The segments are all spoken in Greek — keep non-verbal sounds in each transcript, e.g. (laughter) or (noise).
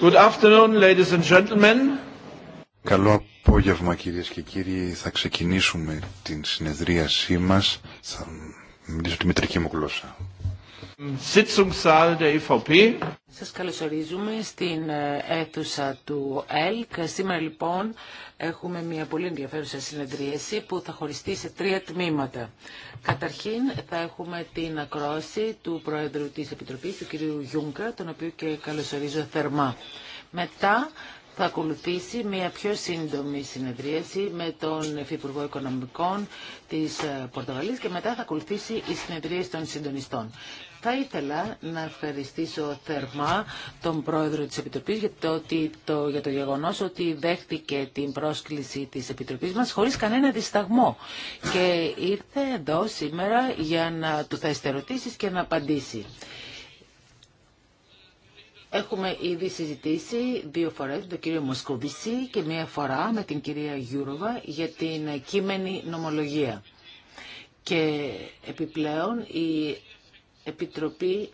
Good afternoon, ladies and gentlemen. Καλό απόγευμα κυρίες και κύριοι. Θα ξεκινήσουμε την συνεδρίασή μας. Θα μιλήσω τη μητρική μου γλώσσα. E Σας καλωσορίζουμε στην ε, αίθουσα του ΕΛΚ. Σήμερα λοιπόν έχουμε μια πολύ ενδιαφέρουσα συνεδρίαση που θα χωριστεί σε τρία τμήματα. Καταρχήν θα έχουμε την ακρόαση του Πρόεδρου της Επιτροπής, του κ. Γιούγκα, τον οποίο και καλωσορίζω θερμά. Μετά θα ακολουθήσει μια πιο σύντομη συνεδρίαση με τον Υφυπουργό Οικονομικών της ε, Πορτογαλίας και μετά θα ακολουθήσει η συνεδρίαση των συντονιστών. Θα ήθελα να ευχαριστήσω θερμά τον πρόεδρο της Επιτροπής για το, το, για το γεγονός ότι δέχτηκε την πρόσκληση της Επιτροπής μας χωρίς κανένα δισταγμό και ήρθε εδώ σήμερα για να του θέσει ερωτήσεις και να απαντήσει. Έχουμε ήδη συζητήσει δύο φορές με τον κύριο Μοσκοβίση και μία φορά με την κυρία Γιούροβα για την κείμενη νομολογία. Και επιπλέον η επιτροπή,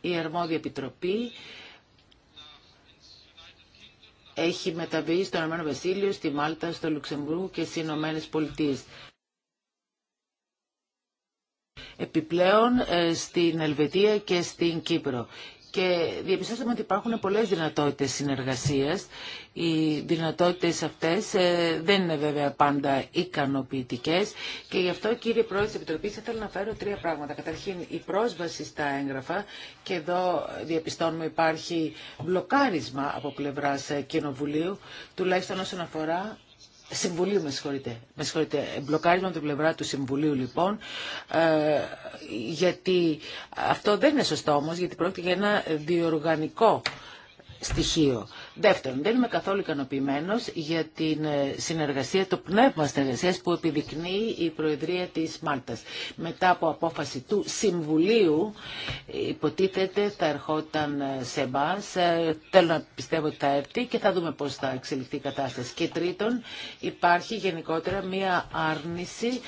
η αρμόδια επιτροπή έχει μεταβεί στο Ηνωμένο Βασίλειο, στη Μάλτα, στο Λουξεμβούργο και στι Ηνωμένε Πολιτείε. Επιπλέον ε, στην Ελβετία και στην Κύπρο και διαπιστώσαμε ότι υπάρχουν πολλές δυνατότητες συνεργασίας. Οι δυνατότητες αυτές ε, δεν είναι βέβαια πάντα ικανοποιητικές και γι' αυτό κύριε Πρόεδρε της Επιτροπής θα ήθελα να φέρω τρία πράγματα. Καταρχήν η πρόσβαση στα έγγραφα και εδώ διαπιστώνουμε υπάρχει μπλοκάρισμα από πλευράς ε, Κοινοβουλίου τουλάχιστον όσον αφορά Συμβουλίου, με συγχωρείτε. Με συγχωρείτε. Μπλοκάρισμα από την πλευρά του Συμβουλίου, λοιπόν, ε, γιατί αυτό δεν είναι σωστό όμως, γιατί πρόκειται για ένα διοργανικό στοιχείο. Δεύτερον, δεν είμαι καθόλου ικανοποιημένο για την ε, συνεργασία, το πνεύμα συνεργασία που επιδεικνύει η Προεδρία τη Μάλτα. Μετά από απόφαση του Συμβουλίου, υποτίθεται θα ερχόταν ε, σε εμά. Ε, θέλω να πιστεύω ότι θα έρθει και θα δούμε πώ θα εξελιχθεί η κατάσταση. Και τρίτον, υπάρχει γενικότερα μία άρνηση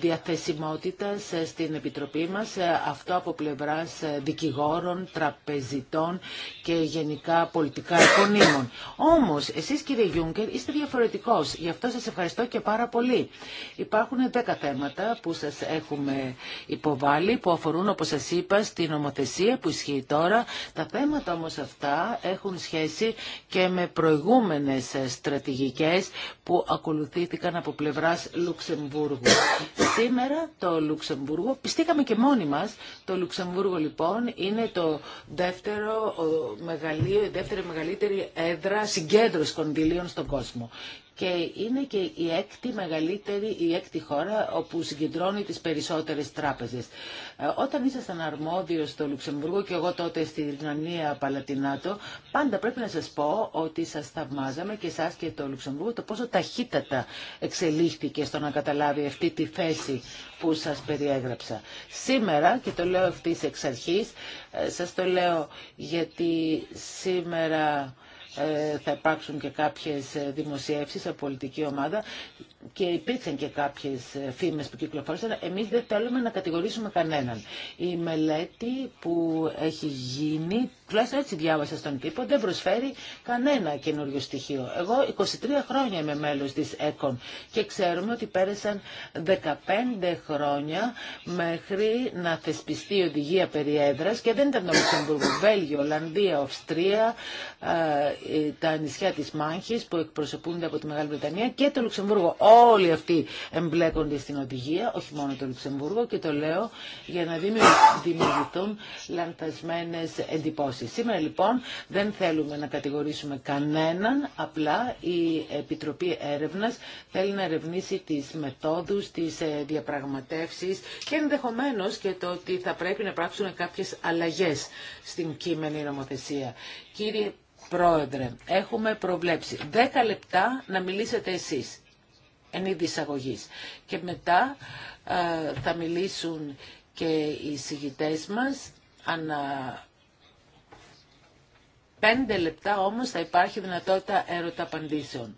διαθεσιμότητα στην Επιτροπή μα αυτό από πλευρά δικηγόρων, τραπεζιτών και γενικά πολιτικά επωνύμων. Όμω, εσεί, κύριε Γιούγκερ είστε διαφορετικό. Γι' αυτό σα ευχαριστώ και πάρα πολύ. Υπάρχουν 10 θέματα που σα έχουμε υποβάλει, που αφορούν, όπω σα είπα, στην νομοθεσία που ισχύει τώρα. Τα θέματα όμω αυτά έχουν σχέση και με προηγούμενε στρατηγικέ που ακολουθήθηκαν από πλευράς Λουξεμβούργου. Σήμερα το Λουξεμβούργο, πιστήκαμε και μόνοι μας, το Λουξεμβούργο λοιπόν είναι το δεύτερο μεγαλύτερο η μεγαλύτερη έδρα συγκέντρωση κονδυλίων στον κόσμο και είναι και η έκτη μεγαλύτερη, η έκτη χώρα όπου συγκεντρώνει τις περισσότερες τράπεζες. Ε, όταν ήσασταν αρμόδιος στο Λουξεμβούργο και εγώ τότε στη Ρινανία Παλατινάτο, πάντα πρέπει να σας πω ότι σας θαυμάζαμε και εσάς και το Λουξεμβούργο το πόσο ταχύτατα εξελίχθηκε στο να καταλάβει αυτή τη θέση που σας περιέγραψα. Σήμερα, και το λέω αυτής εξ αρχής, ε, σας το λέω γιατί σήμερα ε, θα υπάρξουν και κάποιες ε, δημοσιεύσεις από πολιτική ομάδα και υπήρξαν και κάποιες ε, φήμες που κυκλοφόρησαν. Εμείς δεν θέλουμε να κατηγορήσουμε κανέναν. Η μελέτη που έχει γίνει τουλάχιστον έτσι διάβασα στον τύπο, δεν προσφέρει κανένα καινούριο στοιχείο. Εγώ 23 χρόνια είμαι μέλος της ΕΚΟΝ και ξέρουμε ότι πέρασαν 15 χρόνια μέχρι να θεσπιστεί η οδηγία περί έδρας και δεν ήταν το Λουξεμβούργο, Βέλγιο, Ολλανδία, Αυστρία, ε, τα νησιά της Μάνχης που εκπροσωπούνται από τη Μεγάλη Βρετανία και το Λουξεμβούργο. Όλοι αυτοί εμπλέκονται στην οδηγία, όχι μόνο το Λουξεμβούργο και το λέω για να δημιουργηθούν λανθασμένες εντυπώσεις. Σήμερα λοιπόν δεν θέλουμε να κατηγορήσουμε κανέναν, απλά η Επιτροπή Έρευνας θέλει να ερευνήσει τις μεθόδους, τις ε, διαπραγματεύσεις και ενδεχομένως και το ότι θα πρέπει να πράξουν κάποιες αλλαγές στην κείμενη νομοθεσία. Κύριε Πρόεδρε, έχουμε προβλέψει 10 λεπτά να μιλήσετε εσείς εν είδη Και μετά ε, θα μιλήσουν και οι συγητές μας ανά πέντε λεπτά όμως θα υπάρχει δυνατότητα έρωτα απαντήσεων.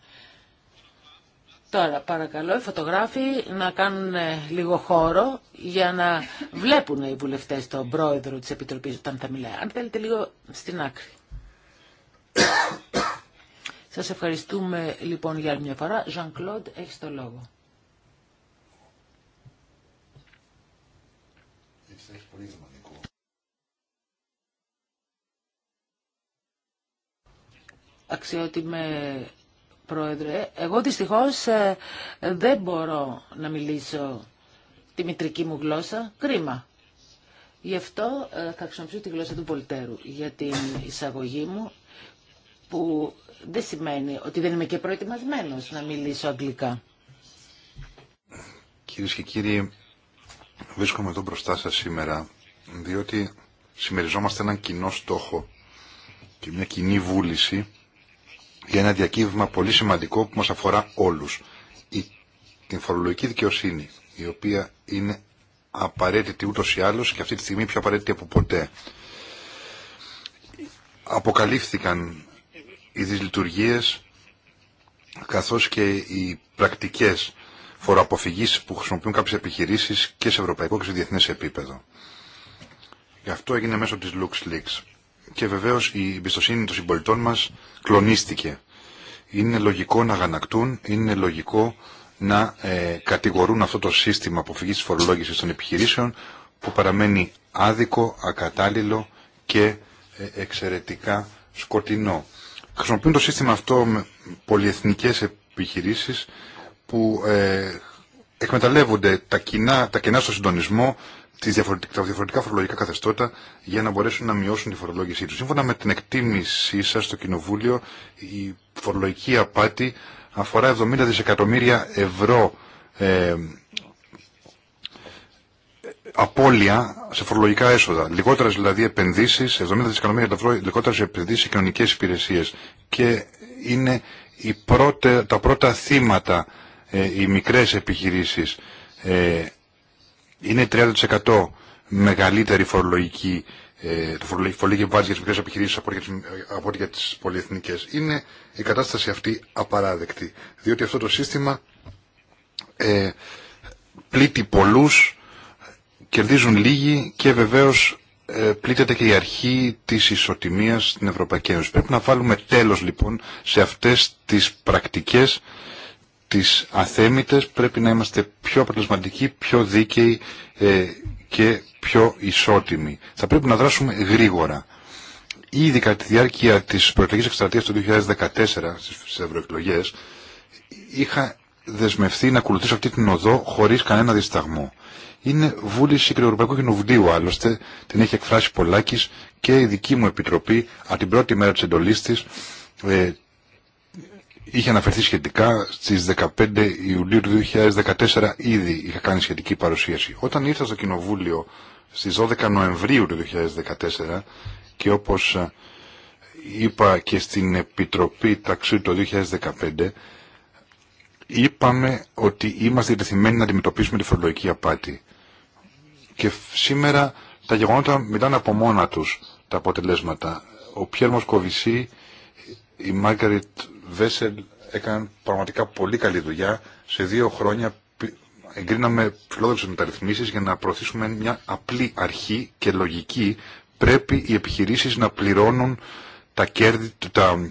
Τώρα παρακαλώ οι φωτογράφοι να κάνουν ε, λίγο χώρο για να (laughs) βλέπουν οι βουλευτές τον πρόεδρο της Επιτροπής όταν θα μιλάει. Αν θέλετε λίγο στην άκρη. (coughs) Σας ευχαριστούμε λοιπόν για άλλη μια φορα Ζαν Κλοντ, έχει το λόγο. Έχει πολύ αξιότιμε πρόεδρε. Εγώ δυστυχώς ε, δεν μπορώ να μιλήσω τη μητρική μου γλώσσα. Κρίμα. Γι' αυτό ε, θα χρησιμοποιήσω τη γλώσσα του Πολτέρου για την εισαγωγή μου που δεν σημαίνει ότι δεν είμαι και προετοιμασμένος να μιλήσω αγγλικά. Κυρίε και κύριοι, βρίσκομαι εδώ μπροστά σας σήμερα διότι συμμεριζόμαστε έναν κοινό στόχο και μια κοινή βούληση για ένα διακύβημα πολύ σημαντικό που μας αφορά όλους. Η, την φορολογική δικαιοσύνη, η οποία είναι απαραίτητη ούτως ή άλλως και αυτή τη στιγμή πιο απαραίτητη από ποτέ. Αποκαλύφθηκαν οι δυσλειτουργίες καθώς και οι πρακτικές φοροαποφυγής που χρησιμοποιούν κάποιες επιχειρήσεις και σε ευρωπαϊκό και σε διεθνές επίπεδο. Γι' αυτό έγινε μέσω της LuxLeaks και βεβαίως η εμπιστοσύνη των συμπολιτών μα κλονίστηκε. Είναι λογικό να γανακτούν, είναι λογικό να ε, κατηγορούν αυτό το σύστημα αποφυγή τη φορολόγησης των επιχειρήσεων που παραμένει άδικο, ακατάλληλο και ε, εξαιρετικά σκοτεινό. Χρησιμοποιούν το σύστημα αυτό με πολυεθνικές επιχειρήσεις που ε, εκμεταλλεύονται τα κενά τα στο συντονισμό τις τα διαφορετικά φορολογικά καθεστώτα για να μπορέσουν να μειώσουν τη φορολόγησή του. Σύμφωνα με την εκτίμησή σα στο Κοινοβούλιο, η φορολογική απάτη αφορά 70 δισεκατομμύρια ευρώ ε, απώλεια σε φορολογικά έσοδα. Λιγότερε δηλαδή επενδύσεις, 70 δισεκατομμύρια ευρώ λιγότερε επενδύσεις σε κοινωνικέ υπηρεσίε Και είναι πρώτε, τα πρώτα θύματα ε, οι μικρέ επιχειρήσει. Ε, είναι 30% μεγαλύτερη φορολογική ε, το φορολογική βάση για τι μικρέ επιχειρήσει από ό,τι για τι ε, πολυεθνικέ. Είναι η κατάσταση αυτή απαράδεκτη. Διότι αυτό το σύστημα ε, πλήττει πολλού, κερδίζουν λίγοι και βεβαίω ε, πλήττεται και η αρχή τη ισοτιμίας στην Ευρωπαϊκή Ένωση. Πρέπει να βάλουμε τέλο λοιπόν σε αυτέ τι πρακτικέ τις αθέμητες πρέπει να είμαστε πιο αποτελεσματικοί, πιο δίκαιοι ε, και πιο ισότιμοι. Θα πρέπει να δράσουμε γρήγορα. Ήδη κατά τη διάρκεια της προεκλογής εκστρατείας του 2014 στις ευρωεκλογές είχα δεσμευθεί να ακολουθήσω αυτή την οδό χωρίς κανένα δισταγμό. Είναι βούληση και του Ευρωπαϊκού Κοινοβουλίου άλλωστε, την έχει εκφράσει Πολάκης και η δική μου επιτροπή από την πρώτη μέρα της εντολής της ε, είχε αναφερθεί σχετικά στις 15 Ιουλίου του 2014 ήδη είχα κάνει σχετική παρουσίαση. Όταν ήρθα στο Κοινοβούλιο στις 12 Νοεμβρίου του 2014 και όπως ε, είπα και στην Επιτροπή Ταξίου το 2015 είπαμε ότι είμαστε διατεθειμένοι να αντιμετωπίσουμε τη φορολογική απάτη. Και σήμερα τα γεγονότα μιλάνε από μόνα τους τα αποτελέσματα. Ο Πιέρμος κοβησί, η Μάγκαριτ Βέσελ έκαναν πραγματικά πολύ καλή δουλειά. Σε δύο χρόνια εγκρίναμε φιλόδοξε μεταρρυθμίσει για να προωθήσουμε μια απλή αρχή και λογική. Πρέπει οι επιχειρήσεις να πληρώνουν τα κέρδη,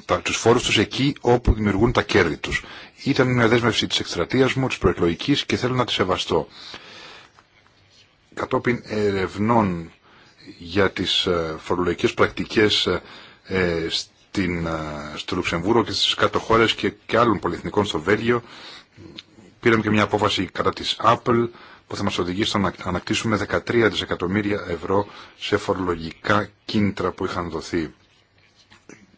τα, τους φόρους τους εκεί όπου δημιουργούν τα κέρδη τους. Ήταν μια δέσμευση της εκστρατείας μου, της προεκλογικής και θέλω να τη σεβαστώ. Κατόπιν ερευνών για τις ε, φορολογικές πρακτικές ε, ε, στην, στο Λουξεμβούργο και στις κάτω χώρες και, και άλλων πολυεθνικών στο Βέλγιο. Πήραμε και μια απόφαση κατά της Apple που θα μας οδηγήσει στο να ανακτήσουμε 13 δισεκατομμύρια ευρώ σε φορολογικά κίνητρα που είχαν δοθεί.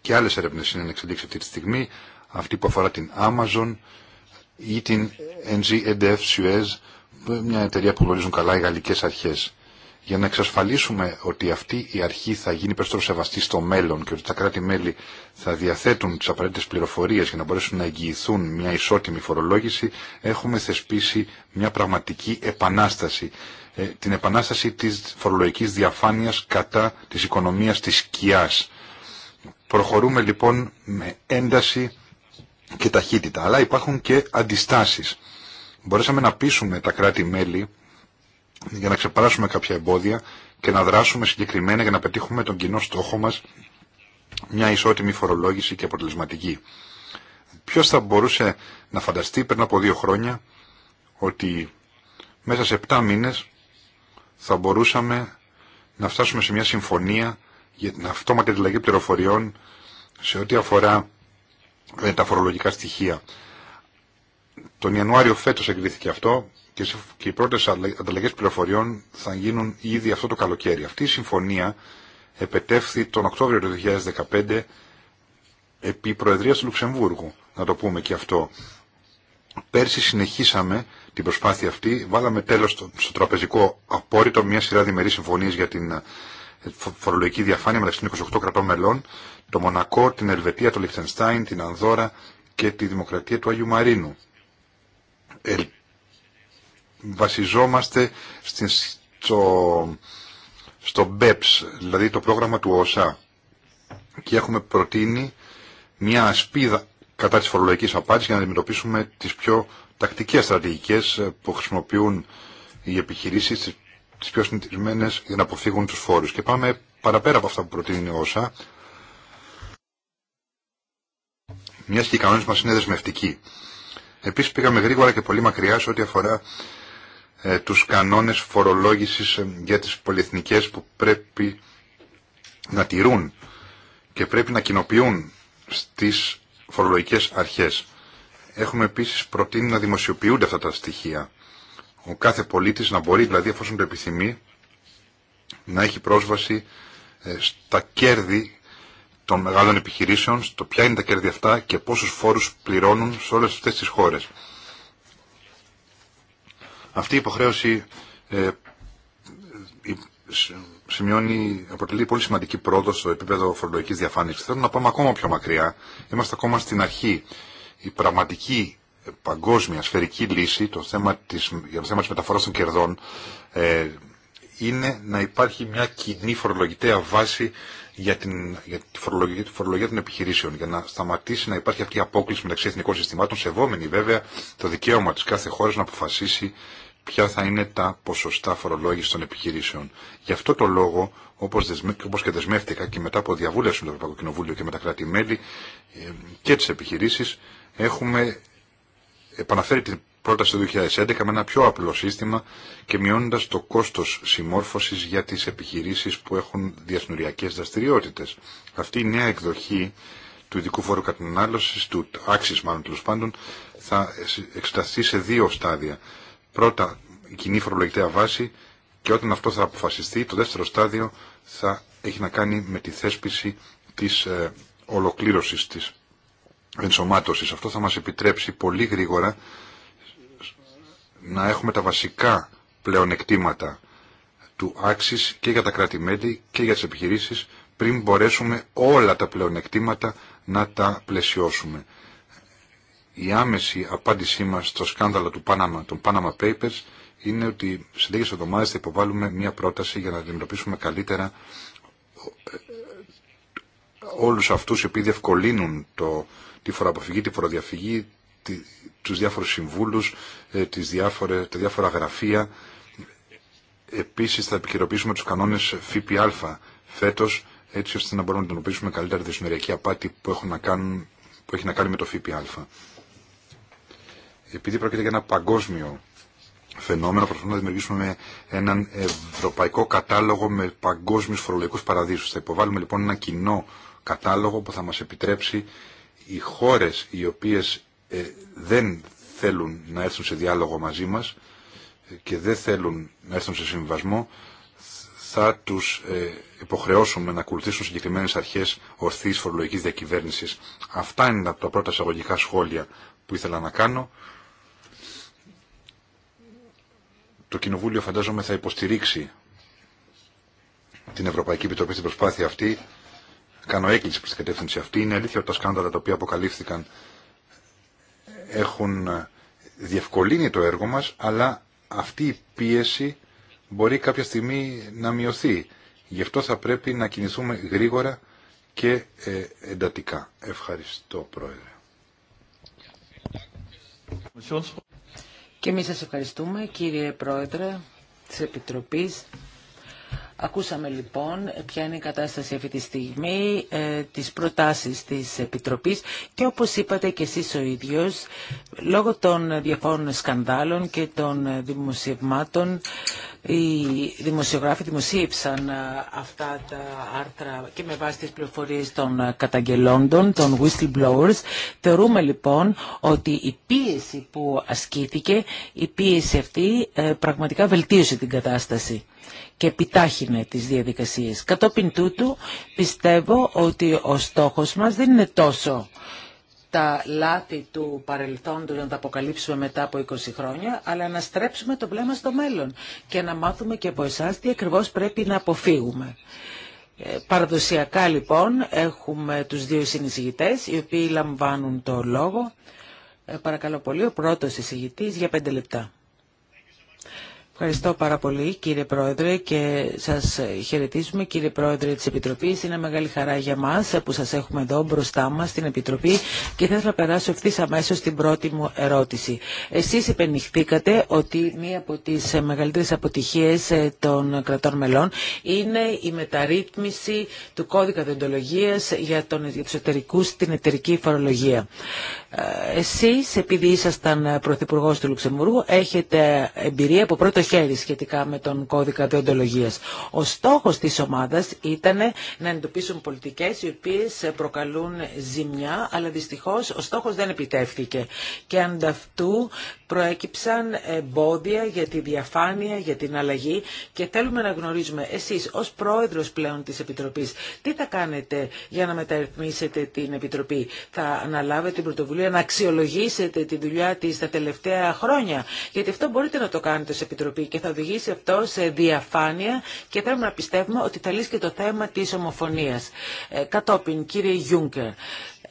Και άλλες έρευνες είναι να εξελίξει αυτή τη στιγμή, αυτή που αφορά την Amazon ή την NGNDF e Suez, μια εταιρεία που γνωρίζουν καλά οι γαλλικές αρχές για να εξασφαλίσουμε ότι αυτή η αρχή θα γίνει περισσότερο σεβαστή στο μέλλον και ότι τα κράτη-μέλη θα διαθέτουν τις απαραίτητες πληροφορίες για να μπορέσουν να εγγυηθούν μια ισότιμη φορολόγηση, έχουμε θεσπίσει μια πραγματική επανάσταση. Ε, την επανάσταση της φορολογικής διαφάνειας κατά της οικονομία τη σκιάς. Προχωρούμε λοιπόν με ένταση και ταχύτητα, αλλά υπάρχουν και αντιστάσεις. Μπορέσαμε να πείσουμε τα κράτη-μέλη για να ξεπεράσουμε κάποια εμπόδια και να δράσουμε συγκεκριμένα για να πετύχουμε τον κοινό στόχο μας μια ισότιμη φορολόγηση και αποτελεσματική. Ποιο θα μπορούσε να φανταστεί πριν από δύο χρόνια ότι μέσα σε 7 μήνες θα μπορούσαμε να φτάσουμε σε μια συμφωνία για την αυτόματη αντιλαγή πληροφοριών σε ό,τι αφορά ε, τα φορολογικά στοιχεία. Τον Ιανουάριο φέτος εγκρίθηκε αυτό, και οι πρώτες ανταλλαγές πληροφοριών θα γίνουν ήδη αυτό το καλοκαίρι. Αυτή η συμφωνία επετεύθη τον Οκτώβριο του 2015 επί Προεδρίας του Λουξεμβούργου, να το πούμε και αυτό. Πέρσι συνεχίσαμε την προσπάθεια αυτή, βάλαμε τέλος στο, στο τραπεζικό απόρριτο μια σειρά διμερείς συμφωνίες για την ε, φορολογική διαφάνεια μεταξύ των 28 κρατών μελών, το Μονακό, την Ελβετία, το Λιχτενστάιν, την Ανδόρα και τη Δημοκρατία του Αγίου Μαρίνου βασιζόμαστε στο, στο BEPS, δηλαδή το πρόγραμμα του ΩΣΑ και έχουμε προτείνει μια ασπίδα κατά της φορολογικής απάτης για να αντιμετωπίσουμε τις πιο τακτικές στρατηγικές που χρησιμοποιούν οι επιχειρήσεις τις πιο συνηθισμένες για να αποφύγουν τους φόρους. Και πάμε παραπέρα από αυτά που προτείνει ο ΩΣΑ. Μια και οι κανόνες μας είναι δεσμευτικοί. Επίσης πήγαμε γρήγορα και πολύ μακριά σε ό,τι αφορά ε, τους κανόνες φορολόγησης ε, για τις πολυεθνικές που πρέπει να τηρούν και πρέπει να κοινοποιούν στις φορολογικές αρχές. Έχουμε επίσης προτείνει να δημοσιοποιούνται αυτά τα στοιχεία. Ο κάθε πολίτης να μπορεί, δηλαδή εφόσον το επιθυμεί, να έχει πρόσβαση ε, στα κέρδη των μεγάλων επιχειρήσεων, στο ποια είναι τα κέρδη αυτά και πόσους φόρους πληρώνουν σε όλες αυτές τις χώρες. Αυτή η υποχρέωση ε, σημειώνει, αποτελεί πολύ σημαντική πρόοδο στο επίπεδο φορολογική διαφάνεια. Θέλω να πάμε ακόμα πιο μακριά. Είμαστε ακόμα στην αρχή. Η πραγματική ε, παγκόσμια σφαιρική λύση το θέμα της, για το θέμα της μεταφοράς των κερδών ε, είναι να υπάρχει μια κοινή φορολογητέα βάση για, την, για τη, φορολογία, τη φορολογία των επιχειρήσεων, για να σταματήσει να υπάρχει αυτή η απόκληση μεταξύ εθνικών συστημάτων, σεβόμενη βέβαια το δικαίωμα της κάθε χώρας να αποφασίσει ποια θα είναι τα ποσοστά φορολόγηση των επιχειρήσεων. Γι' αυτό το λόγο, όπω και δεσμεύτηκα και μετά από διαβούλευση με το Ευρωπαϊκό Κοινοβούλιο και με τα κράτη-μέλη ε, και τι επιχειρήσει, έχουμε επαναφέρει την πρόταση του 2011 με ένα πιο απλό σύστημα και μειώνοντα το κόστο συμμόρφωσης για τι επιχειρήσει που έχουν διασνοριακέ δραστηριότητε. Αυτή η νέα εκδοχή του ειδικού φόρου κατανάλωση, του άξης μάλλον τέλο πάντων, θα εξεταστεί σε δύο στάδια. Πρώτα, η κοινή φορολογητέα βάση και όταν αυτό θα αποφασιστεί, το δεύτερο στάδιο θα έχει να κάνει με τη θέσπιση της ε, ολοκλήρωσης της ενσωμάτωσης. Αυτό θα μας επιτρέψει πολύ γρήγορα να έχουμε τα βασικά πλεονεκτήματα του άξης και για τα κρατη και για τις επιχειρήσεις πριν μπορέσουμε όλα τα πλεονεκτήματα να τα πλαισιώσουμε η άμεση απάντησή μα στο σκάνδαλο του Πάναμα, των Panama Papers είναι ότι σε λίγε εβδομάδε θα υποβάλουμε μια πρόταση για να αντιμετωπίσουμε καλύτερα ε, όλους αυτούς επειδή διευκολύνουν το, τη φοροαποφυγή, τη φοροδιαφυγή, του διάφορου συμβούλου, συμβούλους, ε, τα διάφορα γραφεία. Επίση θα επικαιροποιήσουμε του κανόνε ΦΠΑ φέτο, έτσι ώστε να μπορούμε να αντιμετωπίσουμε καλύτερα τη συνοριακή απάτη που, έχουν να κάνουν, που έχει να κάνει με το ΦΠΑ επειδή πρόκειται για ένα παγκόσμιο φαινόμενο, προσπαθούμε να δημιουργήσουμε έναν ευρωπαϊκό κατάλογο με παγκόσμιου φορολογικού παραδείσου. Θα υποβάλουμε λοιπόν ένα κοινό κατάλογο που θα μα επιτρέψει οι χώρε οι οποίε ε, δεν θέλουν να έρθουν σε διάλογο μαζί μα και δεν θέλουν να έρθουν σε συμβασμό, θα του ε, υποχρεώσουμε να ακολουθήσουν συγκεκριμένε αρχέ ορθής φορολογική διακυβέρνηση. Αυτά είναι από τα πρώτα εισαγωγικά σχόλια που ήθελα να κάνω. το Κοινοβούλιο φαντάζομαι θα υποστηρίξει την Ευρωπαϊκή Επιτροπή στην προσπάθεια αυτή. Κάνω έκκληση προς την κατεύθυνση αυτή. Είναι αλήθεια ότι τα σκάνδαλα τα οποία αποκαλύφθηκαν έχουν διευκολύνει το έργο μας, αλλά αυτή η πίεση μπορεί κάποια στιγμή να μειωθεί. Γι' αυτό θα πρέπει να κινηθούμε γρήγορα και ε, εντατικά. Ευχαριστώ, Πρόεδρε. Και εμείς σας ευχαριστούμε κύριε Πρόεδρε της Επιτροπής. Ακούσαμε λοιπόν ποια είναι η κατάσταση αυτή τη στιγμή, ε, τις προτάσεις της Επιτροπής και όπως είπατε και εσείς ο ίδιος, λόγω των διαφόρων σκανδάλων και των δημοσιευμάτων οι δημοσιογράφοι δημοσίευσαν αυτά τα άρθρα και με βάση τις πληροφορίες των καταγγελόντων, των whistleblowers. Θεωρούμε λοιπόν ότι η πίεση που ασκήθηκε, η πίεση αυτή ε, πραγματικά βελτίωσε την κατάσταση και επιτάχυνε τις διαδικασίες. Κατόπιν τούτου πιστεύω ότι ο στόχος μας δεν είναι τόσο τα λάθη του παρελθόντος να τα αποκαλύψουμε μετά από 20 χρόνια, αλλά να στρέψουμε το βλέμμα στο μέλλον και να μάθουμε και από εσά τι ακριβώ πρέπει να αποφύγουμε. Ε, παραδοσιακά λοιπόν έχουμε τους δύο συνεισηγητές οι οποίοι λαμβάνουν το λόγο. Ε, παρακαλώ πολύ ο πρώτος εισηγητής για πέντε λεπτά. Ευχαριστώ πάρα πολύ κύριε Πρόεδρε και σας χαιρετίζουμε κύριε Πρόεδρε της Επιτροπής. Είναι μεγάλη χαρά για μας που σας έχουμε εδώ μπροστά μας στην Επιτροπή και θα ήθελα να περάσω ευθύ αμέσω στην πρώτη μου ερώτηση. Εσείς υπενηχθήκατε ότι μία από τις μεγαλύτερες αποτυχίες ε, των κρατών μελών είναι η μεταρρύθμιση του κώδικα διοντολογίας για, τον, για τους στην εταιρική φορολογία. Ε, εσείς επειδή ήσασταν Πρωθυπουργός του Λουξεμβούργου έχετε εμπειρία από πρώτο χέρι σχετικά με τον κώδικα διοντολογία. Ο στόχος της ομάδας ήταν να εντοπίσουν πολιτικές οι οποίες προκαλούν ζημιά, αλλά δυστυχώς ο στόχος δεν επιτεύχθηκε. Και ανταυτού προέκυψαν εμπόδια για τη διαφάνεια, για την αλλαγή και θέλουμε να γνωρίζουμε εσείς ως πρόεδρος πλέον της Επιτροπής τι θα κάνετε για να μεταρρυθμίσετε την Επιτροπή. Θα αναλάβετε την πρωτοβουλία να αξιολογήσετε τη δουλειά της τα τελευταία χρόνια γιατί αυτό μπορείτε να το κάνετε ως Επιτροπή και θα οδηγήσει αυτό σε διαφάνεια και θέλουμε να πιστεύουμε ότι θα λύσει και το θέμα της ομοφωνίας. Ε, κατόπιν, κύριε Γιούγκερ,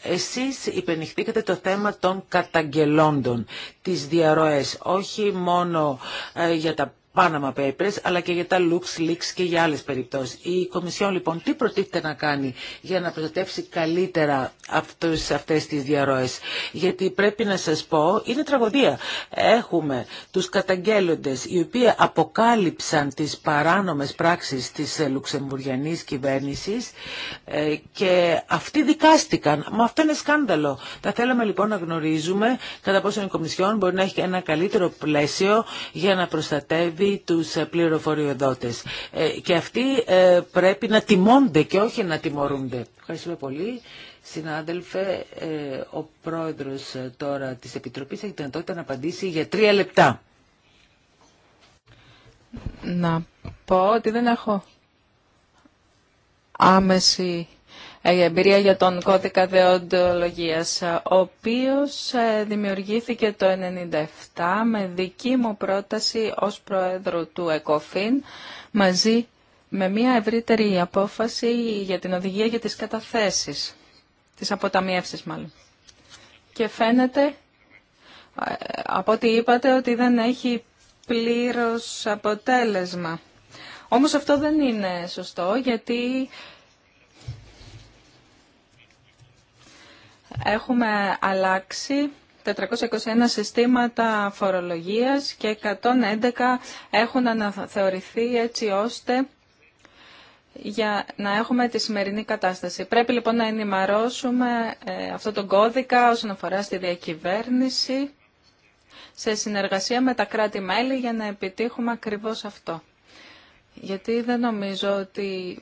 εσείς υπενηχθήκατε το θέμα των καταγγελόντων, τις διαρροές, όχι μόνο ε, για τα Panama Papers, αλλά και για τα Leaks και για άλλες περιπτώσεις. Η Κομισιόν λοιπόν τι προτίθεται να κάνει για να προστατεύσει καλύτερα αυτούς, αυτές τις διαρροές. Γιατί πρέπει να σας πω, είναι τραγωδία. Έχουμε τους καταγγέλλοντες οι οποίοι αποκάλυψαν τις παράνομες πράξεις της ε, λουξεμβουριανής κυβέρνησης ε, και αυτοί δικάστηκαν. Μα αυτό είναι σκάνδαλο. Θα θέλαμε λοιπόν να γνωρίζουμε κατά πόσο η Κομισιόν μπορεί να έχει ένα καλύτερο πλαίσιο για να προστατεύει δηλαδή τους ε, πληροφοριοδότες. Ε, και αυτοί ε, πρέπει να τιμώνται και όχι να τιμωρούνται. Ευχαριστούμε πολύ. Συνάδελφε, ο πρόεδρος τώρα της Επιτροπής έχει δυνατότητα να απαντήσει για τρία λεπτά. Να πω ότι δεν έχω άμεση ε, εμπειρία για τον κώδικα δεοντολογίας, ο οποίος ε, δημιουργήθηκε το 1997 με δική μου πρόταση ως Πρόεδρο του ΕΚΟΦΗΝ μαζί με μια ευρύτερη απόφαση για την οδηγία για τις καταθέσεις, τις αποταμιεύσεις μάλλον. Και φαίνεται, ε, από ό,τι είπατε, ότι δεν έχει πλήρως αποτέλεσμα. Όμως αυτό δεν είναι σωστό γιατί Έχουμε αλλάξει 421 συστήματα φορολογίας και 111 έχουν αναθεωρηθεί έτσι ώστε για να έχουμε τη σημερινή κατάσταση. Πρέπει λοιπόν να ενημερώσουμε ε, αυτό τον κώδικα όσον αφορά στη διακυβέρνηση σε συνεργασία με τα κράτη-μέλη για να επιτύχουμε ακριβώς αυτό. Γιατί δεν νομίζω ότι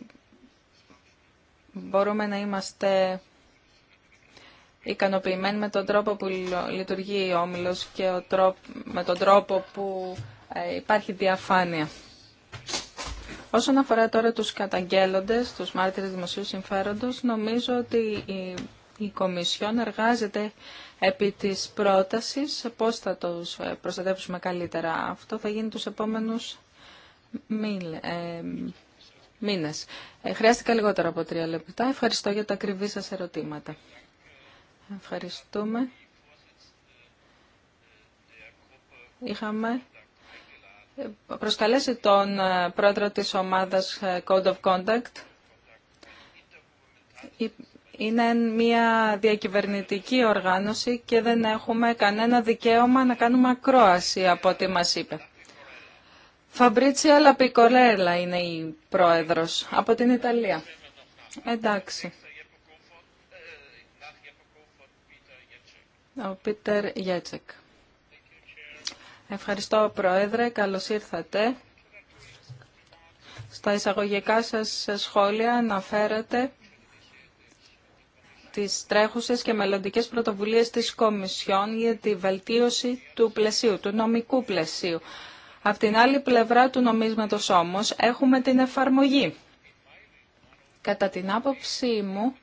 μπορούμε να είμαστε ικανοποιημένοι με τον τρόπο που λειτουργεί ο Όμιλος και ο με τον τρόπο που ε, υπάρχει διαφάνεια. Όσον αφορά τώρα τους καταγγέλλοντες, τους μάρτυρες δημοσίου συμφέροντος, νομίζω ότι η, η Κομισιόν εργάζεται επί της πρότασης πώς θα τους ε, προστατεύσουμε καλύτερα. Αυτό θα γίνει τους επόμενους ε, μήνες. Χρειάστηκα λιγότερο από τρία λεπτά. Ευχαριστώ για τα ακριβή σας ερωτήματα. Ευχαριστούμε. Είχαμε ε, προσκαλέσει τον ε, πρόεδρο της ομάδας ε, Code of Conduct. Είναι μια διακυβερνητική οργάνωση και δεν έχουμε κανένα δικαίωμα να κάνουμε ακρόαση από ό,τι μας είπε. Φαμπρίτσια Λαπικολέλα είναι η πρόεδρος από την Ιταλία. Εντάξει. Ο Πίτερ Γιέτσεκ. Ευχαριστώ, Πρόεδρε. Καλώς ήρθατε. Στα εισαγωγικά σας σχόλια αναφέρατε τις τρέχουσες και μελλοντικές πρωτοβουλίες της Κομισιόν για τη βελτίωση του πλαισίου, του νομικού πλαισίου. Απ' την άλλη πλευρά του νομίσματος όμως έχουμε την εφαρμογή. Κατά την άποψή μου,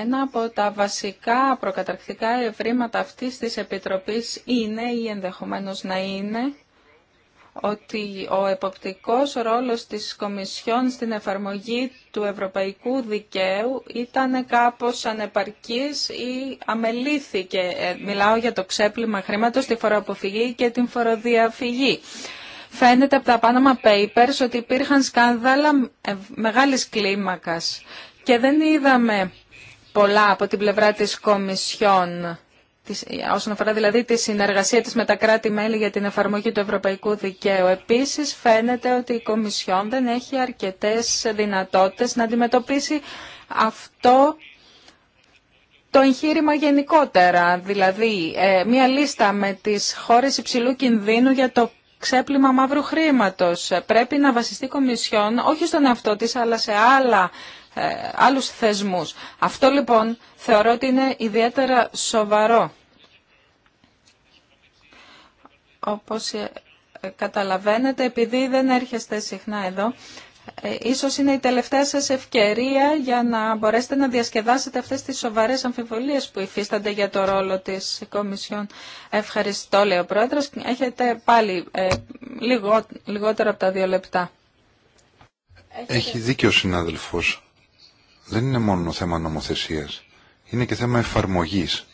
ένα από τα βασικά προκαταρκτικά ευρήματα αυτής της Επιτροπής είναι ή ενδεχομένως να είναι ότι ο εποπτικός ρόλος της Κομισιόν στην εφαρμογή του ευρωπαϊκού δικαίου ήταν κάπως ανεπαρκής ή αμελήθηκε. Ε, μιλάω για το ξέπλυμα χρήματος, τη φοροαποφυγή και την φοροδιαφυγή. Φαίνεται από τα Panama Papers ότι υπήρχαν σκάνδαλα ε, μεγάλης κλίμακας και δεν είδαμε πολλά από την πλευρά της Κομισιόν όσον αφορά δηλαδή τη συνεργασία της με τα κράτη-μέλη για την εφαρμογή του ευρωπαϊκού δικαίου. Επίσης φαίνεται ότι η Κομισιόν δεν έχει αρκετές δυνατότητες να αντιμετωπίσει αυτό το εγχείρημα γενικότερα, δηλαδή ε, μία λίστα με τις χώρες υψηλού κινδύνου για το ξέπλυμα μαύρου χρήματος. Πρέπει να βασιστεί η Κομισιόν όχι στον εαυτό της αλλά σε άλλα ε, άλλους θεσμούς. Αυτό λοιπόν θεωρώ ότι είναι ιδιαίτερα σοβαρό. Όπως ε, ε, καταλαβαίνετε, επειδή δεν έρχεστε συχνά εδώ, ίσως είναι η τελευταία σας ευκαιρία για να μπορέσετε να διασκεδάσετε αυτές τις σοβαρές αμφιβολίες που υφίστανται για το ρόλο της Κομισιόν. Ευχαριστώ, λέει ο Πρόεδρος. Έχετε πάλι λιγότερο από τα δύο λεπτά. Έχει δίκιο ο συνάδελφος δεν είναι μόνο θέμα νομοθεσίας, είναι και θέμα εφαρμογής.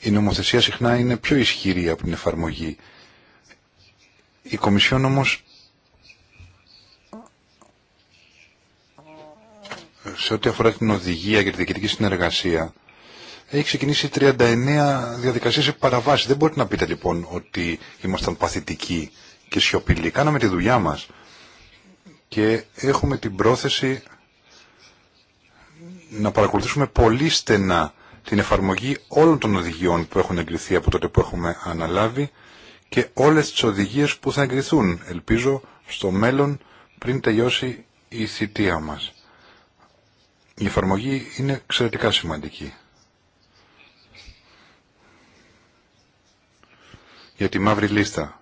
Η νομοθεσία συχνά είναι πιο ισχυρή από την εφαρμογή. Η Κομισιόν όμως σε ό,τι αφορά την οδηγία και τη διοικητική συνεργασία έχει ξεκινήσει 39 διαδικασίες σε παραβάση. Δεν μπορείτε να πείτε λοιπόν ότι ήμασταν παθητικοί και σιωπηλοί. Κάναμε τη δουλειά μας και έχουμε την πρόθεση να παρακολουθήσουμε πολύ στενά την εφαρμογή όλων των οδηγιών που έχουν εγκριθεί από τότε που έχουμε αναλάβει και όλες τις οδηγίες που θα εγκριθούν, ελπίζω, στο μέλλον πριν τελειώσει η θητεία μας. Η εφαρμογή είναι εξαιρετικά σημαντική. Για τη μαύρη λίστα.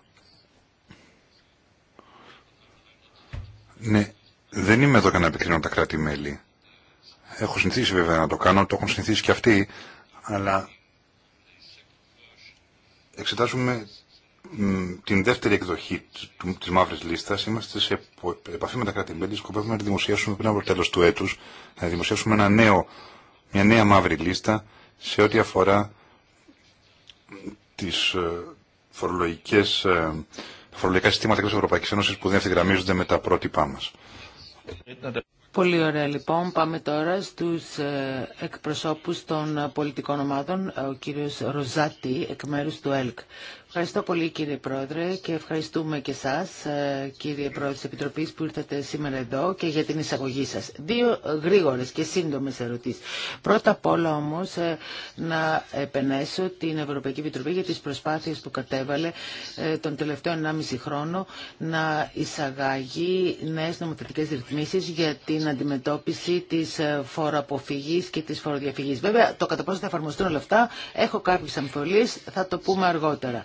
Ναι, δεν είμαι εδώ για να επικρίνω τα κράτη-μέλη. Έχω συνηθίσει βέβαια να το κάνω, το έχουν συνηθίσει και αυτοί, αλλά εξετάζουμε την δεύτερη εκδοχή τη μαύρη λίστα. Είμαστε σε επαφή με τα κράτη-μέλη. Σκοπεύουμε να τη δημοσιεύσουμε πριν από το τέλο του έτου. Να δημοσιεύσουμε ένα νέο, μια νέα μαύρη λίστα σε ό,τι αφορά τι ε, φορολογικέ ε, φορολογικά συστήματα εκτό Ευρωπαϊκής Ένωσης που δεν ευθυγραμμίζονται με τα πρότυπά μα. Πολύ ωραία λοιπόν. Πάμε τώρα στους ε, εκπροσώπους των πολιτικών ομάδων. Ο κύριος Ροζάτη εκ μέρους του ΕΛΚ. Ευχαριστώ πολύ κύριε Πρόεδρε και ευχαριστούμε και εσάς ε, κύριε Πρόεδρε της Επιτροπής που ήρθατε σήμερα εδώ και για την εισαγωγή σας. Δύο γρήγορες και σύντομες ερωτήσεις. Πρώτα απ' όλα όμως ε, να επενέσω την Ευρωπαϊκή Επιτροπή για τις προσπάθειες που κατέβαλε ε, τον τελευταίο 1,5 χρόνο να εισαγάγει νέες νομοθετικές ρυθμίσεις για την αντιμετώπιση της φοροαποφυγής και της φοροδιαφυγής. Βέβαια το κατά πόσο θα εφαρμοστούν όλα αυτά έχω κάποιες αμφιβολίες, θα το πούμε αργότερα.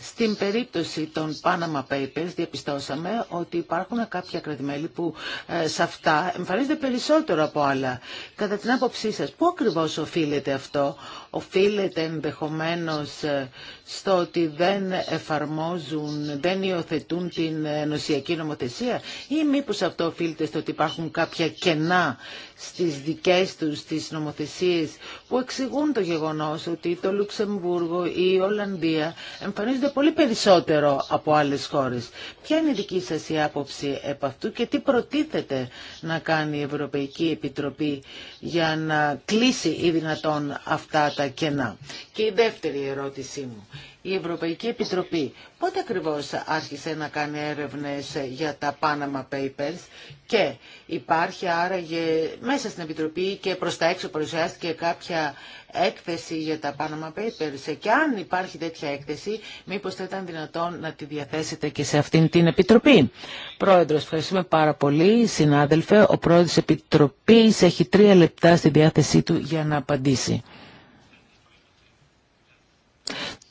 Στην περίπτωση των Panama Papers διαπιστώσαμε ότι υπάρχουν κάποια κρατημέλη που ε, σε αυτά εμφανίζονται περισσότερο από άλλα. Κατά την άποψή σας, πού ακριβώς οφείλεται αυτό, οφείλεται ενδεχομένως ε, στο ότι δεν εφαρμόζουν, δεν υιοθετούν την ενωσιακή νομοθεσία ή μήπως αυτό οφείλεται στο ότι υπάρχουν κάποια κενά στις δικές τους τις νομοθεσίες που εξηγούν το γεγονός ότι το Λουξεμβούργο ή η Ολλανδία εμφανίζονται πολύ περισσότερο από άλλες χώρες. Ποια είναι η δική σας η άποψη επ' αυτού και τι προτίθεται να κάνει η Ευρωπαϊκή Επιτροπή για να κλείσει ή δυνατόν αυτά τα κενά. Και η δεύτερη ερώτησή μου η Ευρωπαϊκή Επιτροπή. Πότε ακριβώς άρχισε να κάνει έρευνες για τα Panama Papers και υπάρχει άραγε μέσα στην Επιτροπή και προς τα έξω παρουσιάστηκε κάποια έκθεση για τα Panama Papers και αν υπάρχει τέτοια έκθεση μήπως θα ήταν δυνατόν να τη διαθέσετε και σε αυτήν την Επιτροπή. Πρόεδρος, ευχαριστούμε πάρα πολύ. Συνάδελφε, ο πρόεδρος Επιτροπής έχει τρία λεπτά στη διάθεσή του για να απαντήσει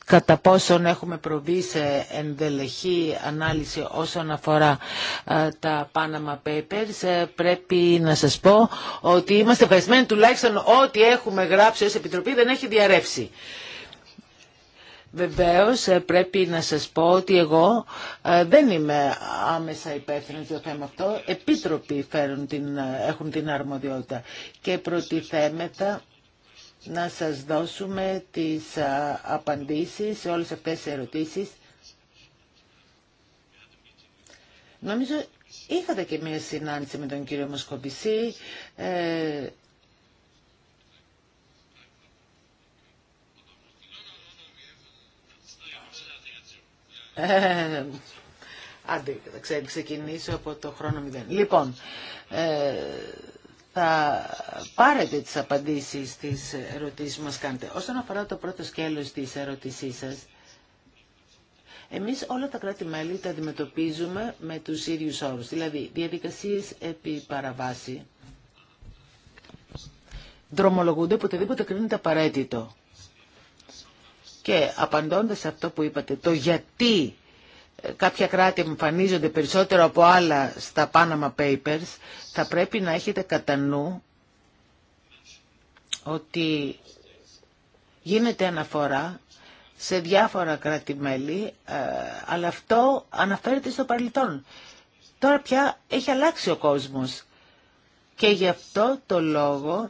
κατά πόσον έχουμε προβεί σε ενδελεχή ανάλυση όσον αφορά ε, τα Panama Papers, ε, πρέπει να σας πω ότι είμαστε ευχαριστημένοι τουλάχιστον ό,τι έχουμε γράψει ως Επιτροπή δεν έχει διαρρεύσει. Βεβαίως ε, πρέπει να σας πω ότι εγώ δεν είμαι άμεσα υπεύθυνο για το θέμα αυτό. Επίτροποι φέρουν την, έχουν την αρμοδιότητα και προτιθέμετα να σας δώσουμε τις απαντήσεις σε όλες αυτές τις ερωτήσεις. Νομίζω είχατε και μία συνάντηση με τον κύριο Μοσκοπησή. Ε, ε, άντε, θα ξεκινήσω από το χρόνο μηδέν. Λοιπόν, ε, θα πάρετε τις απαντήσεις στις ερωτήσεις που μας κάνετε. Όσον αφορά το πρώτο σκέλος της ερώτησής σας, εμείς όλα τα κράτη-μέλη τα αντιμετωπίζουμε με τους ίδιους όρους, δηλαδή διαδικασίες επί παραβάση. Δρομολογούνται οποτεδήποτε κρίνεται απαραίτητο. Και απαντώντας σε αυτό που είπατε, το γιατί κάποια κράτη εμφανίζονται περισσότερο από άλλα στα Panama Papers, θα πρέπει να έχετε κατά νου ότι γίνεται αναφορά σε διάφορα κράτη-μέλη, ε, αλλά αυτό αναφέρεται στο παρελθόν. Τώρα πια έχει αλλάξει ο κόσμος και γι' αυτό το λόγο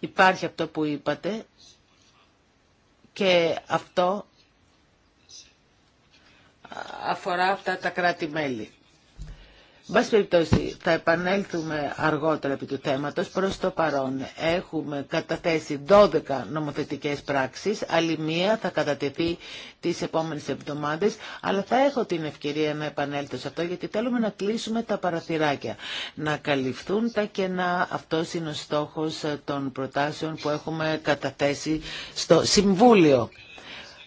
υπάρχει αυτό που είπατε και αυτό αφορά αυτά τα κράτη-μέλη. Μπας περιπτώσει, θα επανέλθουμε αργότερα επί του θέματος. Προς το παρόν έχουμε καταθέσει 12 νομοθετικές πράξεις, άλλη μία θα κατατεθεί τις επόμενες εβδομάδες, αλλά θα έχω την ευκαιρία να επανέλθω σε αυτό, γιατί θέλουμε να κλείσουμε τα παραθυράκια, να καλυφθούν τα κενά. αυτό είναι ο στόχος των προτάσεων που έχουμε καταθέσει στο Συμβούλιο.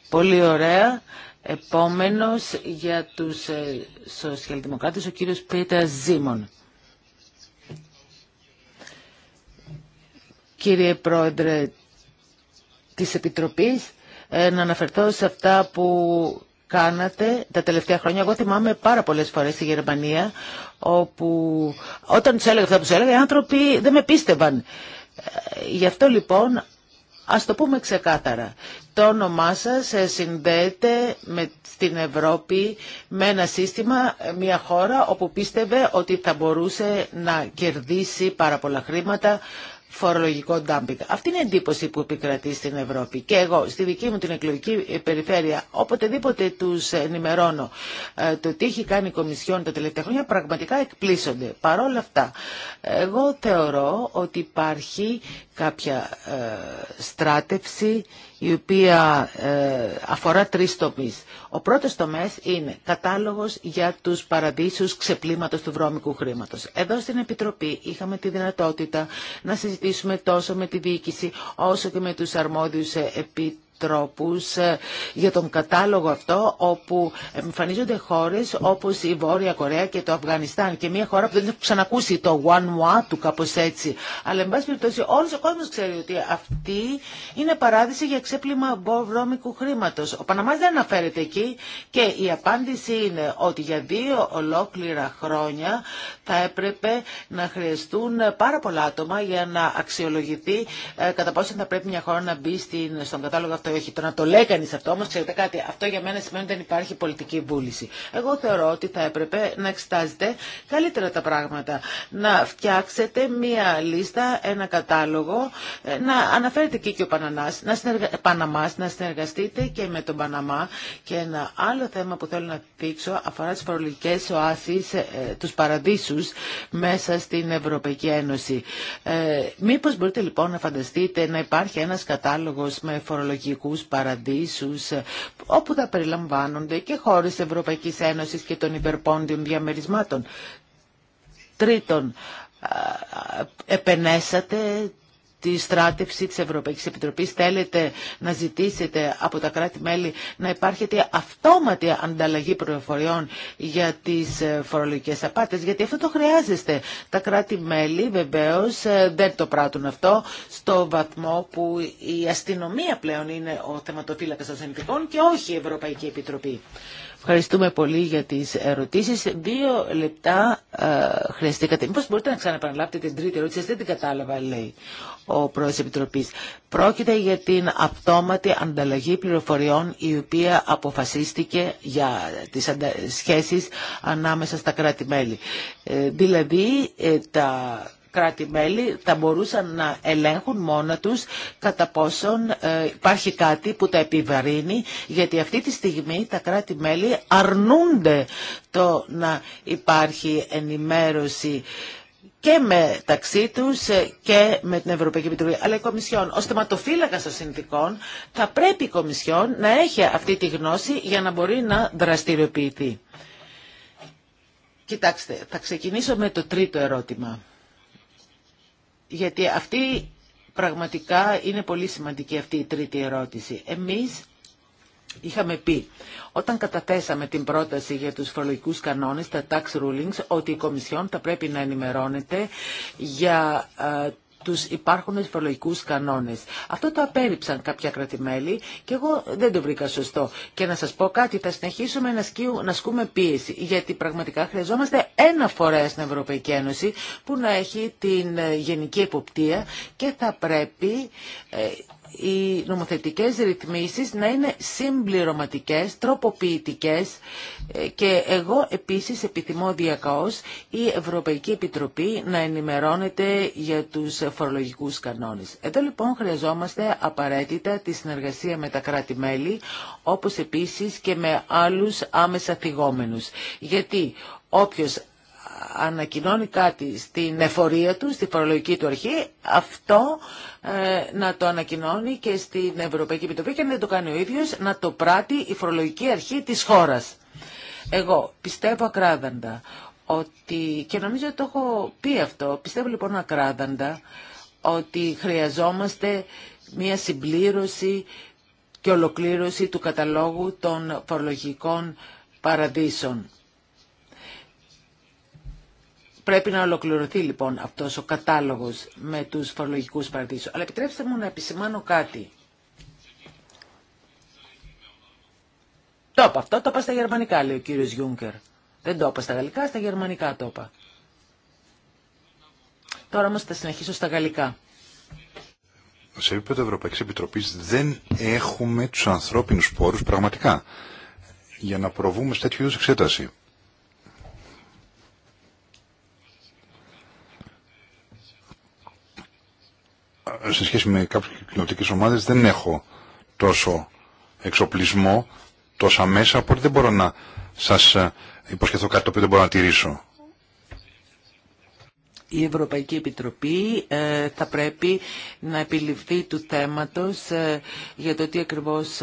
Πολύ ωραία. Επόμενος για τους ε, σοσιαλδημοκράτες ο κύριος Πίτα Ζήμων. Κύριε Πρόεδρε της Επιτροπής, ε, να αναφερθώ σε αυτά που κάνατε τα τελευταία χρόνια. Εγώ θυμάμαι πάρα πολλές φορές στη Γερμανία, όπου όταν τους έλεγα αυτά που τους έλεγα, οι άνθρωποι δεν με πίστευαν. Ε, γι' αυτό λοιπόν Ας το πούμε ξεκάθαρα. Το όνομά σας ε, συνδέεται με την Ευρώπη με ένα σύστημα, ε, μια χώρα όπου πίστευε ότι θα μπορούσε να κερδίσει πάρα πολλά χρήματα φορολογικό ντάμπινγκ. Αυτή είναι η εντύπωση που επικρατεί στην Ευρώπη. Και εγώ στη δική μου την εκλογική περιφέρεια, οποτεδήποτε του ενημερώνω ε, το τι έχει κάνει η Κομισιόν τα τελευταία χρόνια, πραγματικά εκπλήσονται. Παρ' όλα αυτά, εγώ θεωρώ ότι υπάρχει κάποια ε, στράτευση η οποία ε, αφορά τρεις τομείς. Ο πρώτος τομέας είναι κατάλογος για τους παραδείσους ξεπλήματος του βρώμικου χρήματος. Εδώ στην Επιτροπή είχαμε τη δυνατότητα να συζητήσουμε τόσο με τη διοίκηση όσο και με τους αρμόδιους ε, επιτροπές τρόπους ε, για τον κατάλογο αυτό όπου εμφανίζονται χώρες όπως η Βόρεια Κορέα και το Αφγανιστάν και μια χώρα που δεν έχω ξανακούσει το one wa του κάπως έτσι αλλά εν πάση περιπτώσει όλος ο κόσμος ξέρει ότι αυτή είναι παράδειση για ξέπλυμα βρώμικου χρήματος ο Παναμάς δεν αναφέρεται εκεί και η απάντηση είναι ότι για δύο ολόκληρα χρόνια θα έπρεπε να χρειαστούν πάρα πολλά άτομα για να αξιολογηθεί ε, κατά πόσο θα πρέπει μια χώρα να μπει στον κατάλογο αυτό το να το λέει κανεί αυτό όμω, ξέρετε κάτι, αυτό για μένα σημαίνει ότι δεν υπάρχει πολιτική βούληση. Εγώ θεωρώ ότι θα έπρεπε να εξετάζετε καλύτερα τα πράγματα. Να φτιάξετε μία λίστα, ένα κατάλογο, ε, να αναφέρετε εκεί και ο Πανανάς, να συνεργα... να συνεργαστείτε και με τον Παναμά. Και ένα άλλο θέμα που θέλω να δείξω αφορά τι φορολογικέ οάσει, ε, ε, του παραδείσου μέσα στην Ευρωπαϊκή Ένωση. Ε, μήπως μπορείτε λοιπόν να φανταστείτε να υπάρχει ένα κατάλογο με φορολογικό φορολογικούς παραδείσους ε, όπου θα περιλαμβάνονται και χώρες Ευρωπαϊκής Ένωσης και των υπερπόντιων διαμερισμάτων. Τρίτον, ε, ε, επενέσατε τη στράτευση της Ευρωπαϊκής Επιτροπής θέλετε να ζητήσετε από τα κράτη-μέλη να υπάρχει αυτόματη ανταλλαγή πληροφοριών για τις ε, φορολογικές απάτες, γιατί αυτό το χρειάζεστε. Τα κράτη-μέλη βεβαίως ε, δεν το πράττουν αυτό στο βαθμό που η αστυνομία πλέον είναι ο θεματοφύλακας των συνθηκών και όχι η Ευρωπαϊκή Επιτροπή. Ευχαριστούμε πολύ για τις ερωτήσεις. Δύο λεπτά ε, χρειαστήκατε. Μήπως μπορείτε να ξαναπαναλάβετε την τρίτη ερώτηση. Δεν την κατάλαβα, λέει ο πρόεδρος Επιτροπής. Πρόκειται για την αυτόματη ανταλλαγή πληροφοριών η οποία αποφασίστηκε για τις σχέσεις ανάμεσα στα κράτη-μέλη. Ε, δηλαδή, ε, τα κράτη-μέλη θα μπορούσαν να ελέγχουν μόνα τους κατά πόσον ε, υπάρχει κάτι που τα επιβαρύνει, γιατί αυτή τη στιγμή τα κράτη-μέλη αρνούνται το να υπάρχει ενημέρωση και μεταξύ του ε, και με την Ευρωπαϊκή Επιτροπή. Αλλά η Κομισιόν, ω θεματοφύλακα των συνθηκών, θα πρέπει η Κομισιόν να έχει αυτή τη γνώση για να μπορεί να δραστηριοποιηθεί. Κοιτάξτε, θα ξεκινήσω με το τρίτο ερώτημα. Γιατί αυτή πραγματικά είναι πολύ σημαντική αυτή η τρίτη ερώτηση. Εμείς είχαμε πει όταν καταθέσαμε την πρόταση για τους φορολογικούς κανόνες, τα tax rulings, ότι η Κομισιόν θα πρέπει να ενημερώνεται για ε, τους υπάρχουν φορολογικούς κανόνες. Αυτό το απέρριψαν κάποια κρατημέλη και εγώ δεν το βρήκα σωστό. Και να σας πω κάτι, θα συνεχίσουμε να, σκύου, να σκούμε πίεση, γιατί πραγματικά χρειαζόμαστε ένα φορέα στην Ευρωπαϊκή Ένωση που να έχει την ε, γενική υποπτία και θα πρέπει ε, οι νομοθετικές ρυθμίσεις να είναι συμπληρωματικές, τροποποιητικές ε, και εγώ επίσης επιθυμώ διακαώς η Ευρωπαϊκή Επιτροπή να ενημερώνεται για τους φορολογικούς κανόνες. Εδώ λοιπόν χρειαζόμαστε απαραίτητα τη συνεργασία με τα κράτη-μέλη όπως επίσης και με άλλους άμεσα θυγόμενους. Γιατί όποιος ανακοινώνει κάτι στην εφορία του, στη φορολογική του αρχή, αυτό ε, να το ανακοινώνει και στην Ευρωπαϊκή Επιτροπή και να το κάνει ο ίδιος, να το πράττει η φορολογική αρχή της χώρας. Εγώ πιστεύω ακράδαντα ότι, και νομίζω ότι το έχω πει αυτό, πιστεύω λοιπόν ακράδαντα ότι χρειαζόμαστε μια συμπλήρωση και ολοκλήρωση του καταλόγου των φορολογικών παραδείσων. Πρέπει να ολοκληρωθεί λοιπόν αυτός ο κατάλογος με τους φορολογικούς παραδείσους. Αλλά επιτρέψτε μου να επισημάνω κάτι. Το είπα αυτό, το είπα στα γερμανικά, λέει ο κύριος Γιούνκερ. Δεν το είπα στα γαλλικά, στα γερμανικά το είπα. Τώρα όμως θα συνεχίσω στα γαλλικά. Σε επίπεδο Ευρωπαϊκή Επιτροπή, δεν έχουμε τους ανθρώπινους πόρους πραγματικά για να προβούμε σε τέτοιου είδους εξέταση. σε σχέση με κάποιες κοινωτικές ομάδες δεν έχω τόσο εξοπλισμό, τόσα μέσα, οπότε δεν μπορώ να σας ε, υποσχεθώ κάτι το οποίο δεν μπορώ να τηρήσω. Η Ευρωπαϊκή Επιτροπή ε, θα πρέπει να επιληφθεί του θέματος ε, για το τι ακριβώς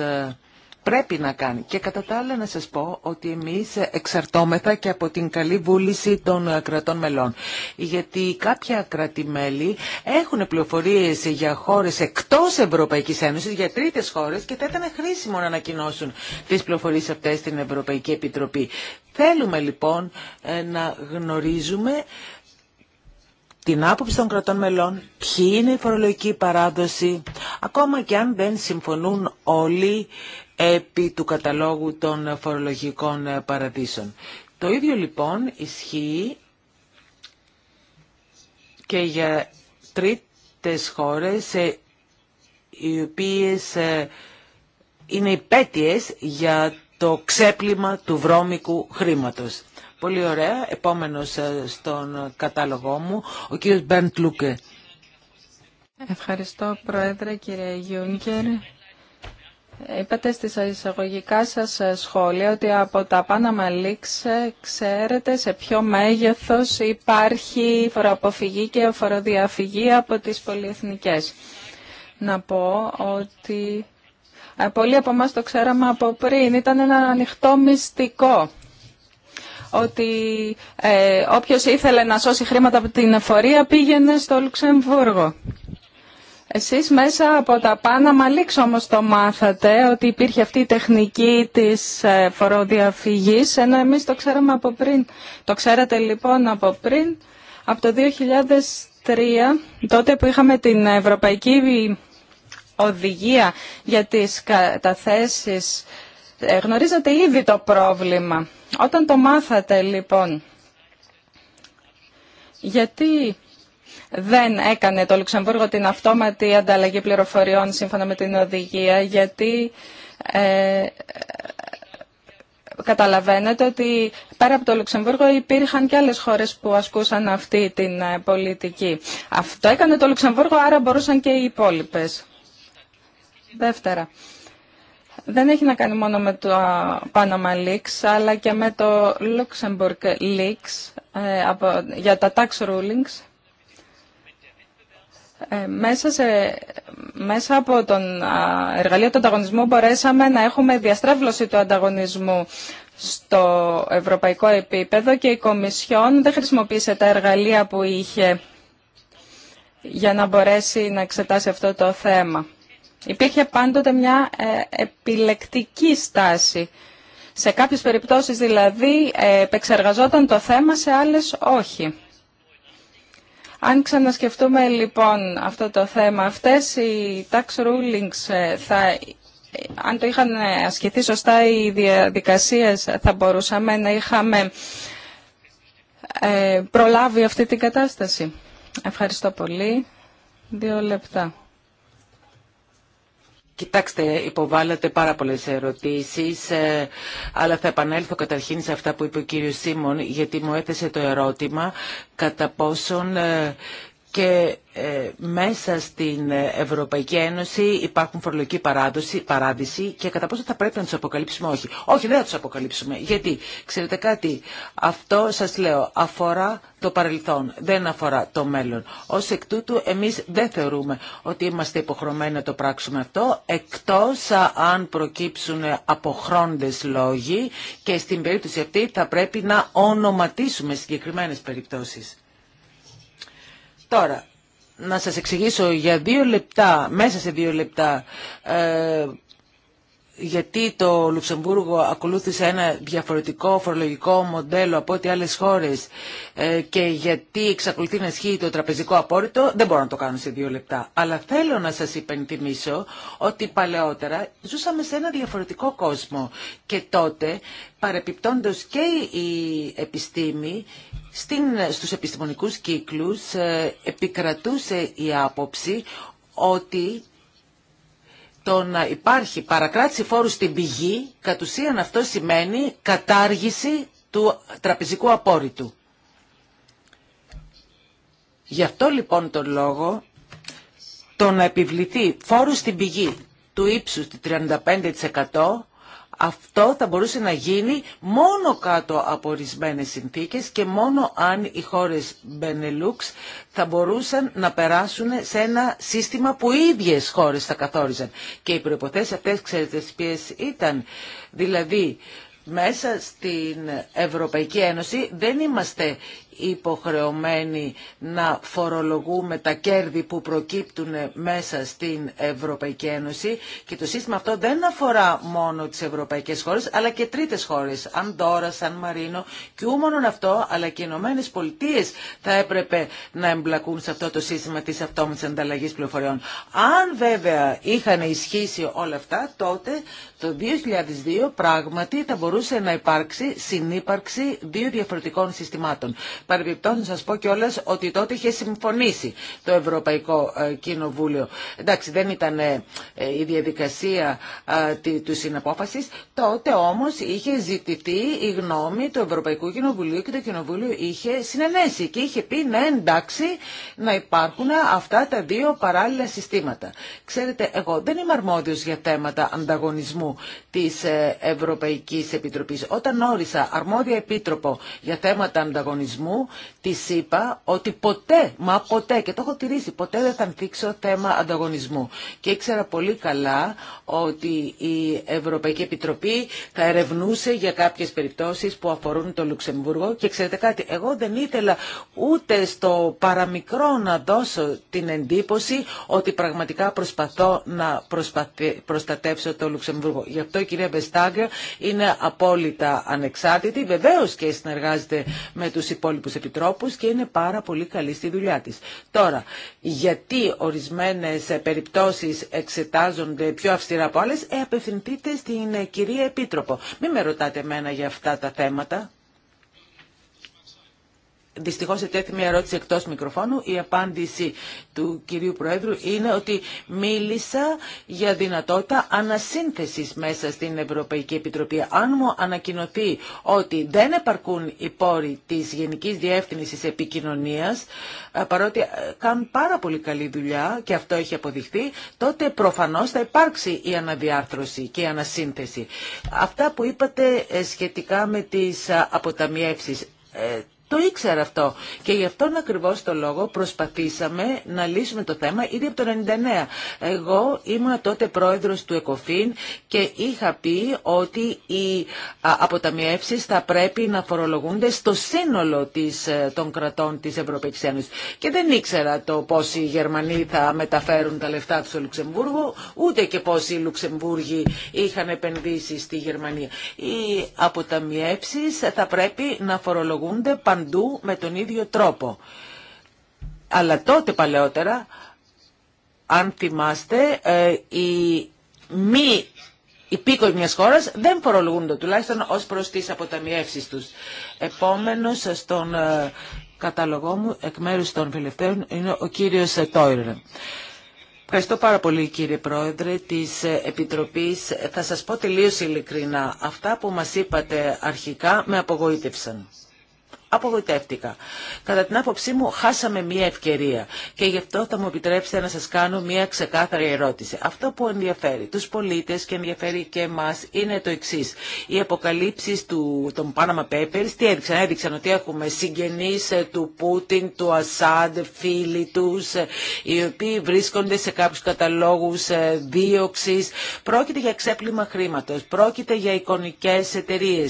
πρέπει να κάνει. Και κατά τα άλλα να σας πω ότι εμείς εξαρτώμεθα και από την καλή βούληση των κρατών μελών. Γιατί κάποια κρατημέλη έχουν πληροφορίες για χώρες εκτός Ευρωπαϊκής Ένωσης, για τρίτες χώρες και θα ήταν χρήσιμο να ανακοινώσουν τις πληροφορίες αυτές στην Ευρωπαϊκή Επιτροπή. Θέλουμε λοιπόν ε, να γνωρίζουμε την άποψη των κρατών μελών, ποιοι είναι η φορολογική παράδοση, ακόμα και αν δεν συμφωνούν όλοι επί του καταλόγου των φορολογικών ε, παραδείσων. Το ίδιο λοιπόν ισχύει και για τρίτες χώρες ε, οι οποίες ε, είναι υπέτειες για το ξέπλυμα του βρώμικου χρήματος. Πολύ ωραία. Επόμενος στον κατάλογό μου, ο κύριος Μπέρντ Λούκε. Ευχαριστώ Πρόεδρε κύριε Γιούνκερ. Είπατε στις εισαγωγικά σας ε, σχόλια ότι από τα Panama Leaks ε, ξέρετε σε ποιο μέγεθος υπάρχει φοροαποφυγή και φοροδιαφυγή από τις πολυεθνικές. Να πω ότι ε, πολλοί από εμά το ξέραμε από πριν. Ήταν ένα ανοιχτό μυστικό ότι ε, όποιος ήθελε να σώσει χρήματα από την εφορία πήγαινε στο Λουξεμβούργο. Εσείς μέσα από τα Panama Leaks όμως το μάθατε ότι υπήρχε αυτή η τεχνική της ε, φοροδιαφυγής, ενώ εμείς το ξέραμε από πριν. Το ξέρατε λοιπόν από πριν, από το 2003, τότε που είχαμε την Ευρωπαϊκή Οδηγία για τις καταθέσεις, ε, γνωρίζατε ήδη το πρόβλημα. Όταν το μάθατε λοιπόν, γιατί δεν έκανε το Λουξεμβούργο την αυτόματη ανταλλαγή πληροφοριών σύμφωνα με την οδηγία, γιατί ε, καταλαβαίνετε ότι πέρα από το Λουξεμβούργο υπήρχαν και άλλες χώρες που ασκούσαν αυτή την ε, πολιτική. Αυτό έκανε το Λουξεμβούργο, άρα μπορούσαν και οι υπόλοιπε. Δεύτερα. Δεν έχει να κάνει μόνο με το Panama Leaks, αλλά και με το Luxembourg Leaks ε, για τα tax rulings ε, μέσα, σε, μέσα από τον εργαλείο του ανταγωνισμού μπορέσαμε να έχουμε διαστρέβλωση του ανταγωνισμού στο ευρωπαϊκό επίπεδο και η Κομισιόν δεν χρησιμοποίησε τα εργαλεία που είχε για να μπορέσει να εξετάσει αυτό το θέμα. Υπήρχε πάντοτε μια ε, επιλεκτική στάση. Σε κάποιες περιπτώσεις δηλαδή ε, επεξεργαζόταν το θέμα, σε άλλες όχι. Αν ξανασκεφτούμε λοιπόν αυτό το θέμα, αυτές οι tax rulings ε, θα αν το είχαν ασκηθεί σωστά οι διαδικασίες θα μπορούσαμε να είχαμε ε, προλάβει αυτή την κατάσταση. Ευχαριστώ πολύ. Δύο λεπτά. Κοιτάξτε, υποβάλλατε πάρα πολλές ερωτήσεις, ε, αλλά θα επανέλθω καταρχήν σε αυτά που είπε ο κύριο Σίμων, γιατί μου έθεσε το ερώτημα κατά πόσον ε, και ε, μέσα στην Ευρωπαϊκή Ένωση υπάρχουν φορολογική παράδοση, παράδειση και κατά πόσο θα πρέπει να τους αποκαλύψουμε όχι. Όχι, δεν θα τους αποκαλύψουμε. Γιατί, ξέρετε κάτι, αυτό σας λέω αφορά το παρελθόν, δεν αφορά το μέλλον. Ως εκ τούτου εμείς δεν θεωρούμε ότι είμαστε υποχρεωμένοι να το πράξουμε αυτό, εκτός αν προκύψουν αποχρόντες λόγοι και στην περίπτωση αυτή θα πρέπει να ονοματίσουμε συγκεκριμένες περιπτώσεις. Τώρα, να σας εξηγήσω για δύο λεπτά, μέσα σε δύο λεπτά, ε, γιατί το Λουξεμβούργο ακολούθησε ένα διαφορετικό φορολογικό μοντέλο από ό,τι άλλες χώρες ε, και γιατί εξακολουθεί να ισχύει το τραπεζικό απόρριτο, δεν μπορώ να το κάνω σε δύο λεπτά. Αλλά θέλω να σας υπενθυμίσω ότι παλαιότερα ζούσαμε σε ένα διαφορετικό κόσμο και τότε παρεπιπτόντως και η επιστήμη στην, στους επιστημονικούς κύκλους ε, επικρατούσε η άποψη ότι το να υπάρχει παρακράτηση φόρου στην πηγή, κατ' ουσίαν αυτό σημαίνει κατάργηση του τραπεζικού απόρριτου. Γι' αυτό λοιπόν τον λόγο το να επιβληθεί φόρου στην πηγή του ύψους του 35% αυτό θα μπορούσε να γίνει μόνο κάτω από ορισμένε συνθήκες και μόνο αν οι χώρες Μπενελούξ θα μπορούσαν να περάσουν σε ένα σύστημα που οι ίδιες χώρες θα καθόριζαν. Και οι προποθέσει αυτέ ξέρετε ποιες ήταν. Δηλαδή μέσα στην Ευρωπαϊκή Ένωση δεν είμαστε υποχρεωμένοι να φορολογούμε τα κέρδη που προκύπτουν μέσα στην Ευρωπαϊκή Ένωση και το σύστημα αυτό δεν αφορά μόνο τις ευρωπαϊκές χώρες αλλά και τρίτες χώρες, Αντόρα, Σαν Μαρίνο και ού αυτό αλλά και οι Ηνωμένε Πολιτείε θα έπρεπε να εμπλακούν σε αυτό το σύστημα της αυτόμητης ανταλλαγής πληροφοριών. Αν βέβαια είχαν ισχύσει όλα αυτά τότε το 2002 πράγματι θα μπορούσε να υπάρξει συνύπαρξη δύο διαφορετικών συστημάτων. Παρεμπιπτόν να πω κιόλα ότι τότε είχε συμφωνήσει το Ευρωπαϊκό ε, Κοινοβούλιο. Εντάξει δεν ήταν ε, ε, η διαδικασία του συναπόφαση. τότε όμω είχε ζητηθεί η γνώμη του Ευρωπαϊκού Κοινοβουλίου και το Κοινοβούλιο είχε συνενέσει και είχε πει ναι εντάξει να υπάρχουν αυτά τα δύο παράλληλα συστήματα. Ξέρετε, εγώ δεν είμαι αρμόδιο για θέματα ανταγωνισμού της Ευρωπαϊκή Επιτροπής. Όταν όρισα αρμόδια επίτροπο για θέματα ανταγωνισμού, μου τη είπα ότι ποτέ, μα ποτέ, και το έχω τηρήσει, ποτέ δεν θα ανθίξω θέμα ανταγωνισμού. Και ήξερα πολύ καλά ότι η Ευρωπαϊκή Επιτροπή θα ερευνούσε για κάποιες περιπτώσεις που αφορούν το Λουξεμβούργο. Και ξέρετε κάτι, εγώ δεν ήθελα ούτε στο παραμικρό να δώσω την εντύπωση ότι πραγματικά προσπαθώ να προστατεύσω το Λουξεμβούργο. Γι' αυτό η κυρία Μπεστάγκερ είναι απόλυτα ανεξάρτητη. Βεβαίως και συνεργάζεται με τους υπόλοιπους επιτρόπους ανθρώπου και είναι πάρα πολύ καλή στη δουλειά τη. Τώρα, γιατί ορισμένε περιπτώσει εξετάζονται πιο αυστηρά από άλλε, ε, απευθυνθείτε στην ε, κυρία Επίτροπο. Μην με ρωτάτε εμένα για αυτά τα θέματα. Δυστυχώς ετέθη μια ερώτηση εκτός μικροφώνου. Η απάντηση του κυρίου Πρόεδρου είναι ότι μίλησα για δυνατότητα ανασύνθεσης μέσα στην Ευρωπαϊκή Επιτροπή. Αν μου ανακοινωθεί ότι δεν επαρκούν οι πόροι της Γενικής Διεύθυνσης Επικοινωνίας, ε, παρότι ε, κάνουν πάρα πολύ καλή δουλειά και αυτό έχει αποδειχθεί, τότε προφανώς θα υπάρξει η αναδιάρθρωση και η ανασύνθεση. Αυτά που είπατε ε, σχετικά με τις αποταμιεύσεις το ήξερα αυτό. Και γι' αυτόν ακριβώ το λόγο προσπαθήσαμε να λύσουμε το θέμα ήδη από το 99. Εγώ ήμουν τότε πρόεδρος του ΕΚΟΦΗΝ και είχα πει ότι οι αποταμιεύσει θα πρέπει να φορολογούνται στο σύνολο της, ε, των κρατών της Ευρωπαϊκής Ένωσης. Και δεν ήξερα το πώς οι Γερμανοί θα μεταφέρουν τα λεφτά του στο Λουξεμβούργο, ούτε και πώς οι Λουξεμβούργοι είχαν επενδύσει στη Γερμανία. Οι αποταμιεύσει θα πρέπει να φορολογούνται παντού με τον ίδιο τρόπο. Αλλά τότε παλαιότερα, αν θυμάστε, ε, οι μη υπήκοοι μιας χώρας δεν φορολογούνται τουλάχιστον ως προς τις αποταμιεύσεις τους. Επόμενος στον ε, καταλογό μου εκ μέρους των φιλευταίων είναι ο κύριος ε, Τόιρεν. Ευχαριστώ πάρα πολύ κύριε Πρόεδρε της Επιτροπής. Θα σας πω τελείως ειλικρινά. Αυτά που μας είπατε αρχικά με απογοήτευσαν απογοητεύτηκα. Κατά την άποψή μου χάσαμε μία ευκαιρία και γι' αυτό θα μου επιτρέψετε να σας κάνω μία ξεκάθαρη ερώτηση. Αυτό που ενδιαφέρει τους πολίτες και ενδιαφέρει και εμάς είναι το εξή. Οι αποκαλύψεις του, των Panama Papers τι έδειξαν. Έδειξαν ότι έχουμε συγγενείς ε, του Πούτιν, του Ασάντ, φίλοι τους, ε, οι οποίοι βρίσκονται σε κάποιους καταλόγους ε, δίωξη. Πρόκειται για ξέπλυμα χρήματος, πρόκειται για εικονικές εταιρείε.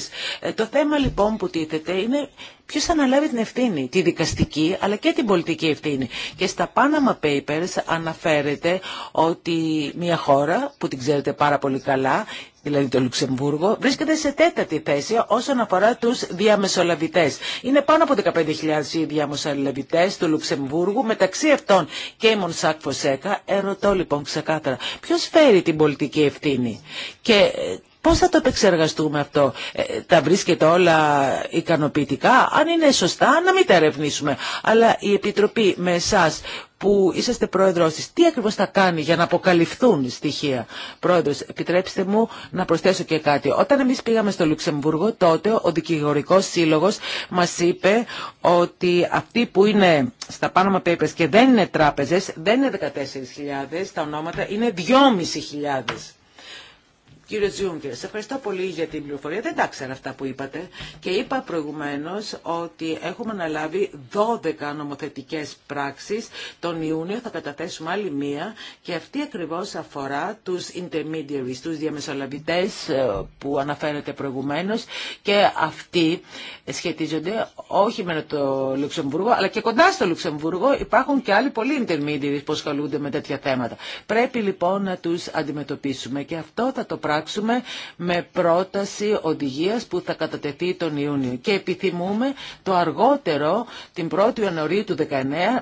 Το θέμα λοιπόν που τίθεται είναι Ποιο αναλάβει την ευθύνη, τη δικαστική αλλά και την πολιτική ευθύνη. Και στα Panama Papers αναφέρεται ότι μια χώρα που την ξέρετε πάρα πολύ καλά, δηλαδή το Λουξεμβούργο, βρίσκεται σε τέταρτη θέση όσον αφορά τους διαμεσολαβητές. Είναι πάνω από 15.000 οι διαμεσολαβητές του Λουξεμβούργου, μεταξύ αυτών και η Μονσάκ Φωσέκα. Ερωτώ λοιπόν ξεκάθαρα, ποιος φέρει την πολιτική ευθύνη. Και ε, Πώς θα το επεξεργαστούμε αυτό. Ε, τα βρίσκεται όλα ικανοποιητικά. Αν είναι σωστά να μην τα ερευνήσουμε. Αλλά η Επιτροπή με εσά που είσαστε πρόεδρος της, τι ακριβώς θα κάνει για να αποκαλυφθούν στοιχεία. Πρόεδρος, επιτρέψτε μου να προσθέσω και κάτι. Όταν εμείς πήγαμε στο Λουξεμβούργο, τότε ο δικηγορικός σύλλογος μας είπε ότι αυτοί που είναι στα Panama Papers και δεν είναι τράπεζες, δεν είναι 14.000 τα ονόματα, είναι 2.500. Κύριε Τζούγκερ, σε ευχαριστώ πολύ για την πληροφορία. Δεν τα ξέρω αυτά που είπατε και είπα προηγουμένω ότι έχουμε αναλάβει 12 νομοθετικέ πράξει Τον Ιούνιο θα καταθέσουμε άλλη μία και αυτή ακριβώ αφορά του intermediaries, του διαμεσολαβητές ε, που αναφέρετε προηγουμένω. και αυτοί σχετίζονται όχι με το Λουξεμβούργο αλλά και κοντά στο Λουξεμβούργο υπάρχουν και άλλοι πολλοί intermediaries που ασχολούνται με τέτοια θέματα. Πρέπει λοιπόν να του αντιμετωπίσουμε και αυτό θα το με πρόταση οδηγίας που θα κατατεθεί τον Ιούνιο. Και επιθυμούμε το αργότερο, την 1η Ιανουαρίου του 2019,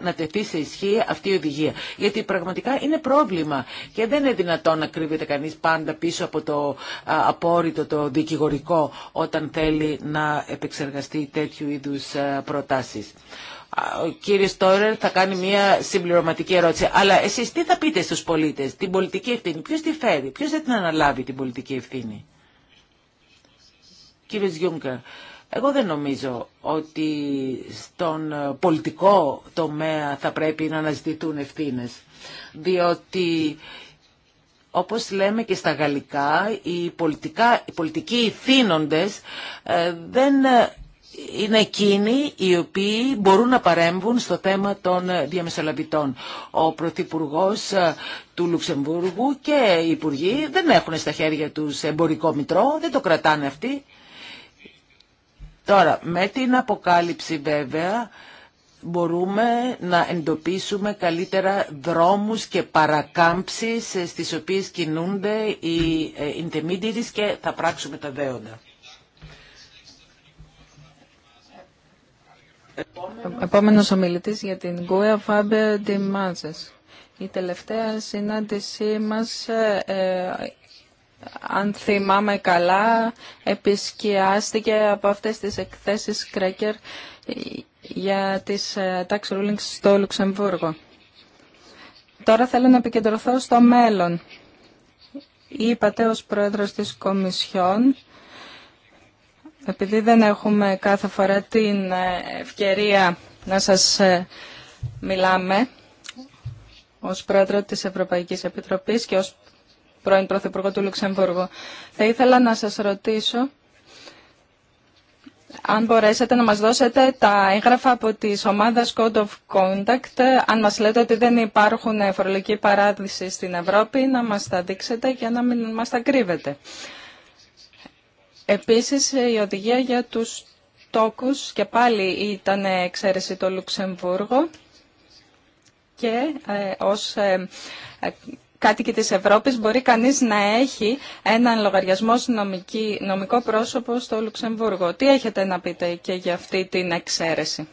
να τεθεί σε ισχύ αυτή η οδηγία. Γιατί πραγματικά είναι πρόβλημα και δεν είναι δυνατόν να κρύβεται κανείς πάντα πίσω από το απόρριτο, το δικηγορικό όταν θέλει να επεξεργαστεί τέτοιου είδους προτάσεις ο κύριο Τόρερ θα κάνει μια συμπληρωματική ερώτηση. Αλλά εσεί τι θα πείτε στου πολίτε, την πολιτική ευθύνη, Ποιο τη φέρει, Ποιο δεν την αναλάβει την πολιτική ευθύνη. Κύριε Γιούγκερ, εγώ δεν νομίζω ότι στον ε, πολιτικό τομέα θα πρέπει να αναζητηθούν ευθύνε. Διότι, όπως λέμε και στα γαλλικά, οι, πολιτικά, πολιτικοί ηθήνοντες ε, δεν ε, είναι εκείνοι οι οποίοι μπορούν να παρέμβουν στο θέμα των διαμεσολαβητών. Ο Πρωθυπουργό ε, του Λουξεμβούργου και οι Υπουργοί δεν έχουν στα χέρια τους εμπορικό μητρό, δεν το κρατάνε αυτοί. Τώρα, με την αποκάλυψη βέβαια μπορούμε να εντοπίσουμε καλύτερα δρόμους και παρακάμψεις στις οποίες κινούνται οι ε, intermediaries και θα πράξουμε τα δέοντα. Επόμενος ομιλητής για την ΚΟΕΑ Φάμπερ Ντιμάζες. Η τελευταία συνάντησή μας, ε, ε, αν θυμάμαι καλά, επισκιάστηκε από αυτές τις εκθέσεις Κρέκερ για τις ε, tax rulings στο Λουξεμβούργο. Τώρα θέλω να επικεντρωθώ στο μέλλον. Είπατε ως πρόεδρος της Κομισιόν επειδή δεν έχουμε κάθε φορά την ε, ευκαιρία να σας ε, μιλάμε ως πρόεδρο της Ευρωπαϊκής Επιτροπής και ως πρώην Πρωθυπουργό του Λουξεμβούργου, θα ήθελα να σας ρωτήσω αν μπορέσετε να μας δώσετε τα έγγραφα από τις ομάδες Code of Contact, αν μας λέτε ότι δεν υπάρχουν φορολογικοί παράδεισοι στην Ευρώπη, να μας τα δείξετε για να μην μας τα κρύβετε. Επίσης, η οδηγία για τους τόκους και πάλι ήταν εξαίρεση το Λουξεμβούργο και ε, ως ε, ε κάτοικοι της Ευρώπης μπορεί κανείς να έχει έναν λογαριασμό νομική, νομικό πρόσωπο στο Λουξεμβούργο. Τι έχετε να πείτε και για αυτή την εξαίρεση.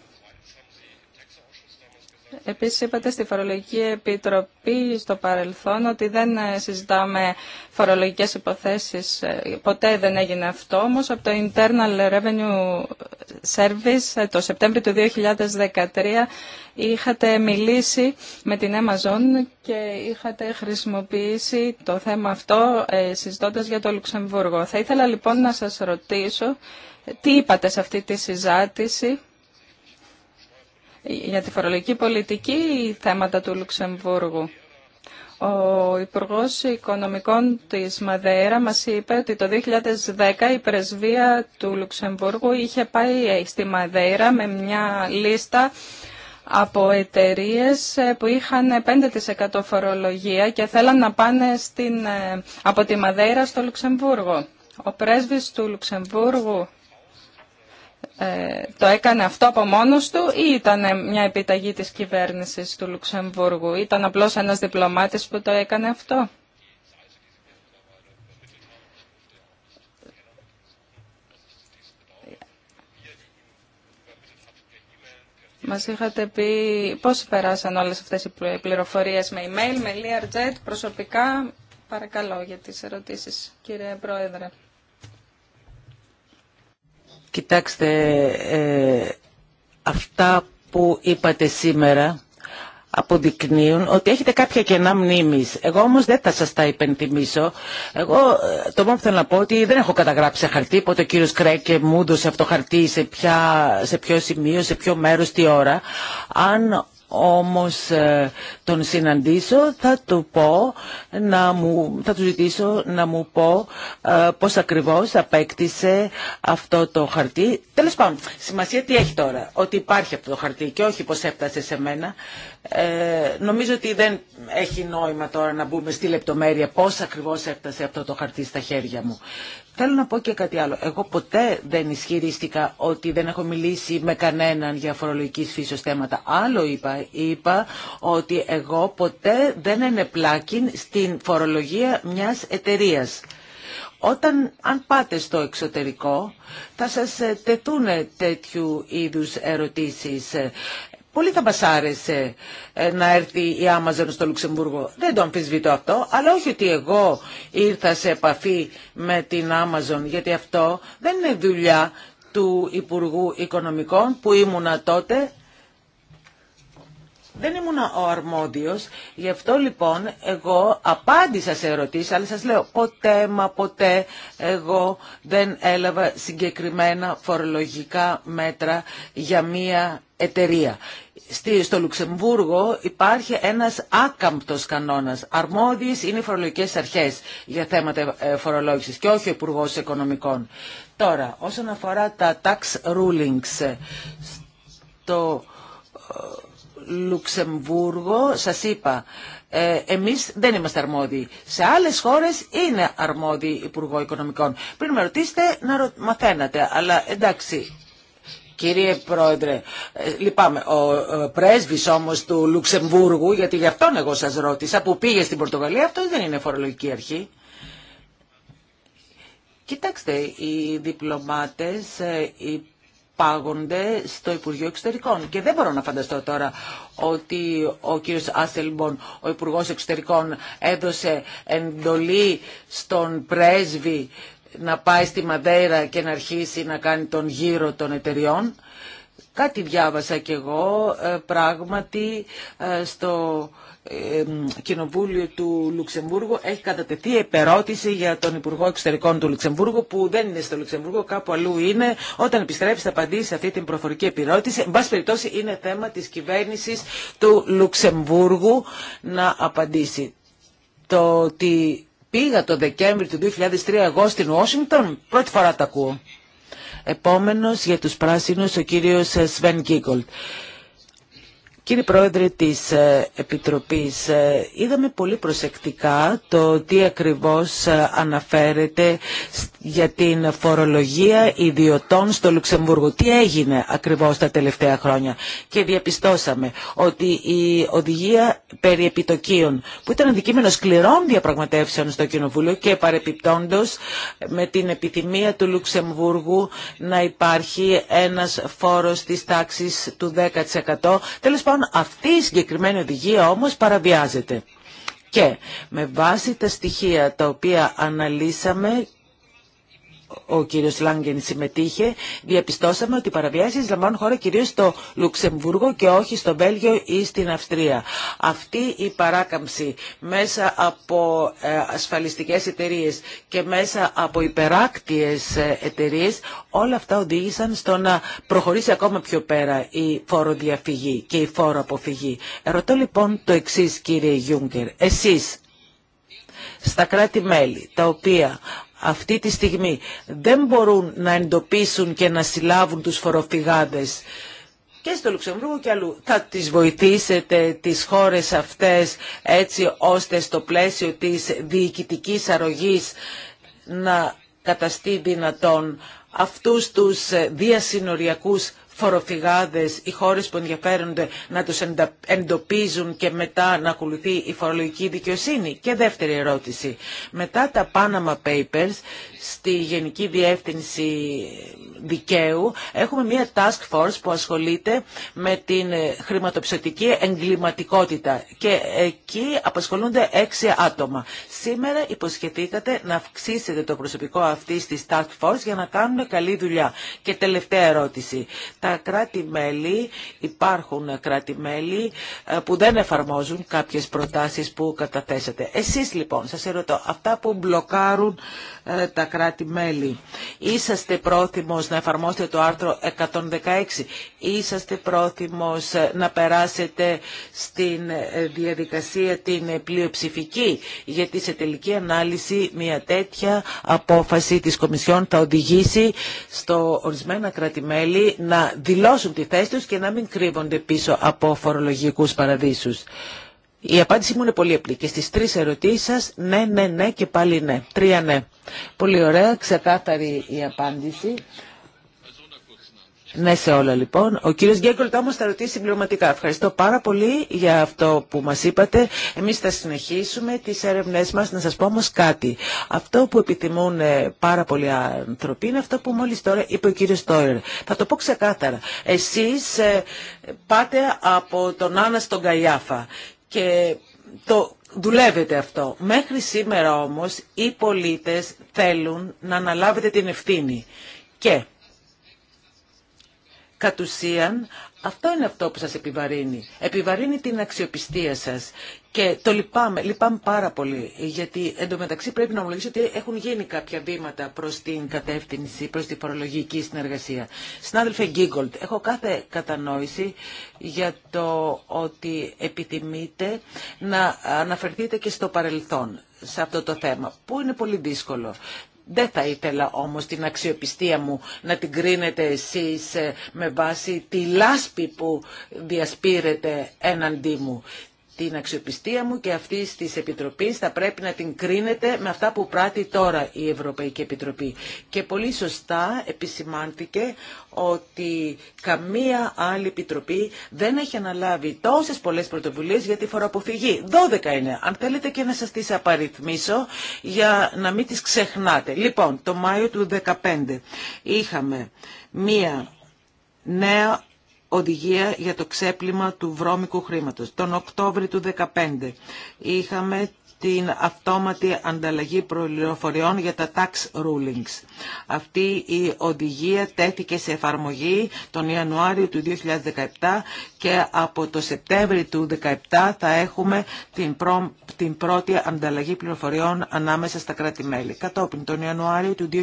Επίσης είπατε στη Φορολογική Επιτροπή στο παρελθόν ότι δεν ε, συζητάμε φορολογικές υποθέσεις. Ε, ποτέ δεν έγινε αυτό, όμως από το Internal Revenue Service ε, το Σεπτέμβριο του 2013 είχατε μιλήσει με την Amazon και είχατε χρησιμοποιήσει το θέμα αυτό συζητώντας για το Λουξεμβούργο. Θα ήθελα λοιπόν να σας ρωτήσω τι είπατε σε αυτή τη συζάτηση για τη φορολογική πολιτική θέματα του Λουξεμβούργου. Ο Υπουργό Οικονομικών της Μαδέρα μα είπε ότι το 2010 η πρεσβεία του Λουξεμβούργου είχε πάει στη Μαδέρα με μια λίστα από εταιρείε ε, που είχαν 5% φορολογία και θέλαν να πάνε στην, ε, από τη Μαδέρα στο Λουξεμβούργο. Ο πρέσβης του Λουξεμβούργου ε, το έκανε αυτό από μόνος του ή ήταν μια επιταγή της κυβέρνησης του Λουξεμβούργου. Ήταν απλώς ένας διπλωμάτης που το έκανε αυτό. Μας είχατε πει πώς περάσαν όλες αυτές οι πληροφορίες με email, με Learjet, προσωπικά. Παρακαλώ για τις ερωτήσεις, κύριε Πρόεδρε. Κοιτάξτε, ε, αυτά που είπατε σήμερα αποδεικνύουν ότι έχετε κάποια κενά μνήμης. Εγώ όμως δεν θα σας τα υπενθυμίσω. Εγώ ε, το μόνο που θέλω να πω ότι δεν έχω καταγράψει σε χαρτί πότε ο κύριος Κρέκε μου έδωσε αυτό χαρτί σε, ποια, σε ποιο σημείο, σε ποιο μέρος, τι ώρα. Αν όμως ε, τον συναντήσω θα του πω να μου, θα του ζητήσω να μου πω ε, πώς ακριβώς απέκτησε αυτό το χαρτί. Τέλος πάντων, σημασία τι έχει τώρα, ότι υπάρχει αυτό το χαρτί και όχι πώς έφτασε σε μένα. Ε, νομίζω ότι δεν έχει νόημα τώρα να μπούμε στη λεπτομέρεια πώς ακριβώς έφτασε αυτό το χαρτί στα χέρια μου. Θέλω να πω και κάτι άλλο. Εγώ ποτέ δεν ισχυρίστηκα ότι δεν έχω μιλήσει με κανέναν για φορολογική φύσεω θέματα. Άλλο είπα. Είπα ότι εγώ ποτέ δεν πλάκιν στην φορολογία μιας εταιρεία. Όταν, αν πάτε στο εξωτερικό, θα σας ε, τεθούν τέτοιου είδους ερωτήσεις. Πολύ θα μας άρεσε ε, να έρθει η Amazon στο Λουξεμβούργο. Δεν το αμφισβητώ αυτό, αλλά όχι ότι εγώ ήρθα σε επαφή με την Amazon, γιατί αυτό δεν είναι δουλειά του Υπουργού Οικονομικών που ήμουνα τότε. Δεν ήμουνα ο αρμόδιος, γι' αυτό λοιπόν εγώ απάντησα σε ερωτήσεις, αλλά σας λέω ποτέ μα ποτέ εγώ δεν έλαβα συγκεκριμένα φορολογικά μέτρα για μία εταιρεία στο Λουξεμβούργο υπάρχει ένας άκαμπτος κανόνας. Αρμόδιες είναι οι φορολογικές αρχές για θέματα ε, φορολόγησης και όχι ο υπουργό Οικονομικών. Τώρα, όσον αφορά τα tax rulings στο ε, Λουξεμβούργο, σας είπα, ε, εμείς δεν είμαστε αρμόδιοι. Σε άλλες χώρες είναι αρμόδιοι Υπουργό Οικονομικών. Πριν με ρωτήσετε, να μαθαίνατε, αλλά εντάξει, Κύριε Πρόεδρε, ε, λυπάμαι, ο πρέσβης όμως του Λουξεμβούργου, γιατί γι' αυτόν εγώ σας ρώτησα, που πήγε στην Πορτογαλία, αυτό δεν είναι φορολογική αρχή. Κοιτάξτε, οι διπλωμάτες ε, πάγονται στο Υπουργείο Εξωτερικών. Και δεν μπορώ να φανταστώ τώρα ότι ο κύριος Άσελμπον, ο Υπουργός Εξωτερικών, έδωσε εντολή στον πρέσβη να πάει στη Μαδέρα και να αρχίσει να κάνει τον γύρο των εταιριών. Κάτι διάβασα κι εγώ, ε, πράγματι ε, στο Κοινοβούλιο του Λουξεμβούργου έχει κατατεθεί επερώτηση για τον Υπουργό Εξωτερικών του Λουξεμβούργου που δεν είναι στο Λουξεμβούργο, κάπου αλλού είναι. Όταν επιστρέψει θα απαντήσει σε αυτή την προφορική επιρώτηση. Εν πάση περιπτώσει είναι θέμα της κυβέρνησης του Λουξεμβούργου να απαντήσει. Το ότι Πήγα το Δεκέμβρη του 2003 εγώ στην Ουάσιγκτον. Πρώτη φορά τα ακούω. Επόμενος για τους πράσινους ο κύριος Σβέν Κίγκολτ. Κύριε Πρόεδρε της ε, Επιτροπής, ε, είδαμε πολύ προσεκτικά το τι ακριβώς ε, αναφέρεται για την φορολογία ιδιωτών στο Λουξεμβούργο. Τι έγινε ακριβώς τα τελευταία χρόνια. Και διαπιστώσαμε ότι η οδηγία περί επιτοκίων που ήταν αντικείμενο σκληρών διαπραγματεύσεων στο Κοινοβούλιο και παρεπιπτόντος με την επιθυμία του Λουξεμβούργου να υπάρχει ένας φόρος της τάξης του 10%. Τέλος πάντων λοιπόν αυτή η συγκεκριμένη οδηγία όμως παραβιάζεται. Και με βάση τα στοιχεία τα οποία αναλύσαμε ο κύριος Λάγκεν συμμετείχε, διαπιστώσαμε ότι οι παραβιάσεις λαμβάνουν χώρα κυρίως στο Λουξεμβούργο και όχι στο Βέλγιο ή στην Αυστρία. Αυτή η παράκαμψη μέσα από ε, ασφαλιστικές εταιρείες και μέσα από υπεράκτιες ε, εταιρείες, όλα αυτά οδήγησαν στο να προχωρήσει ακόμα πιο πέρα η φοροδιαφυγή και η αποφυγή. ερωτώ λοιπόν το εξής κύριε Γιούγκερ, εσείς στα κράτη-μέλη τα οποία αυτή τη στιγμή δεν μπορούν να εντοπίσουν και να συλλάβουν τους φοροφυγάδες και στο Λουξεμβούργο και αλλού. Θα τις βοηθήσετε τις χώρες αυτές έτσι ώστε στο πλαίσιο της διοικητική αρρωγής να καταστεί δυνατόν αυτούς τους διασυνοριακούς φοροφυγάδες, οι χώρες που ενδιαφέρονται να τους εντοπίζουν και μετά να ακολουθεί η φορολογική δικαιοσύνη. Και δεύτερη ερώτηση. Μετά τα Panama Papers στη Γενική Διεύθυνση Δικαίου έχουμε μια task force που ασχολείται με την χρηματοψηφιακή εγκληματικότητα και εκεί απασχολούνται έξι άτομα. Σήμερα υποσχεθήκατε να αυξήσετε το προσωπικό αυτή τη task force για να κάνουν καλή δουλειά. Και τελευταία ερώτηση κράτη-μέλη, υπάρχουν κράτη-μέλη ε, που δεν εφαρμόζουν κάποιες προτάσεις που καταθέσατε. Εσείς λοιπόν, σας ερωτώ, αυτά που μπλοκάρουν ε, τα κράτη-μέλη, είσαστε πρόθυμος να εφαρμόσετε το άρθρο 116, είσαστε πρόθυμος ε, να περάσετε στην διαδικασία την πλειοψηφική, γιατί σε τελική ανάλυση μια τέτοια απόφαση της Κομισιόν θα οδηγήσει στο ορισμένα κράτη-μέλη να δηλώσουν τη θέση τους και να μην κρύβονται πίσω από φορολογικούς παραδείσους. Η απάντησή μου είναι πολύ απλή και στις τρεις ερωτήσεις σας ναι, ναι, ναι και πάλι ναι. Τρία ναι. Πολύ ωραία, ξεκάθαρη η απάντηση. Ναι σε όλα λοιπόν. Ο κύριος Γκέγκολτ όμως θα ρωτήσει συμπληρωματικά. Ευχαριστώ πάρα πολύ για αυτό που μας είπατε. Εμείς θα συνεχίσουμε τις έρευνές μας. Να σας πω όμως κάτι. Αυτό που επιθυμούν ε, πάρα πολλοί άνθρωποι είναι αυτό που μόλις τώρα είπε ο κύριος Τόιρ. Θα το πω ξεκάθαρα. Εσείς ε, πάτε από τον Άννα στον Καϊάφα και το δουλεύετε αυτό. Μέχρι σήμερα όμως οι πολίτες θέλουν να αναλάβετε την ευθύνη. Και Κατ' ουσίαν, αυτό είναι αυτό που σας επιβαρύνει. Επιβαρύνει την αξιοπιστία σας. Και το λυπάμαι, λυπάμαι πάρα πολύ, γιατί εντωμεταξύ πρέπει να ομολογήσω ότι έχουν γίνει κάποια βήματα προς την κατεύθυνση, προς την φορολογική συνεργασία. Συνάδελφε Γκίγκολτ, έχω κάθε κατανόηση για το ότι επιθυμείτε να αναφερθείτε και στο παρελθόν σε αυτό το θέμα, που είναι πολύ δύσκολο. Δεν θα ήθελα όμως την αξιοπιστία μου να την κρίνετε εσείς ε, με βάση τη λάσπη που διασπείρετε έναντί μου την αξιοπιστία μου και αυτή τη Επιτροπή θα πρέπει να την κρίνεται με αυτά που πράττει τώρα η Ευρωπαϊκή Επιτροπή. Και πολύ σωστά επισημάνθηκε ότι καμία άλλη επιτροπή δεν έχει αναλάβει τόσε πολλέ πρωτοβουλίε για τη φοροαποφυγή. 12 είναι. Αν θέλετε και να σα τι απαριθμίσω για να μην τι ξεχνάτε. Λοιπόν, το Μάιο του 2015 είχαμε μία νέα οδηγία για το ξέπλυμα του βρώμικου χρήματος. Τον Οκτώβριο του 2015 είχαμε την αυτόματη ανταλλαγή πληροφοριών για τα tax rulings. Αυτή η οδηγία τέθηκε σε εφαρμογή τον Ιανουάριο του 2017 και από το Σεπτέμβριο του 2017 θα έχουμε την, την πρώτη ανταλλαγή πληροφοριών ανάμεσα στα κράτη-μέλη. Κατόπιν τον Ιανουάριο του 2016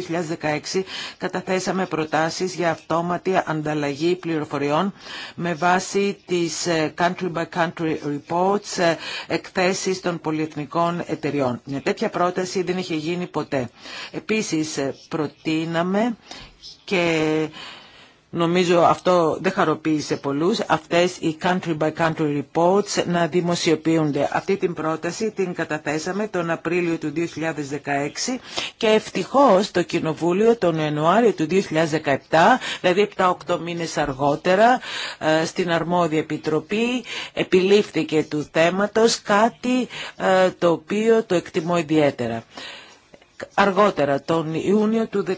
καταθέσαμε προτάσεις για αυτόματη ανταλλαγή πληροφοριών με βάση τις ε, country by country reports, ε, εκθέσεις των πολυεθνικών ελληνικών Μια τέτοια πρόταση δεν είχε γίνει ποτέ. Επίσης ε, προτείναμε και Νομίζω αυτό δεν χαροποίησε πολλούς, αυτές οι country by country reports να δημοσιοποιούνται. Αυτή την πρόταση την καταθέσαμε τον Απρίλιο του 2016 και ευτυχώς το Κοινοβούλιο τον Ιανουάριο του 2017, δηλαδή 7-8 μήνες αργότερα, ε, στην αρμόδια επιτροπή επιλήφθηκε του θέματος κάτι ε, το οποίο το εκτιμώ ιδιαίτερα. Αργότερα, τον Ιούνιο του 2016,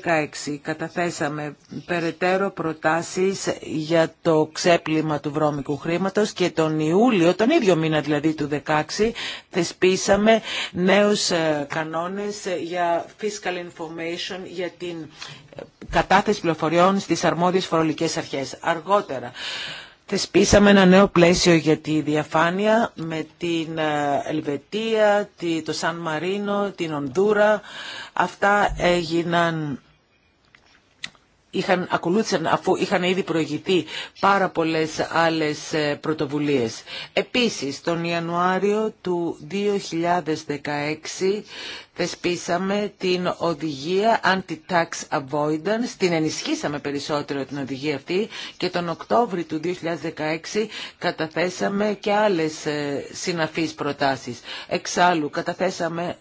καταθέσαμε περαιτέρω προτάσεις για το ξέπλυμα του βρώμικου χρήματος και τον Ιούλιο, τον ίδιο μήνα δηλαδή του 2016, θεσπίσαμε νέους ε, κανόνες για fiscal information, για την ε, κατάθεση πληροφοριών στις αρμόδιες φορολογικές αρχές. Αργότερα, θεσπίσαμε ένα νέο πλαίσιο για τη διαφάνεια με την ε, Ελβετία, το Σαν Μαρίνο, την Ονδούρα. Αυτά έγιναν είχαν, ακολούθησαν αφού είχαν ήδη προηγηθεί πάρα πολλές άλλες ε, πρωτοβουλίες. Επίσης, τον Ιανουάριο του 2016 θεσπίσαμε την οδηγία Anti-Tax Avoidance, την ενισχύσαμε περισσότερο την οδηγία αυτή και τον Οκτώβριο του 2016 καταθέσαμε και άλλες ε, συναφείς προτάσεις. Εξάλλου, καταθέσαμε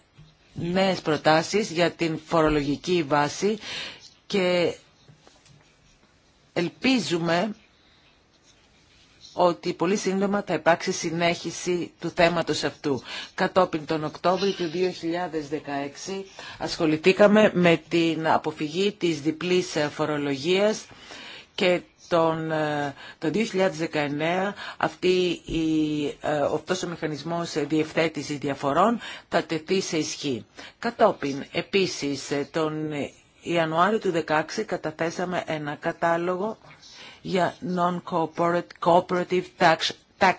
νέες προτάσεις για την φορολογική βάση και Ελπίζουμε ότι πολύ σύντομα θα υπάρξει συνέχιση του θέματος αυτού. Κατόπιν τον Οκτώβριο του 2016 ασχοληθήκαμε με την αποφυγή της διπλής ε, φορολογίας και τον, ε, το 2019 αυτή η, ε, αυτός ο μηχανισμός διευθέτησης διαφορών θα τεθεί σε ισχύ. Κατόπιν, επίσης, τον Ιανουάριο του 2016 καταθέσαμε ένα κατάλογο για non-cooperative tax tax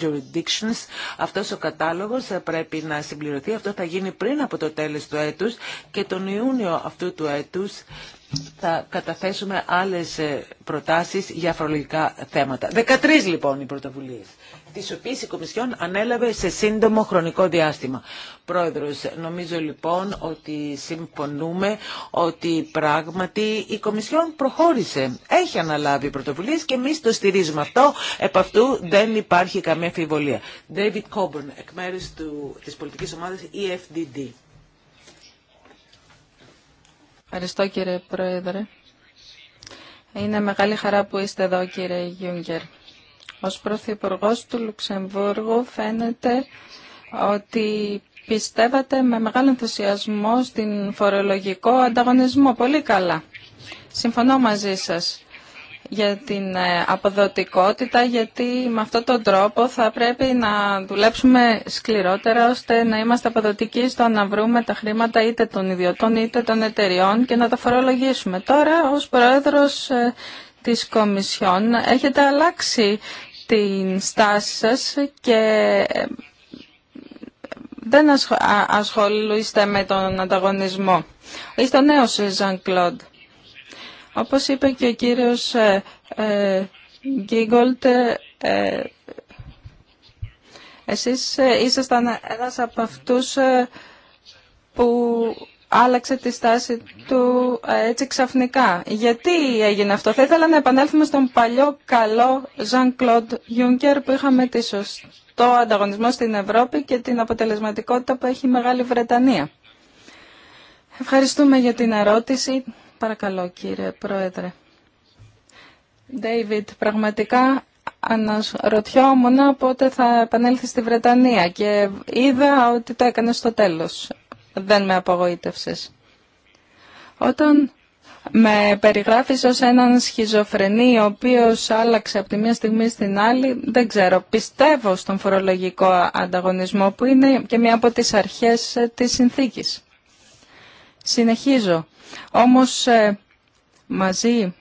jurisdictions. Αυτός ο κατάλογος πρέπει να συμπληρωθεί. Αυτό θα γίνει πριν από το τέλος του έτους και τον Ιούνιο αυτού του έτους θα καταθέσουμε άλλες ε, προτάσεις για αφρολογικά θέματα. 13 λοιπόν οι πρωτοβουλίες τις οποίες η Κομισιόν ανέλαβε σε σύντομο χρονικό διάστημα. Πρόεδρος, νομίζω λοιπόν ότι συμφωνούμε ότι πράγματι η Κομισιόν προχώρησε. Έχει αναλάβει πρωτοβουλίες και εμείς το στηρίζουμε αυτό. Επ' αυτού δεν υπάρχει καμία φιβολία. David Coburn, εκ μέρους της πολιτικής ομάδας EFDD. Ευχαριστώ κύριε Πρόεδρε. Είναι μεγάλη χαρά που είστε εδώ κύριε Γιούγκερ. Ως Πρωθυπουργό του Λουξεμβούργου φαίνεται ότι πιστεύατε με μεγάλο ενθουσιασμό στην φορολογικό ανταγωνισμό. Πολύ καλά. Συμφωνώ μαζί σας για την ε, αποδοτικότητα, γιατί με αυτόν τον τρόπο θα πρέπει να δουλέψουμε σκληρότερα ώστε να είμαστε αποδοτικοί στο να βρούμε τα χρήματα είτε των ιδιωτών είτε των εταιριών και να τα φορολογήσουμε. Τώρα, ως Πρόεδρος ε, της Κομισιόν, έχετε αλλάξει την στάση σας και δεν ασχολείστε με τον ανταγωνισμό. Είστε ο νέος Ζαν ε, Κλοντ. Όπως είπε και ο κύριος ε, Γκίγκολτ, ε, ε, ε, εσείς ήσασταν ένας από αυτούς που άλλαξε τη στάση του ε, έτσι ξαφνικά. Γιατί έγινε αυτό. Θα ήθελα να επανέλθουμε στον παλιό καλό Jean-Claude Juncker που είχαμε τη ανταγωνισμό στην Ευρώπη και την αποτελεσματικότητα που έχει η Μεγάλη Βρετανία. Ευχαριστούμε για την ερώτηση. Παρακαλώ κύριε Πρόεδρε. David, πραγματικά αναρωτιόμουν πότε θα επανέλθει στη Βρετανία και είδα ότι το έκανε στο τέλος δεν με απογοήτευσες. Όταν με περιγράφεις ως έναν σχιζοφρενή ο οποίος άλλαξε από τη μία στιγμή στην άλλη, δεν ξέρω, πιστεύω στον φορολογικό ανταγωνισμό που είναι και μία από τις αρχές ε, της συνθήκης. Συνεχίζω. Όμως ε, μαζί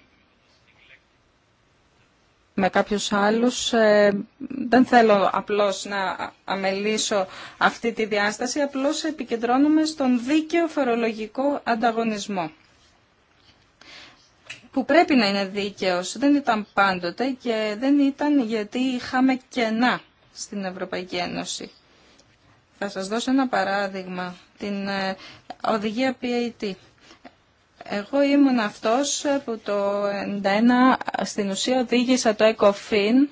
με κάποιους άλλους. Ε, δεν θέλω απλώς να αμελήσω αυτή τη διάσταση, απλώς επικεντρώνουμε στον δίκαιο φορολογικό ανταγωνισμό που πρέπει να είναι δίκαιος. Δεν ήταν πάντοτε και δεν ήταν γιατί είχαμε κενά στην Ευρωπαϊκή Ένωση. Θα σας δώσω ένα παράδειγμα, την ε, οδηγία PAT. Εγώ ήμουν αυτός που το 1991 στην ουσία οδήγησα το ECOFIN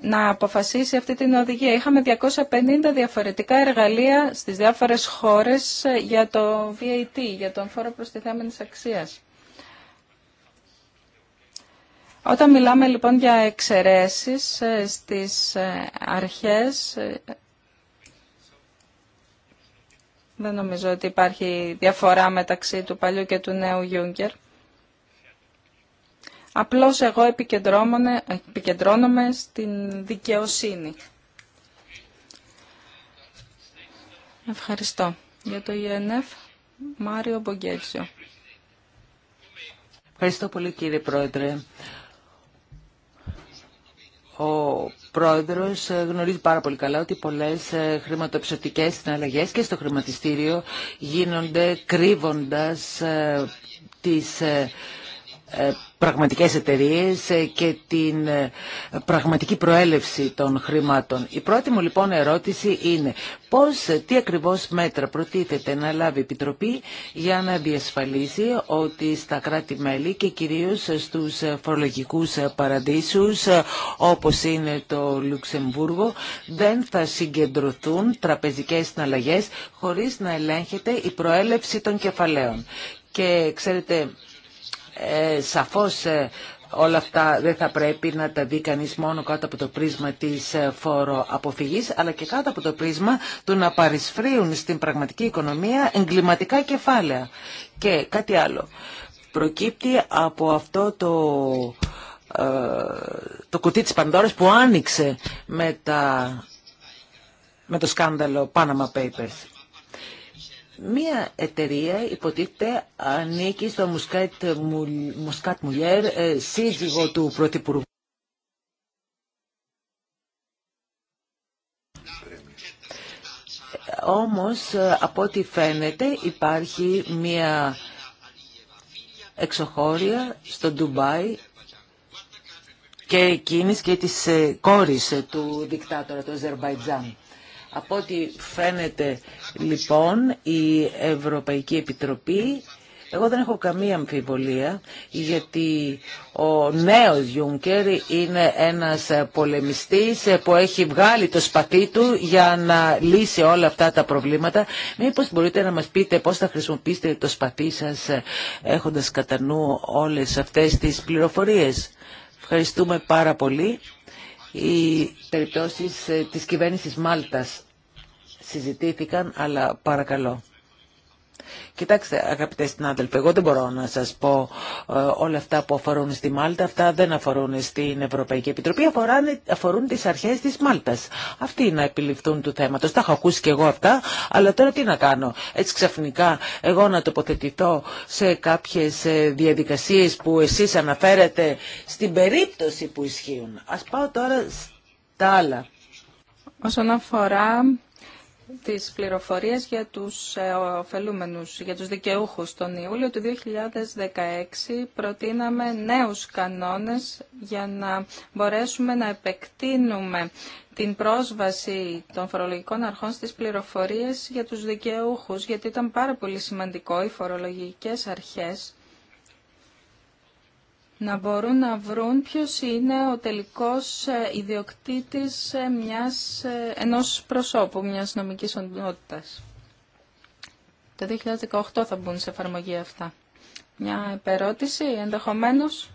να αποφασίσει αυτή την οδηγία. Είχαμε 250 διαφορετικά εργαλεία στις διάφορες χώρες για το VAT, για τον φόρο προστιθέμενης αξίας. Όταν μιλάμε λοιπόν για εξαιρέσεις ε, στις ε, αρχές, ε, δεν νομίζω ότι υπάρχει διαφορά μεταξύ του παλιού και του νέου Γιούγκερ. Απλώς εγώ επικεντρώνομαι στην δικαιοσύνη. Ευχαριστώ. Για το ΙΕΝΕΦ, e Μάριο Μπογκέτσιο. Ευχαριστώ πολύ κύριε Πρόεδρε. Ο πρόεδρος ε, γνωρίζει πάρα πολύ καλά ότι πολλές ε, χρηματοπιστωτικές συναλλαγές και στο χρηματιστήριο γίνονται κρύβοντας ε, τις ε, πραγματικές εταιρείες ε, και την ε, πραγματική προέλευση των χρημάτων. Η πρώτη μου λοιπόν ερώτηση είναι πώς, τι ακριβώς μέτρα προτίθεται να λάβει η Επιτροπή για να διασφαλίσει ότι στα κράτη-μέλη και κυρίως στους φορολογικούς παραδείσους όπως είναι το Λουξεμβούργο δεν θα συγκεντρωθούν τραπεζικές συναλλαγές χωρίς να ελέγχεται η προέλευση των κεφαλαίων. Και ξέρετε, ε, σαφώς ε, όλα αυτά δεν θα πρέπει να τα δει κανεί μόνο κάτω από το πρίσμα της ε, φοροαποφυγής αλλά και κάτω από το πρίσμα του να παρισφρίουν στην πραγματική οικονομία εγκληματικά κεφάλαια. Και κάτι άλλο. Προκύπτει από αυτό το το κουτί της Πανδώρας που άνοιξε με, τα, με το σκάνδαλο Panama Papers. Μία εταιρεία υποτίθεται ανήκει στο Μουσκάτ, Μουλιέρ, ε, σύζυγο του Πρωθυπουργού. Όμως, ε, από ό,τι φαίνεται, υπάρχει μία εξωχώρια στο Ντουμπάι και εκείνης και της ε, κόρης του δικτάτορα του Αζερβαϊτζάν. Από ό,τι φαίνεται λοιπόν η Ευρωπαϊκή Επιτροπή εγώ δεν έχω καμία αμφιβολία γιατί ο νέος Γιούνκερ είναι ένας πολεμιστής που έχει βγάλει το σπαθί του για να λύσει όλα αυτά τα προβλήματα. Μήπως μπορείτε να μας πείτε πώς θα χρησιμοποιήσετε το σπαθί σας έχοντας κατά νου όλες αυτές τις πληροφορίες. Ευχαριστούμε πάρα πολύ. Οι περιπτώσεις ε, της κυβέρνησης Μάλτας συζητήθηκαν, αλλά παρακαλώ. Κοιτάξτε αγαπητέ συνάδελφοι, εγώ δεν μπορώ να σα πω ε, όλα αυτά που αφορούν στη Μάλτα. Αυτά δεν αφορούν στην Ευρωπαϊκή Επιτροπή, αφορούν, αφορούν τις αρχές της Μάλτας. Αυτοί να επιληφθούν του θέματο. Τα έχω ακούσει και εγώ αυτά, αλλά τώρα τι να κάνω. Έτσι ξαφνικά εγώ να τοποθετηθώ σε κάποιε διαδικασίε που εσεί αναφέρετε στην περίπτωση που ισχύουν. Α πάω τώρα στα άλλα. Όσον αφορά τις πληροφορίες για τους ε, ωφελούμενους, για τους δικαιούχους. Τον Ιούλιο του 2016 προτείναμε νέους κανόνες για να μπορέσουμε να επεκτείνουμε την πρόσβαση των φορολογικών αρχών στις πληροφορίες για τους δικαιούχους, γιατί ήταν πάρα πολύ σημαντικό οι φορολογικές αρχές να μπορούν να βρουν ποιος είναι ο τελικός ε, ιδιοκτήτης ε, μιας, ε, ενός προσώπου, μιας νομικής οντότητας. Το 2018 θα μπουν σε εφαρμογή αυτά. Μια επερώτηση ενδεχομένως.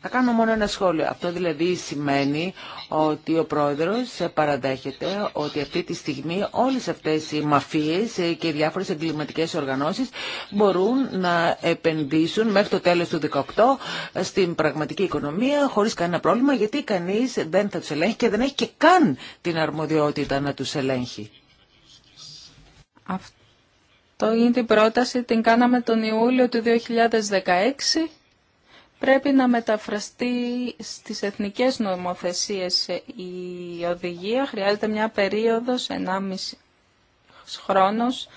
Θα κάνω μόνο ένα σχόλιο. Αυτό δηλαδή σημαίνει ότι ο πρόεδρος παραδέχεται ότι αυτή τη στιγμή όλες αυτές οι μαφίες και οι διάφορες εγκληματικές οργανώσεις μπορούν να επενδύσουν μέχρι το τέλος του 2018 στην πραγματική οικονομία χωρίς κανένα πρόβλημα γιατί κανείς δεν θα τους ελέγχει και δεν έχει και καν την αρμοδιότητα να τους ελέγχει. Αυτό είναι την πρόταση, την κάναμε τον Ιούλιο του 2016 πρέπει να μεταφραστεί στις εθνικές νομοθεσίες η οδηγία. Χρειάζεται μια περίοδος, 1,5 χρόνος,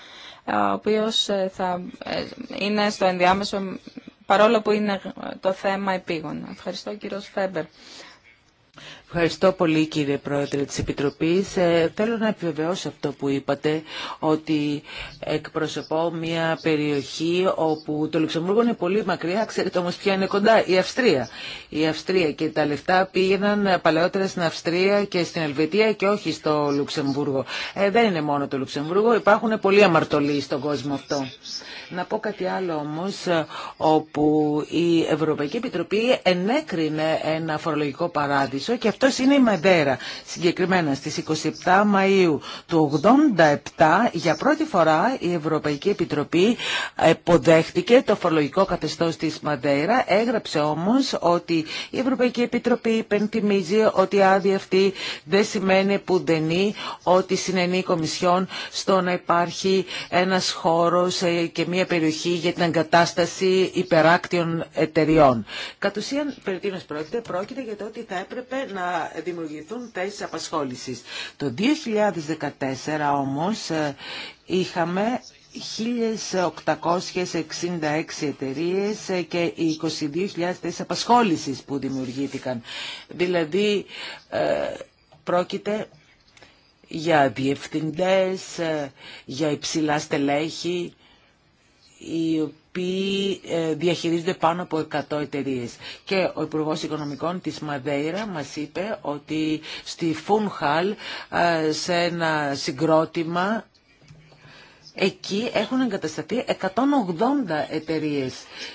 ο οποίος ε, θα ε, είναι στο ενδιάμεσο, παρόλο που είναι το θέμα επίγον. Ευχαριστώ κύριο Φέμπερ. Ευχαριστώ πολύ κύριε Πρόεδρε της Επιτροπής. Ε, θέλω να επιβεβαιώσω αυτό που είπατε, ότι εκπροσωπώ μια περιοχή όπου το Λουξεμβούργο είναι πολύ μακριά, ξέρετε όμως ποια είναι κοντά, η Αυστρία. Η Αυστρία και τα λεφτά πήγαιναν παλαιότερα στην Αυστρία και στην Ελβετία και όχι στο Λουξεμβούργο. Ε, δεν είναι μόνο το Λουξεμβούργο, υπάρχουν πολλοί αμαρτωλοί στον κόσμο αυτό. Να πω κάτι άλλο όμως, όπου η Ευρωπαϊκή Επιτροπή ενέκρινε ένα φορολογικό παράδεισο και αυτός είναι η Μαντέρα. Συγκεκριμένα στις 27 Μαΐου του 87 για πρώτη φορά η Ευρωπαϊκή Επιτροπή υποδέχτηκε το φορολογικό καθεστώς της Μαντέρα. Έγραψε όμως ότι η Ευρωπαϊκή Επιτροπή υπενθυμίζει ότι η άδεια αυτή δεν σημαίνει που δεν είναι ότι συνενεί η Κομισιόν στο να υπάρχει ένας χώρος ε, και μια μια περιοχή για την εγκατάσταση υπεράκτιων εταιριών. Κατ' ουσίαν, περί πρόκειται, πρόκειται για το ότι θα έπρεπε να δημιουργηθούν θέσεις απασχόλησης. Το 2014 όμως ε, είχαμε 1.866 εταιρείε ε, και 22.000 θέσεις απασχόλησης που δημιουργήθηκαν. Δηλαδή, ε, πρόκειται για διευθυντές, για υψηλά στελέχη οι οποίοι ε, διαχειρίζονται πάνω από 100 εταιρείε. Και ο Υπουργό Οικονομικών της Μαδέιρα μας είπε ότι στη Φουνχάλ ε, σε ένα συγκρότημα Εκεί έχουν εγκατασταθεί 180 εταιρείε.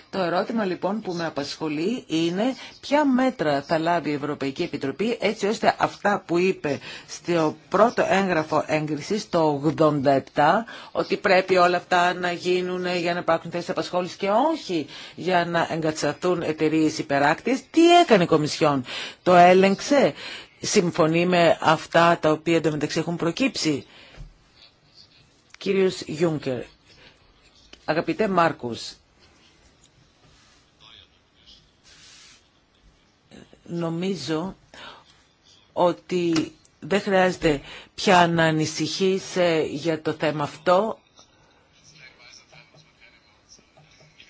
Το ερώτημα λοιπόν που με απασχολεί είναι ποια μέτρα θα λάβει η Ευρωπαϊκή Επιτροπή έτσι ώστε αυτά που είπε στο πρώτο έγγραφο έγκρισης το 87 ότι πρέπει όλα αυτά να γίνουν για να υπάρχουν θέσει απασχόλησης και όχι για να εγκατασταθούν εταιρείε υπεράκτης. Τι έκανε η Κομισιόν, το έλεγξε, συμφωνεί με αυτά τα οποία εντωμεταξύ έχουν προκύψει κύριος Γιούγκερ. Αγαπητέ Μάρκους, νομίζω ότι δεν χρειάζεται πια να ανησυχείς ε, για το θέμα αυτό.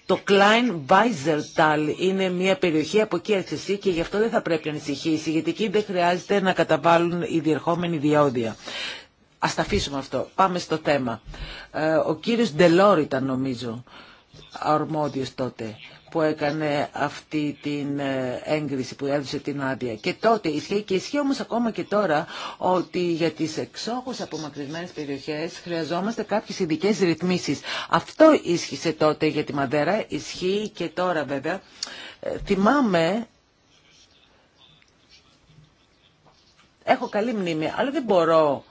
Το Klein Weisertal είναι μια περιοχή από εκεί έρθει και γι' αυτό δεν θα πρέπει να ανησυχήσει, γιατί εκεί δεν χρειάζεται να καταβάλουν οι διερχόμενοι διόδια. Ας τα αφήσουμε αυτό. Πάμε στο θέμα. Ε, ο κύριος Ντελόρ ήταν νομίζω αρμόδιος τότε που έκανε αυτή την ε, έγκριση που έδωσε την άδεια. Και τότε ισχύει και ισχύει όμως ακόμα και τώρα ότι για τις εξόχως απομακρυσμένες περιοχές χρειαζόμαστε κάποιες ειδικέ ρυθμίσεις. Αυτό ίσχυσε τότε για τη Μαδέρα, ισχύει και τώρα βέβαια. Ε, θυμάμαι Έχω καλή μνήμη, αλλά δεν μπορώ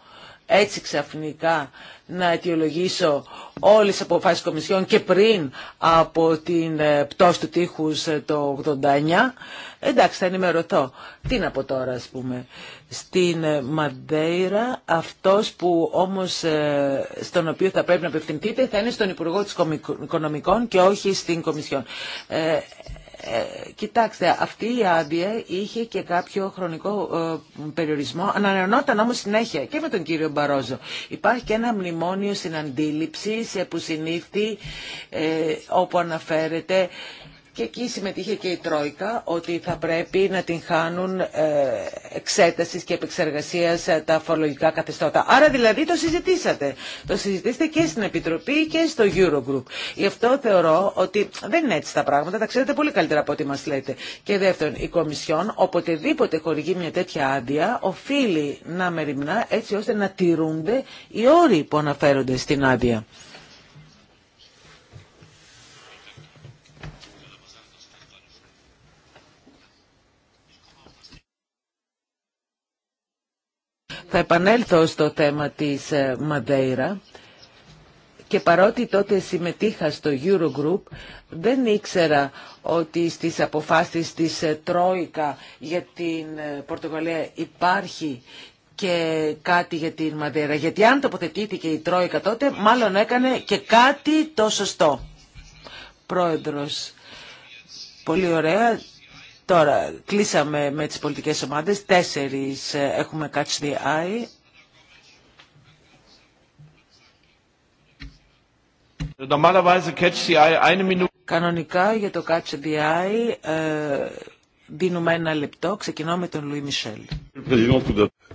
έτσι ξαφνικά να αιτιολογήσω όλες τις αποφάσεις Κομισιόν και πριν από την ε, πτώση του τείχους ε, το 89, εντάξει θα ενημερωθώ. Τι να πω τώρα ας πούμε. Στην ε, Μαντέιρα αυτός που όμως στον οποίο θα πρέπει να απευθυνθείτε θα είναι στον Υπουργό της Οικονομικών και όχι στην Κομισιόν. Ε, κοιτάξτε, αυτή η άδεια είχε και κάποιο χρονικό ε, περιορισμό, ανανεωνόταν όμως συνέχεια και με τον κύριο Μπαρόζο. Υπάρχει και ένα μνημόνιο συναντήληψης που συνήθει, όπου αναφέρεται και εκεί συμμετείχε και η Τρόικα ότι θα πρέπει να την χάνουν ε, εξέτασης και σε τα φορολογικά καθεστώτα. Άρα δηλαδή το συζητήσατε. Το συζητήσατε και στην Επιτροπή και στο Eurogroup. Γι' αυτό θεωρώ ότι δεν είναι έτσι τα πράγματα, τα ξέρετε πολύ καλύτερα από ό,τι μας λέτε. Και δεύτερον, η Κομισιόν οποτεδήποτε χορηγεί μια τέτοια άδεια οφείλει να μεριμνά έτσι ώστε να τηρούνται οι όροι που αναφέρονται στην άδεια. Θα επανέλθω στο θέμα της ε, Μαδέιρα και παρότι τότε συμμετείχα στο Eurogroup δεν ήξερα ότι στις αποφάσεις της ε, Τρόικα για την ε, Πορτογαλία υπάρχει και κάτι για την Μαδέρα. Γιατί αν τοποθετήθηκε η Τρόικα τότε, μάλλον έκανε και κάτι το σωστό. Πρόεδρος, πολύ ωραία. Τώρα, κλείσαμε με τις πολιτικές ομάδες. Τέσσερις ε, έχουμε catch the eye. Κανονικά για το catch the eye ε, δίνουμε ένα λεπτό. Ξεκινώ με τον Λουί Μισελ.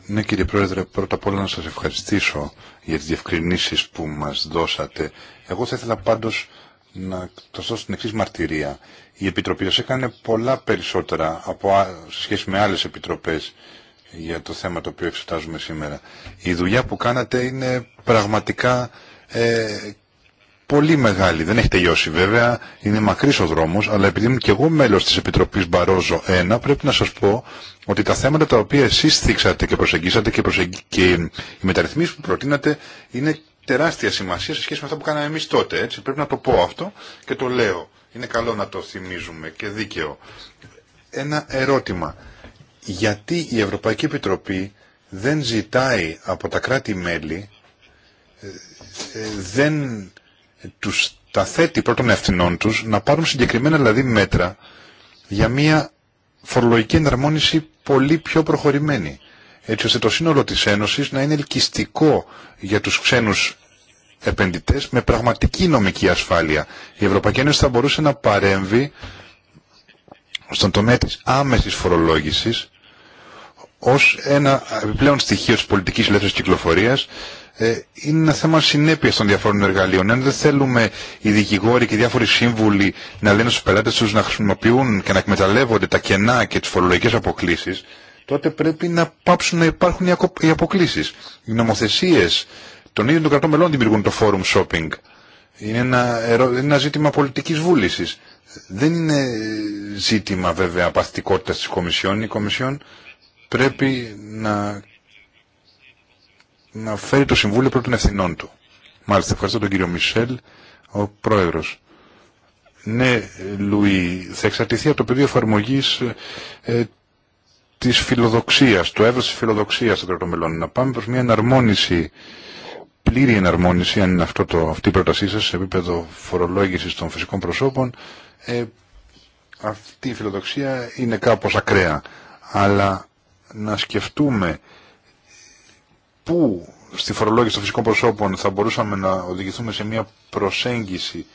Ναι κύριε Πρόεδρε, πρώτα απ' όλα να σας ευχαριστήσω για τις διευκρινήσεις που μας δώσατε. Εγώ θα ήθελα πάντως να το δώσω στην εξή μαρτυρία. Η Επιτροπή σας έκανε πολλά περισσότερα από, σε σχέση με άλλες επιτροπές για το θέμα το οποίο εξετάζουμε σήμερα. Η δουλειά που κάνατε είναι πραγματικά ε, πολύ μεγάλη. Δεν έχει τελειώσει βέβαια, είναι μακρύς ο δρόμος, αλλά επειδή είμαι και εγώ μέλος της Επιτροπής Μπαρόζο 1, πρέπει να σας πω ότι τα θέματα τα οποία εσείς θίξατε και προσεγγίσατε και, και οι μεταρρυθμίσεις που προτείνατε είναι τεράστια σημασία σε σχέση με αυτά που κάναμε εμείς τότε. Έτσι. Πρέπει να το πω αυτό και το λέω. Είναι καλό να το θυμίζουμε και δίκαιο. Ένα ερώτημα. Γιατί η Ευρωπαϊκή Επιτροπή δεν ζητάει από τα κράτη-μέλη, ε, ε, δεν τους τα θέτει πρώτων ευθυνών τους να πάρουν συγκεκριμένα δηλαδή μέτρα για μια φορολογική εναρμόνιση πολύ πιο προχωρημένη. Έτσι ώστε το σύνολο της Ένωσης να είναι ελκυστικό για τους ξένους με πραγματική νομική ασφάλεια. Η Ευρωπαϊκή Ένωση θα μπορούσε να παρέμβει στον τομέα τη άμεση φορολόγηση ω ένα επιπλέον στοιχείο της πολιτικής ελεύθερης κυκλοφορία, ε, είναι ένα θέμα συνέπεια των διαφόρων εργαλείων. Αν δεν θέλουμε οι δικηγόροι και οι διάφοροι σύμβουλοι να λένε στου πελάτε του να χρησιμοποιούν και να εκμεταλλεύονται τα κενά και τι φορολογικέ αποκλήσει, τότε πρέπει να πάψουν να υπάρχουν οι αποκλήσει. Οι νομοθεσίε των ίδιων των κρατών μελών δημιουργούν το forum shopping. Είναι ένα, ένα ζήτημα πολιτικής βούλησης. Δεν είναι ζήτημα βέβαια απαθητικότητας της Κομισιόν. Η Κομισιόν πρέπει να, να φέρει το Συμβούλιο πρώτων ευθυνών του. Μάλιστα, ευχαριστώ τον κύριο Μισελ, ο πρόεδρος. Ναι, Λουί, θα εξαρτηθεί από το πεδίο εφαρμογή ε, της φιλοδοξίας, το έβρος της φιλοδοξίας των κρατομελών. Να πάμε προ μια εναρμόνιση πλήρη εναρμόνιση, αν είναι αυτό το, αυτή η πρότασή σας, σε επίπεδο φορολόγησης των φυσικών προσώπων, ε, αυτή η φιλοδοξία είναι κάπως ακραία. Αλλά να σκεφτούμε πού στη φορολόγηση των φυσικών προσώπων θα μπορούσαμε να οδηγηθούμε σε μια προσέγγιση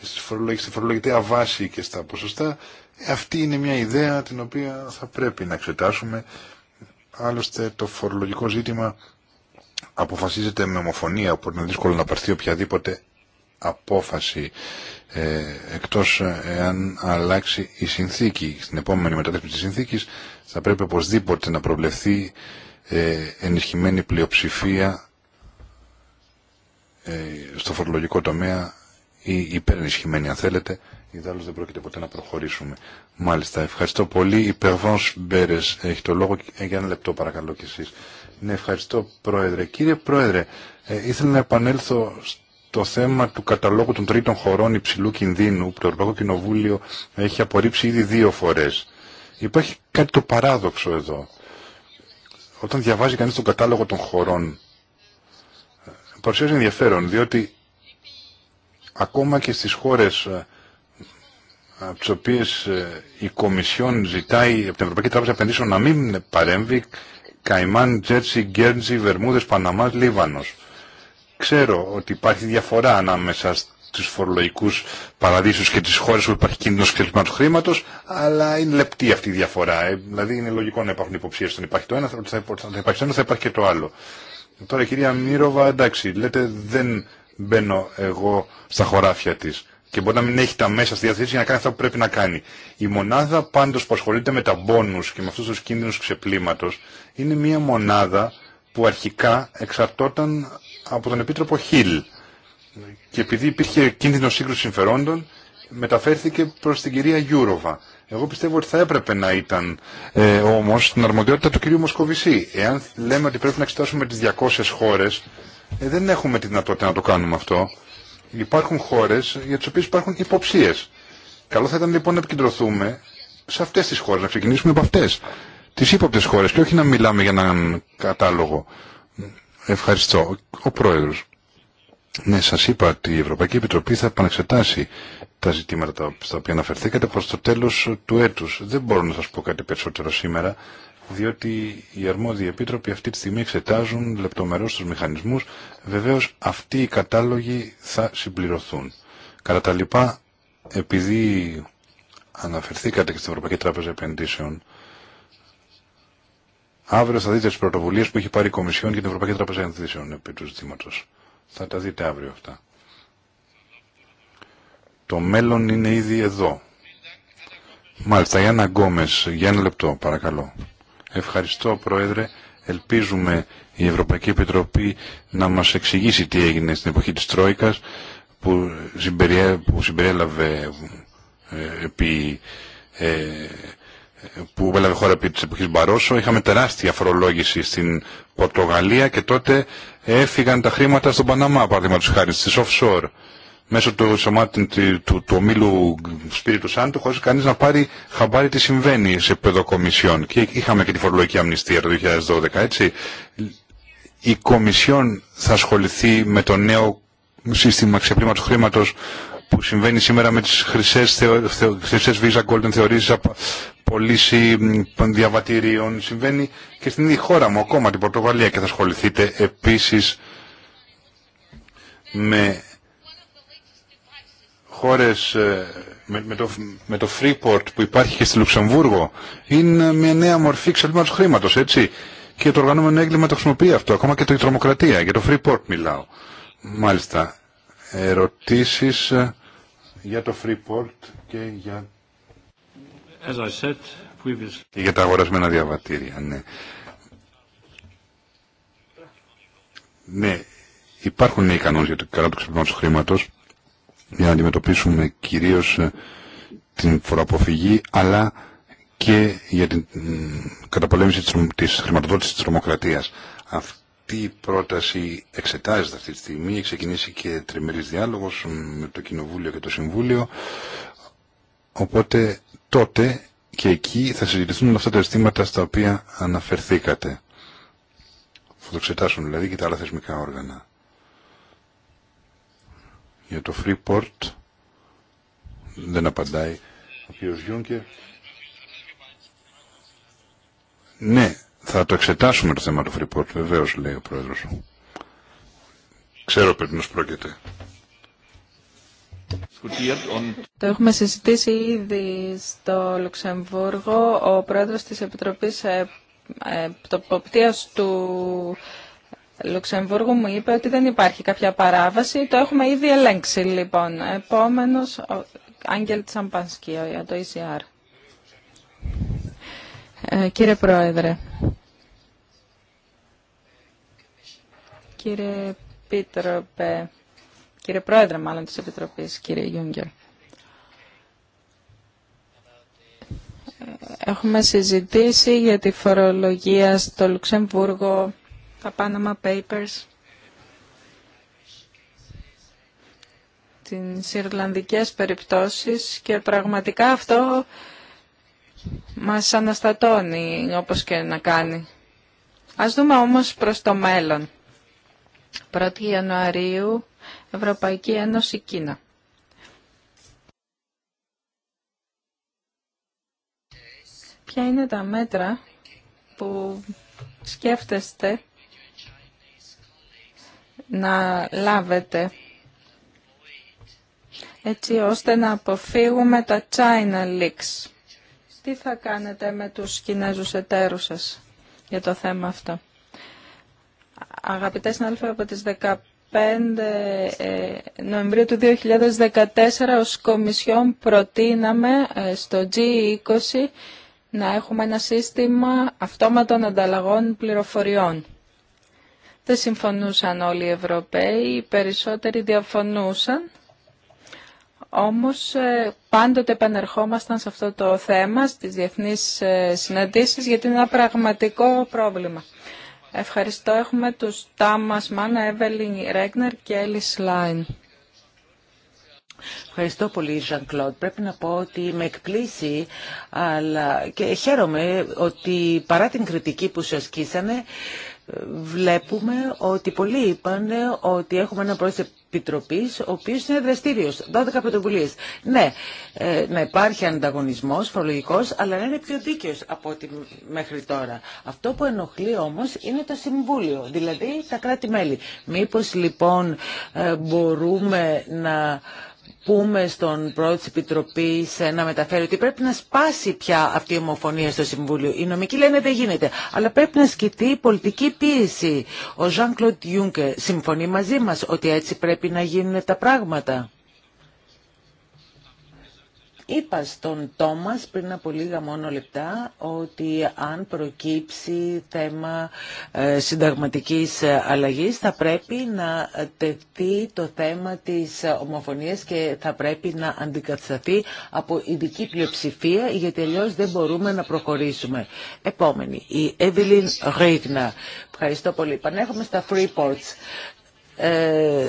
στη, φορολογική, στη φορολογητέα βάση και στα ποσοστά, ε, αυτή είναι μια ιδέα την οποία θα πρέπει να εξετάσουμε. Άλλωστε το φορολογικό ζήτημα αποφασίζεται με ομοφωνία, οπότε είναι δύσκολο να πάρθει οποιαδήποτε απόφαση ε, εκτός ε, εάν αλλάξει η συνθήκη. Στην επόμενη μετάθεση της συνθήκης θα πρέπει οπωσδήποτε να προβλεφθεί ε, ενισχυμένη πλειοψηφία ε, στο φορολογικό τομέα ή υπερενισχυμένη αν θέλετε, ιδάλλως δεν πρόκειται ποτέ να προχωρήσουμε. Μάλιστα, ευχαριστώ πολύ. Η Περβάνς Μπέρες έχει το λόγο ε, για ένα λεπτό παρακαλώ κι εσείς. Ναι, ευχαριστώ Πρόεδρε. Κύριε Πρόεδρε, ε, ήθελα να επανέλθω στο θέμα του καταλόγου των τρίτων χωρών υψηλού κινδύνου που το Ευρωπαϊκό Κοινοβούλιο έχει απορρίψει ήδη δύο φορές. Υπάρχει κάτι το παράδοξο εδώ. Όταν διαβάζει κανείς τον κατάλογο των χωρών ε, παρουσιάζει ενδιαφέρον διότι ακόμα και στις χώρες ε, από τις οποίες η Κομισιόν ζητάει από την Ευρωπαϊκή Τράπεζα Επενδύσεων να μην παρέμβει Καϊμάν, Τζέρσι, Γκέρντζι, Βερμούδες, Παναμάς, Λίβανος. Ξέρω ότι υπάρχει διαφορά ανάμεσα στους φορολογικούς παραδείσους και τις χώρες που υπάρχει κίνδυνος ξελπνάτου χρήματος, αλλά είναι λεπτή αυτή η διαφορά. Ε. δηλαδή είναι λογικό να υπάρχουν υποψίες υπάρχει το ένα, ότι θα υπάρχει το ένα, θα υπάρχει και το άλλο. Τώρα κυρία Μύροβα, εντάξει, λέτε δεν μπαίνω εγώ στα χωράφια της και μπορεί να μην έχει τα μέσα στη διαθέση για να κάνει αυτά που πρέπει να κάνει. Η μονάδα πάντως που ασχολείται με τα μπόνους και με αυτούς τους κίνδυνους ξεπλήματος είναι μια μονάδα που αρχικά εξαρτώταν από τον Επίτροπο Χίλ και επειδή υπήρχε κίνδυνο σύγκρουση συμφερόντων μεταφέρθηκε προς την κυρία Γιούροβα. Εγώ πιστεύω ότι θα έπρεπε να ήταν ε, όμως στην αρμοδιότητα του κυρίου Μοσκοβισή. Εάν λέμε ότι πρέπει να εξετάσουμε τις 200 χώρες, ε, δεν έχουμε τη δυνατότητα να το κάνουμε αυτό υπάρχουν χώρες για τις οποίες υπάρχουν υποψίες. Καλό θα ήταν λοιπόν να επικεντρωθούμε σε αυτές τις χώρες, να ξεκινήσουμε από αυτές. Τις ύποπτες χώρες και όχι να μιλάμε για έναν κατάλογο. Ευχαριστώ. Ο Πρόεδρος. Ναι, σας είπα ότι η Ευρωπαϊκή Επιτροπή θα επαναξετάσει τα ζητήματα στα οποία αναφερθήκατε προς το τέλος του έτους. Δεν μπορώ να σας πω κάτι περισσότερο σήμερα διότι οι αρμόδιοι επίτροποι αυτή τη στιγμή εξετάζουν λεπτομερώς τους μηχανισμούς. Βεβαίως αυτοί οι κατάλογοι θα συμπληρωθούν. Κατά τα λοιπά, επειδή αναφερθήκατε και στην Ευρωπαϊκή Τράπεζα Επενδύσεων, αύριο θα δείτε τις πρωτοβουλίες που έχει πάρει η Κομισιόν για την Ευρωπαϊκή Τράπεζα Επενδύσεων επί του ζητήματος. Θα τα δείτε αύριο αυτά. Το μέλλον είναι ήδη εδώ. Μάλιστα, Γιάννα Γκόμες, για ένα λεπτό παρακαλώ. Ευχαριστώ Πρόεδρε. Ελπίζουμε η Ευρωπαϊκή Επιτροπή να μας εξηγήσει τι έγινε στην εποχή της Τρόικας που, συμπεριέ, που συμπεριέλαβε ε, επί, ε, που έλαβε χώρα επί της εποχής Μπαρόσο. Είχαμε τεράστια φορολόγηση στην Πορτογαλία και τότε έφυγαν τα χρήματα στον Παναμά, παραδείγματος χάρη, στις offshore μέσω του, του, του, του ομίλου Σπύριτου Σάντου χωρίς κανείς να πάρει χαμπάρι τι συμβαίνει σε παιδοκομισιόν Και είχαμε και τη φορολογική αμνηστία το 2012, έτσι. Η κομισιόν θα ασχοληθεί με το νέο σύστημα ξεπλήματος χρήματος που συμβαίνει σήμερα με τις χρυσές, θεω, χρυσές Visa Golden θεωρήσεις από διαβατηρίων. Συμβαίνει και στην ίδια χώρα μου ακόμα την Πορτογαλία και θα ασχοληθείτε επίσης με χώρες ε, με, με, το, με Freeport που υπάρχει και στη Λουξεμβούργο είναι μια νέα μορφή εξαλήματος χρήματος, έτσι. Και το οργανωμένο έγκλημα το χρησιμοποιεί αυτό, ακόμα και το η τρομοκρατία, για το Freeport μιλάω. Μάλιστα, ερωτήσεις ε, για το Freeport και για, As I said, previously. για τα αγορασμένα διαβατήρια, ναι. Ναι, υπάρχουν νέοι κανόνες για το καλό του χρήματος, για να αντιμετωπίσουμε κυρίως ε, την φοροαποφυγή αλλά και για την καταπολέμηση της, χρηματοδότησης της τρομοκρατίας. Αυτή η πρόταση εξετάζεται αυτή τη στιγμή, ξεκινήσει και τριμερής διάλογος με το Κοινοβούλιο και το Συμβούλιο, οπότε τότε και εκεί θα συζητηθούν αυτά τα αισθήματα στα οποία αναφερθήκατε. Θα το εξετάσουν δηλαδή και τα άλλα θεσμικά όργανα για το Freeport δεν απαντάει ο κ. Γιούγκερ. Ναι, θα το εξετάσουμε το θέμα του Freeport, βεβαίως, λέει ο πρόεδρος. Ξέρω περί πρόκειται. Το έχουμε συζητήσει ήδη στο Λουξεμβούργο. Ο πρόεδρος της Επιτροπής ε, ε, ποπτείας του Λουξεμβούργου μου είπε ότι δεν υπάρχει κάποια παράβαση. Το έχουμε ήδη ελέγξει λοιπόν. επόμενο, ο Άγγελ Τσαμπανσκή για το ECR. Ε, κύριε Πρόεδρε, κύριε Πίτροπε, κύριε Πρόεδρε μάλλον της Επιτροπής, κύριε Γιούγκερ. Ε, έχουμε συζητήσει για τη φορολογία στο Λουξεμβούργο, τα Panama Papers, τις Ιρλανδικές περιπτώσεις και πραγματικά αυτό μας αναστατώνει όπως και να κάνει. Ας δούμε όμως προς το μέλλον. 1η Ιανουαρίου, Ευρωπαϊκή Ένωση, Κίνα. Ποια είναι τα μέτρα που σκέφτεστε να λάβετε έτσι ώστε να αποφύγουμε τα China Leaks. Τι θα κάνετε με τους Κινέζους εταίρους σας για το θέμα αυτό. Αγαπητές συνάδελφοι, από τις 15 ε, Νοεμβρίου του 2014 ως Κομισιόν προτείναμε ε, στο G20 να έχουμε ένα σύστημα αυτόματων ανταλλαγών πληροφοριών. Δεν συμφωνούσαν όλοι οι Ευρωπαίοι, οι περισσότεροι διαφωνούσαν. Όμως ε, πάντοτε επανερχόμασταν σε αυτό το θέμα, στις διεθνείς ε, συναντήσεις, γιατί είναι ένα πραγματικό πρόβλημα. Ευχαριστώ. Έχουμε τους Τάμας Μάνα, Εύελιν Ρέγνερ και Έλλη Σλάιν. Ευχαριστώ πολύ, Ζαν Κλοντ. Πρέπει να πω ότι με εκπλήσει αλλά και χαίρομαι ότι παρά την κριτική που σου ασκήσανε, βλέπουμε ότι πολλοί είπαν ότι έχουμε ένα πρόεδρο επιτροπή, ο οποίο είναι δραστήριος, 12 πρωτοβουλίε. Ναι, ε, να υπάρχει ανταγωνισμός φορολογικός, αλλά να είναι πιο δίκαιος από ό,τι μέχρι τώρα. Αυτό που ενοχλεί όμως είναι το Συμβούλιο, δηλαδή τα κράτη-μέλη. Μήπως λοιπόν ε, μπορούμε να πούμε στον πρόεδρο τη Επιτροπή ε, να μεταφέρει ότι πρέπει να σπάσει πια αυτή η ομοφωνία στο Συμβούλιο. Οι νομικοί λένε δεν γίνεται, αλλά πρέπει να ασκηθεί πολιτική πίεση. Ο Ζαν Κλοντ συμφωνεί μαζί μα ότι έτσι πρέπει να γίνουν τα πράγματα. Είπα στον Τόμας πριν από λίγα μόνο λεπτά ότι αν προκύψει θέμα ε, συνταγματικής ε, αλλαγής θα πρέπει να τεθεί το θέμα της ομοφωνίας και θα πρέπει να αντικατασταθεί από ειδική πλειοψηφία γιατί αλλιώ δεν μπορούμε να προχωρήσουμε. Επόμενη, η Evelyn Ρίγνα. Ευχαριστώ πολύ. Πανέχομαι στα Freeports. Ε,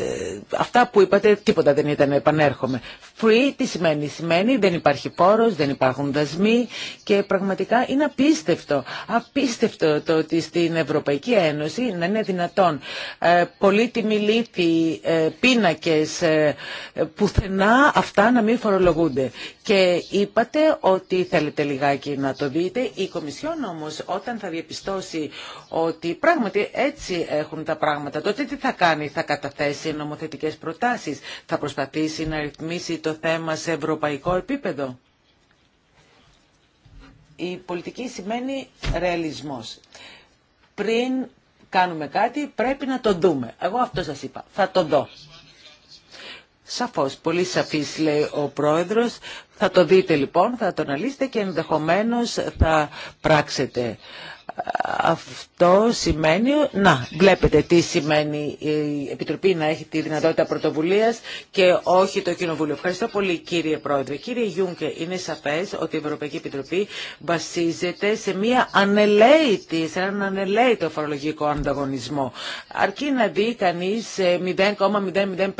αυτά που είπατε τίποτα δεν ήταν, επανέρχομαι. Free τι σημαίνει, σημαίνει δεν υπάρχει πόρος, δεν υπάρχουν δασμοί και πραγματικά είναι απίστευτο, απίστευτο το ότι στην Ευρωπαϊκή Ένωση να είναι δυνατόν ε, πολύτιμη λήθη ε, πίνακες, ε, πουθενά αυτά να μην φορολογούνται. Και είπατε ότι θέλετε λιγάκι να το δείτε. Η Κομισιόν όμως όταν θα διαπιστώσει ότι πράγματι έτσι έχουν τα πράγματα, τότε τι θα κάνει, θα καταθέσει νομοθετικές προτάσεις, θα προσπαθήσει να ρυθμίσει το θέμα σε ευρωπαϊκό επίπεδο. Η πολιτική σημαίνει ρεαλισμός. Πριν κάνουμε κάτι πρέπει να το δούμε. Εγώ αυτό σας είπα, θα το δω. Σαφώς, πολύ σαφής λέει ο πρόεδρος, θα το δείτε λοιπόν, θα το αναλύσετε και ενδεχομένως θα πράξετε. Αυτό σημαίνει, να, βλέπετε τι σημαίνει η Επιτροπή να έχει τη δυνατότητα πρωτοβουλίας και όχι το Κοινοβούλιο. Ευχαριστώ πολύ κύριε Πρόεδρε. Κύριε Γιούνκε, είναι σαφές ότι η Ευρωπαϊκή Επιτροπή βασίζεται σε, μια ανελαίτη, σε έναν ανελαίτητο φορολογικό ανταγωνισμό. Αρκεί να δει κανείς 0,005%.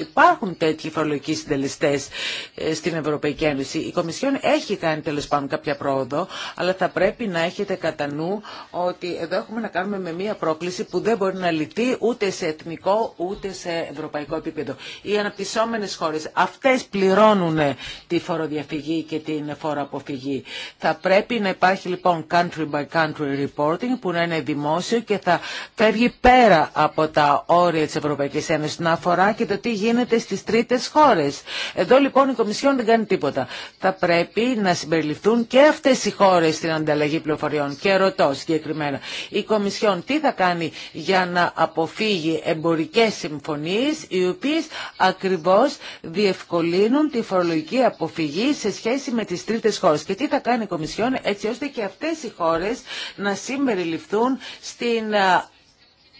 Υπάρχουν τέτοιοι φορολογικοί συντελεστές ε, στην Ευρωπαϊκή Ευρωπαϊκή Η Κομισιόν έχει κάνει τέλο πάντων κάποια πρόοδο, αλλά θα πρέπει να έχετε κατά νου ότι εδώ έχουμε να κάνουμε με μία πρόκληση που δεν μπορεί να λυθεί ούτε σε εθνικό ούτε σε ευρωπαϊκό επίπεδο. Οι αναπτυσσόμενε χώρε αυτέ πληρώνουν τη φοροδιαφυγή και την φοροαποφυγή. Θα πρέπει να υπάρχει λοιπόν country by country reporting που να είναι δημόσιο και θα φεύγει πέρα από τα όρια τη Ευρωπαϊκή Ένωση να αφορά και το τι γίνεται στι τρίτε χώρε. Εδώ λοιπόν η Κομισιόν δεν κάνει τίποτα. Θα πρέπει να συμπεριληφθούν και αυτές οι χώρες στην ανταλλαγή πληροφοριών. Και ρωτώ συγκεκριμένα, η Κομισιόν τι θα κάνει για να αποφύγει εμπορικές συμφωνίες οι οποίες ακριβώς διευκολύνουν τη φορολογική αποφυγή σε σχέση με τις τρίτες χώρες. Και τι θα κάνει η Κομισιόν έτσι ώστε και αυτές οι χώρες να συμπεριληφθούν στην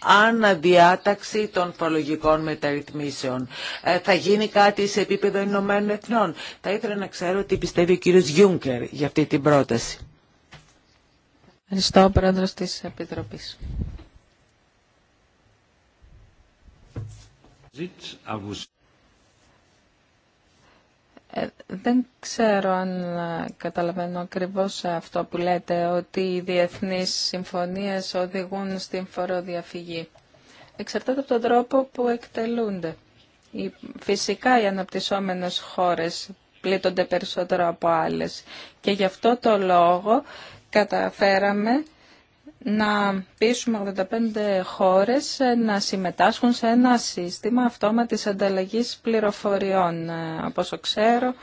αναδιάταξη των φορολογικών μεταρρυθμίσεων. Ε, θα γίνει κάτι σε επίπεδο Ηνωμένων Εθνών. Θα ήθελα να ξέρω τι πιστεύει ο κύριος Γιούγκερ για αυτή την πρόταση. Ευχαριστώ, Πρόεδρος της Επιτροπής. Ε, δεν ξέρω αν ε, καταλαβαίνω ακριβώς αυτό που λέτε, ότι οι διεθνείς συμφωνίες οδηγούν στην φοροδιαφυγή. Εξαρτάται από τον τρόπο που εκτελούνται. Φυσικά οι αναπτυσσόμενες χώρες πλήττονται περισσότερο από άλλες και γι' αυτό το λόγο καταφέραμε να πείσουμε 85 χώρες ε, να συμμετάσχουν σε ένα σύστημα αυτόματης ανταλλαγής πληροφοριών. Ε, από όσο ξέρω,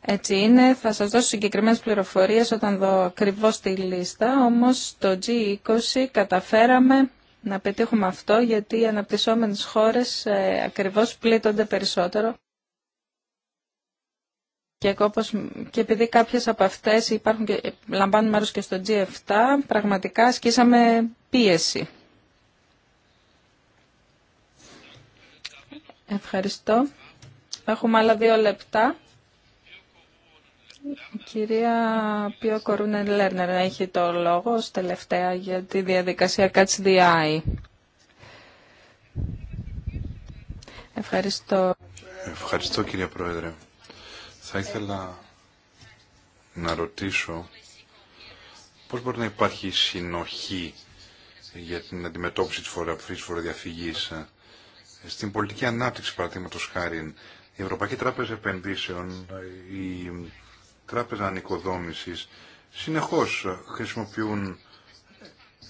έτσι είναι. Θα σας δώσω συγκεκριμένες πληροφορίες όταν δω ακριβώ τη λίστα. Όμως το G20 καταφέραμε να πετύχουμε αυτό γιατί οι αναπτυσσόμενες χώρες ε, ακριβώς πλήττονται περισσότερο και, επειδή κάποιες από αυτές υπάρχουν και, λαμβάνουν μέρος και στο G7, πραγματικά ασκήσαμε πίεση. Ευχαριστώ. Έχουμε άλλα δύο λεπτά. Η κυρία Πιο Κορούνε Λέρνερ έχει το λόγο ως τελευταία για τη διαδικασία Catch the Ευχαριστώ. Ευχαριστώ κυρία Πρόεδρε. Θα ήθελα να ρωτήσω πώς μπορεί να υπάρχει συνοχή για την αντιμετώπιση της φοροδιαφυγής στην πολιτική ανάπτυξη παραδείγματος χάρη η Ευρωπαϊκή Τράπεζα Επενδύσεων, η Τράπεζα Ανοικοδόμησης συνεχώς χρησιμοποιούν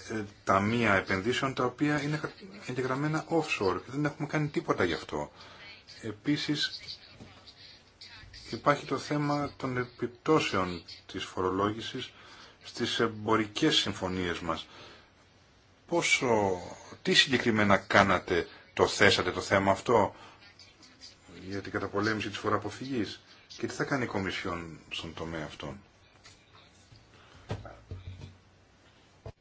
ε, ταμεία επενδύσεων τα οποία είναι εγγεγραμμένα offshore και δεν έχουμε κάνει τίποτα γι' αυτό. Επίσης υπάρχει το θέμα των επιπτώσεων της φορολόγησης στις εμπορικές συμφωνίες μας. Πόσο, τι συγκεκριμένα κάνατε, το θέσατε το θέμα αυτό για την καταπολέμηση της φοροαποφυγής και τι θα κάνει η Κομισιόν στον τομέα αυτό.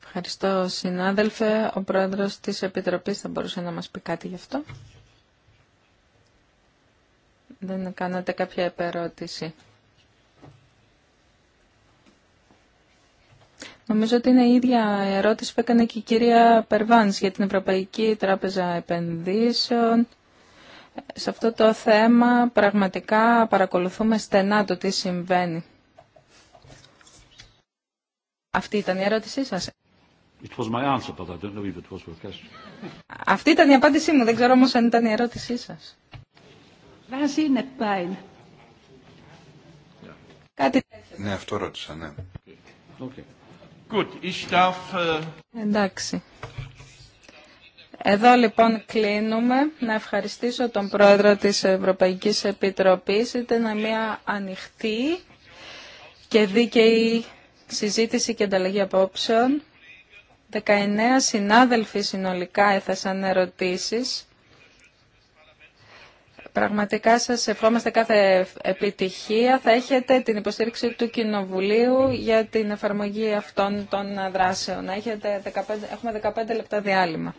Ευχαριστώ συνάδελφε. Ο πρόεδρος της Επιτροπής θα μπορούσε να μας πει κάτι γι' αυτό. Δεν κάνατε κάποια επερώτηση. Νομίζω ότι είναι η ίδια ερώτηση που έκανε και η κυρία Περβάνς για την Ευρωπαϊκή Τράπεζα Επενδύσεων. Σε αυτό το θέμα πραγματικά παρακολουθούμε στενά το τι συμβαίνει. Αυτή ήταν η ερώτησή σας. Αυτή ήταν η απάντησή μου, δεν ξέρω όμως αν ήταν η ερώτησή σας. Ναι, αυτό ρώτησα, ναι. Ε, Εντάξει. Εδώ λοιπόν κλείνουμε. Να ευχαριστήσω τον Πρόεδρο της Ευρωπαϊκής Επιτροπής. Ήταν μια ανοιχτή και δίκαιη συζήτηση και ανταλλαγή απόψεων. 19 συνάδελφοι συνολικά έθεσαν ερωτήσεις. Πραγματικά σας ευχόμαστε κάθε επιτυχία. Θα έχετε την υποστήριξη του Κοινοβουλίου για την εφαρμογή αυτών των δράσεων. Έχετε 15, έχουμε 15 λεπτά διάλειμμα.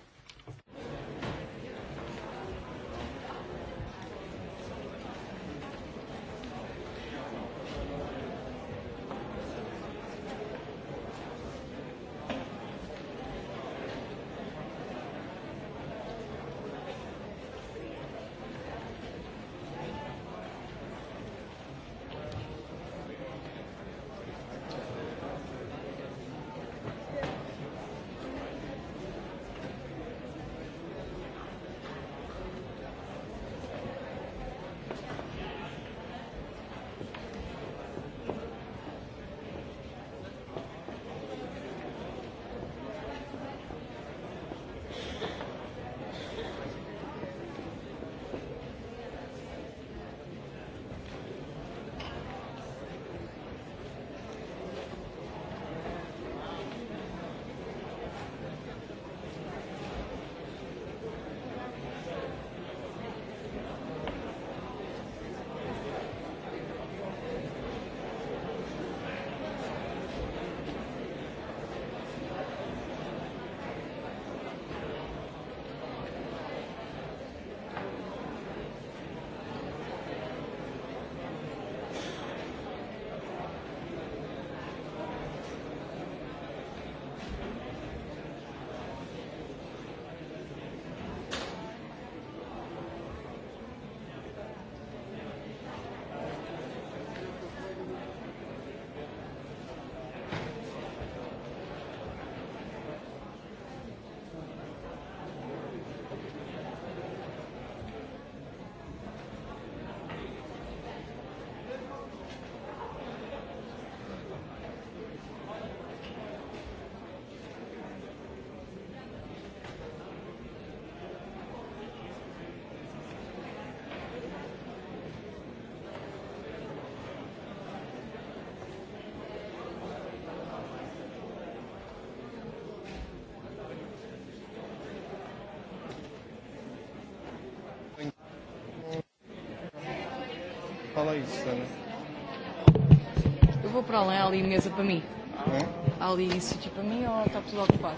isso, Eu vou para lá, há ali mesa para mim. É? Há ali sítio para mim ou está tudo ocupado?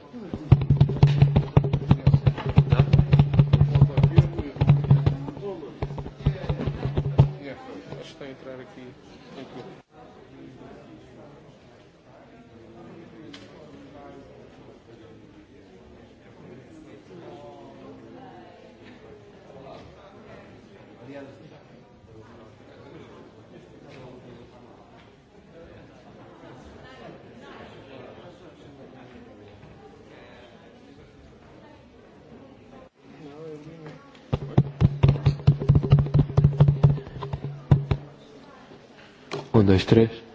con 2, 3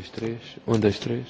1, 2, tres. tres.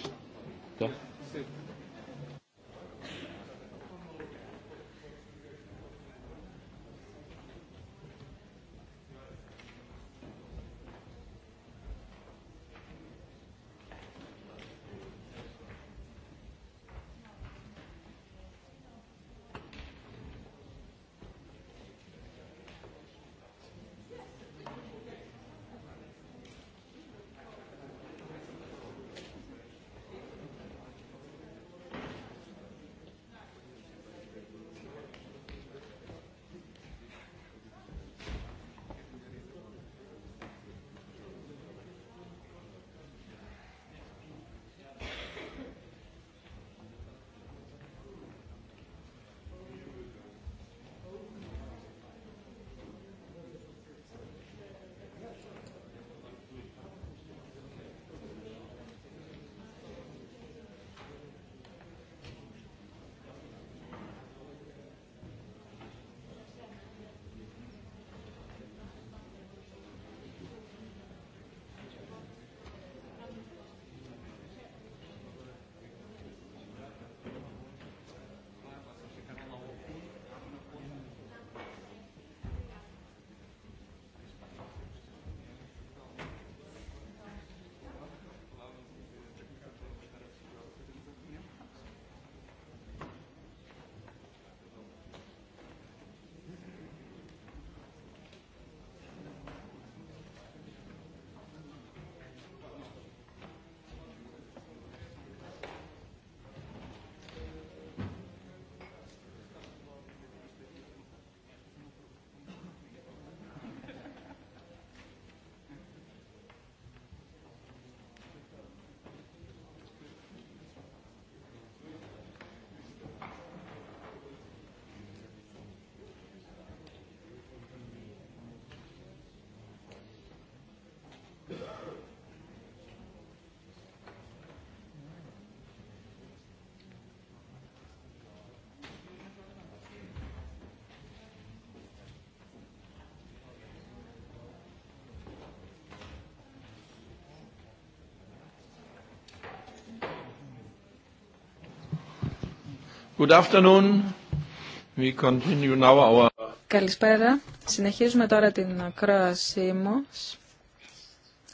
continue Καλησπέρα. Συνεχίζουμε τώρα την ακρόασή μου.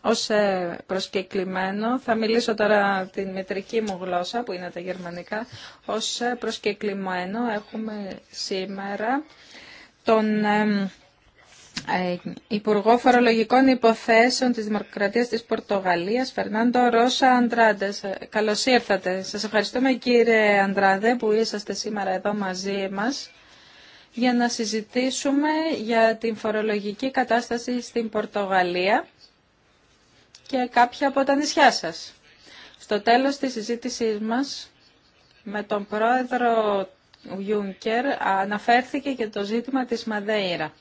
ω ε, προσκεκλημένο, θα μιλήσω τώρα την μετρική μου γλώσσα που είναι τα γερμανικά. ω ε, προσκεκλημένο έχουμε σήμερα τον ε, Υπουργό Φορολογικών Υποθέσεων της Δημοκρατίας της Πορτογαλίας, Φερνάντο Ρώσα Αντράντε. Ε, καλώς ήρθατε. Σας ευχαριστούμε κύριε Αντράδε που είσαστε σήμερα εδώ μαζί μας για να συζητήσουμε για την φορολογική κατάσταση στην Πορτογαλία και κάποια από τα νησιά σας. Στο τέλος της συζήτησής μας με τον πρόεδρο Γιούνκερ αναφέρθηκε και το ζήτημα της Μαδέιρα.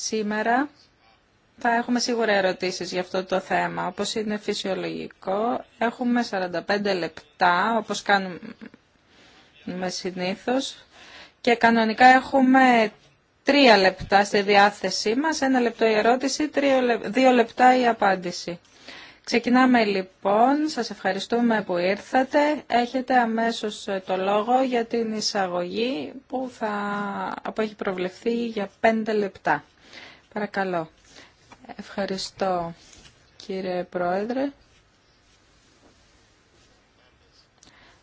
Σήμερα θα έχουμε σίγουρα ερωτήσεις για αυτό το θέμα. Όπως είναι φυσιολογικό, έχουμε 45 λεπτά, όπως κάνουμε συνήθως, και κανονικά έχουμε τρία λεπτά στη διάθεσή μας, ένα λεπτό η ερώτηση, δύο λεπτά η απάντηση. Ξεκινάμε λοιπόν, σας ευχαριστούμε που ήρθατε. Έχετε αμέσως ε, το λόγο για την εισαγωγή που, θα, που έχει προβλεφθεί για πέντε λεπτά. Παρακαλώ. Ευχαριστώ κύριε Πρόεδρε.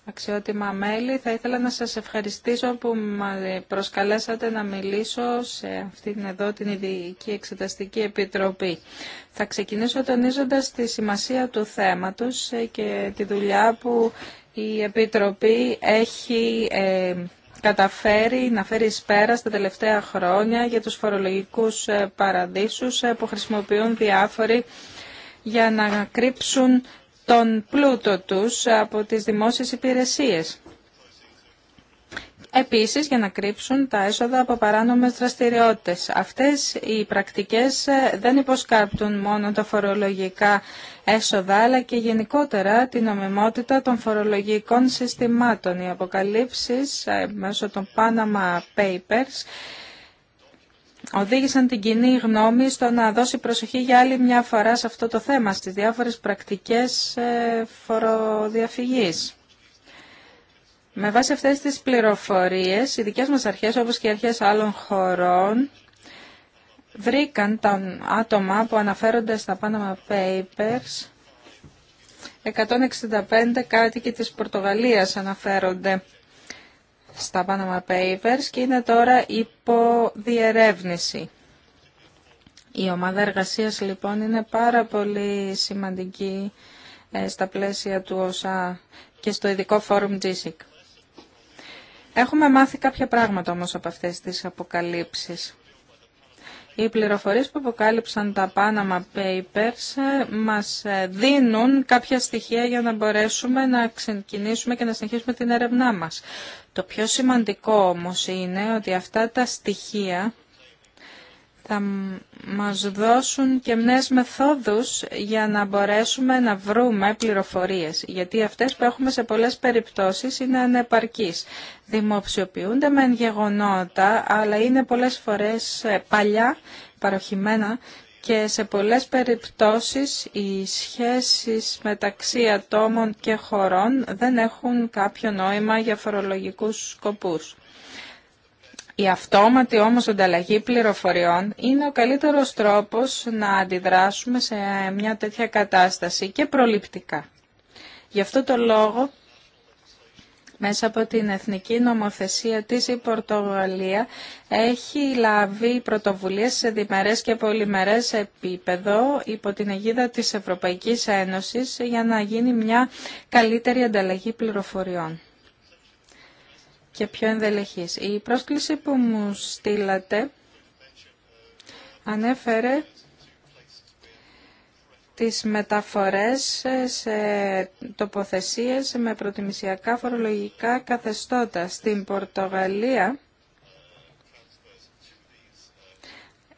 Αξιότιμα μέλη, θα ήθελα να σας ευχαριστήσω που με προσκαλέσατε να μιλήσω σε αυτήν εδώ την Ειδική Εξεταστική Επιτροπή. Θα ξεκινήσω τονίζοντας τη σημασία του θέματος ε, και τη δουλειά που η Επιτροπή έχει ε, καταφέρει να φέρει εις πέρα στα τελευταία χρόνια για τους φορολογικούς ε, παραδείσους ε, που χρησιμοποιούν διάφοροι για να κρύψουν τον πλούτο τους από τις δημόσιες υπηρεσίες επίσης για να κρύψουν τα έσοδα από παράνομες δραστηριότητες. Αυτές οι πρακτικές ε, δεν υποσκάπτουν μόνο τα φορολογικά έσοδα, αλλά και γενικότερα την ομιμότητα των φορολογικών συστημάτων. Οι αποκαλύψεις ε, μέσω των Panama Papers οδήγησαν την κοινή γνώμη στο να δώσει προσοχή για άλλη μια φορά σε αυτό το θέμα, στις διάφορες πρακτικές ε, φοροδιαφυγής. Με βάση αυτές τις πληροφορίες, οι δικές μας αρχές, όπως και οι αρχές άλλων χωρών, βρήκαν τα άτομα που αναφέρονται στα Panama Papers. 165 κάτοικοι της Πορτογαλίας αναφέρονται στα Panama Papers και είναι τώρα υπό διερεύνηση. Η ομάδα εργασίας λοιπόν είναι πάρα πολύ σημαντική ε, στα πλαίσια του ΩΣΑ και στο ειδικό φόρουμ GSIC. Έχουμε μάθει κάποια πράγματα όμως από αυτές τις αποκαλύψεις. Οι πληροφορίες που αποκάλυψαν τα Panama Papers ε, μας ε, δίνουν κάποια στοιχεία για να μπορέσουμε να ξεκινήσουμε και να συνεχίσουμε την έρευνά μας. Το πιο σημαντικό όμως είναι ότι αυτά τα στοιχεία θα μας δώσουν και νέες μεθόδους για να μπορέσουμε να βρούμε πληροφορίες, γιατί αυτές που έχουμε σε πολλές περιπτώσεις είναι ανεπαρκείς. Δημοψιοποιούνται με γεγονότα, αλλά είναι πολλές φορές ε, παλιά, παροχημένα και σε πολλές περιπτώσεις οι σχέσεις μεταξύ ατόμων και χωρών δεν έχουν κάποιο νόημα για φορολογικούς σκοπούς. Η αυτόματη όμως ανταλλαγή πληροφοριών είναι ο καλύτερος τρόπος να αντιδράσουμε σε μια τέτοια κατάσταση και προληπτικά. Γι' αυτό το λόγο, μέσα από την Εθνική Νομοθεσία της η Πορτογαλία έχει λάβει πρωτοβουλίες σε διμερές και πολυμερές επίπεδο υπό την αιγίδα της Ευρωπαϊκής Ένωσης για να γίνει μια καλύτερη ανταλλαγή πληροφοριών και πιο ενδελεχής. Η πρόσκληση που μου στείλατε ανέφερε τις μεταφορές σε τοποθεσίες με προτιμησιακά φορολογικά καθεστώτα. Στην Πορτογαλία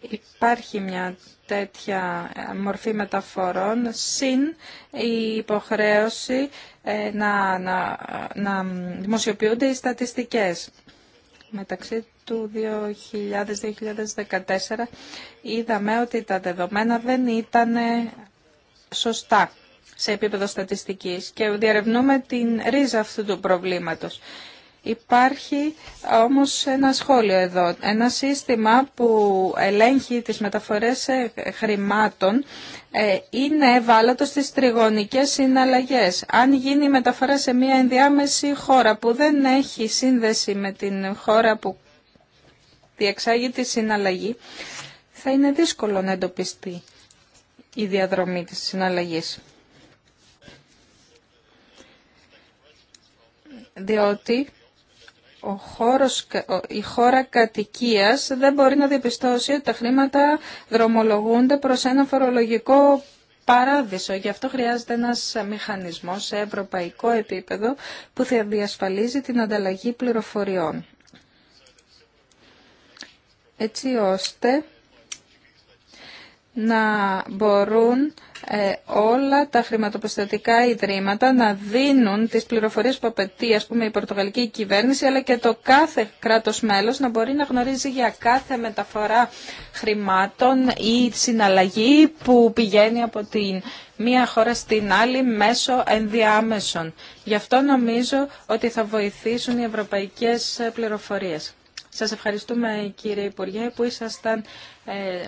υπάρχει μια τέτοια μορφή μεταφορών συν η υποχρέωση ε, να, να, να δημοσιοποιούνται οι στατιστικές. Μεταξύ του 2000-2014 είδαμε ότι τα δεδομένα δεν ήταν σωστά σε επίπεδο στατιστικής και διαρευνούμε την ρίζα αυτού του προβλήματος. Υπάρχει όμως ένα σχόλιο εδώ, ένα σύστημα που ελέγχει τις μεταφορές ε, χρημάτων ε, είναι ευάλωτο στις τριγωνικές συναλλαγές. Αν γίνει η μεταφορά σε μια ενδιάμεση χώρα που δεν έχει σύνδεση με την χώρα που διεξάγει τη συναλλαγή, θα είναι δύσκολο να εντοπιστεί η διαδρομή της συναλλαγής. Διότι ο χώρος, η χώρα κατοικίας δεν μπορεί να διαπιστώσει ότι τα χρήματα δρομολογούνται προς ένα φορολογικό παράδεισο. Γι' αυτό χρειάζεται ένας μηχανισμός σε ευρωπαϊκό επίπεδο που θα διασφαλίζει την ανταλλαγή πληροφοριών. Έτσι ώστε να μπορούν ε, όλα τα χρηματοπιστωτικά ιδρύματα να δίνουν τις πληροφορίες που απαιτεί ας πούμε, η πορτογαλική κυβέρνηση αλλά και το κάθε κράτος μέλος να μπορεί να γνωρίζει για κάθε μεταφορά χρημάτων ή συναλλαγή που πηγαίνει από τη μία χώρα στην άλλη μέσω ενδιάμεσων. Γι' αυτό νομίζω ότι θα βοηθήσουν οι ευρωπαϊκές πληροφορίες. Σας ευχαριστούμε κύριε Υπουργέ που ήσασταν ε,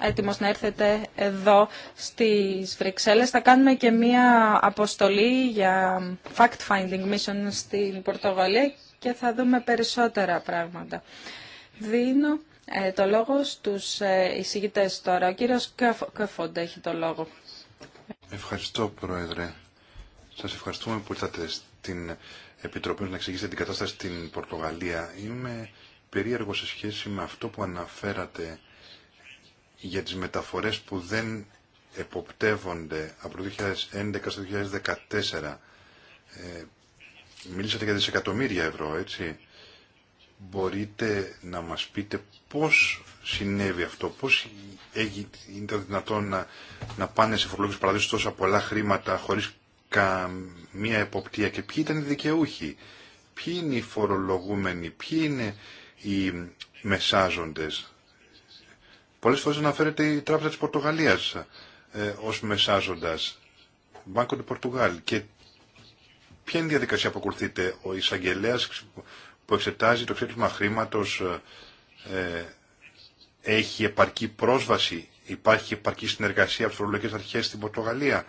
έτοιμος να έρθετε εδώ στις Βρυξέλλες. Θα κάνουμε και μία αποστολή για fact-finding mission στην Πορτογαλία και θα δούμε περισσότερα πράγματα. Δίνω ε, το λόγο στους ε, εισηγητές τώρα. Ο κύριος Καφόντα έχει το λόγο. Ευχαριστώ, Πρόεδρε. Σας ευχαριστούμε που ήρθατε στην Επιτροπή να εξηγήσετε την κατάσταση στην Πορτογαλία. Είμαι περίεργο σε σχέση με αυτό που αναφέρατε για τις μεταφορές που δεν εποπτεύονται από το 2011 στο 2014. Ε, μίλησατε για δισεκατομμύρια ευρώ, έτσι. Μπορείτε να μας πείτε πώς συνέβη αυτό, πώς είναι δυνατόν να, να πάνε σε φορολογικές παραδείσεις τόσα πολλά χρήματα χωρίς καμία εποπτεία και ποιοι ήταν οι δικαιούχοι, ποιοι είναι οι φορολογούμενοι, ποιοι είναι οι μεσάζοντες. Πολλές φορές αναφέρεται η Τράπεζα της Πορτογαλίας ε, ως μεσάζοντας. Μπάνκο του Πορτογάλ. Και ποια είναι η διαδικασία που ακολουθείται. Ο εισαγγελέα που εξετάζει το εξέτημα χρήματος ε, ε, έχει επαρκή πρόσβαση, υπάρχει επαρκή συνεργασία από τις φορολογικέ αρχέ στην Πορτογαλία.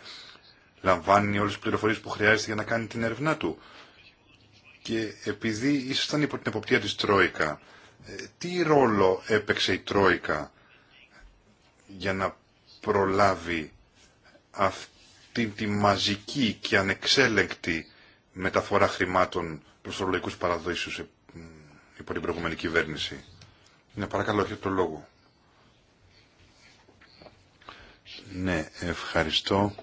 Λαμβάνει όλες τι πληροφορίε που χρειάζεται για να κάνει την έρευνά του. Και επειδή ήσασταν υπό την εποπτεία της Τρόικα, ε, τι ρόλο έπαιξε η Τρόικα για να προλάβει αυτή τη μαζική και ανεξέλεγκτη μεταφορά χρημάτων προς ορολογικούς παραδόσεις ε, υπό την προηγούμενη κυβέρνηση. Ναι, παρακαλώ, έχετε το λόγο. Ναι, ευχαριστώ.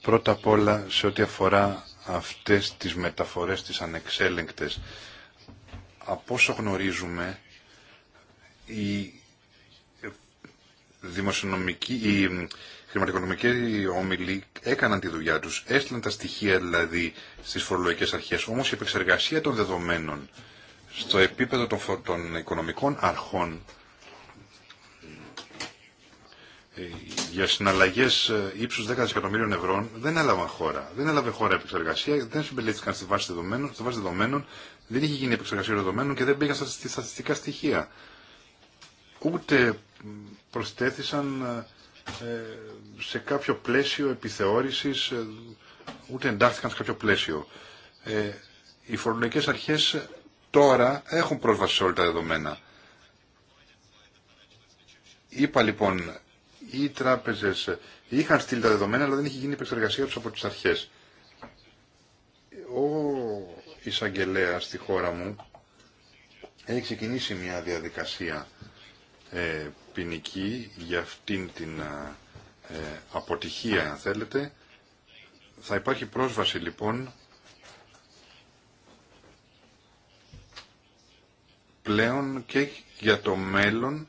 Πρώτα απ' όλα, σε ό,τι αφορά αυτές τις μεταφορές τις ανεξέλεγκτες, από όσο γνωρίζουμε, η οι χρηματοοικονομικοί όμιλοι έκαναν τη δουλειά τους, έστειλαν τα στοιχεία δηλαδή στις φορολογικές αρχές, όμως η επεξεργασία των δεδομένων στο επίπεδο των, οικονομικών αρχών ε, για συναλλαγές ε, ύψους 10 δισεκατομμύριων ευρώ δεν έλαβαν χώρα. Δεν έλαβε χώρα επεξεργασία, δεν συμπελήθηκαν στη βάση δεδομένων, στη βάση δεδομένων δεν είχε γίνει επεξεργασία δεδομένων και δεν πήγαν στα στατιστικά στοιχεία. Ούτε προσθέθησαν ε, ε, σε κάποιο πλαίσιο επιθεώρησης, ε, ούτε εντάχθηκαν σε κάποιο πλαίσιο. Οι φορολογικές αρχές τώρα έχουν πρόσβαση σε όλα τα δεδομένα. Είπα λοιπόν, οι τράπεζες είχαν στείλει τα δεδομένα, αλλά δεν είχε γίνει επεξεργασία τους από τις αρχές. Ο εισαγγελέα στη χώρα μου έχει ξεκινήσει μια διαδικασία ποινική για αυτήν την ε, αποτυχία, αν θέλετε. Θα υπάρχει πρόσβαση, λοιπόν, πλέον και για το μέλλον.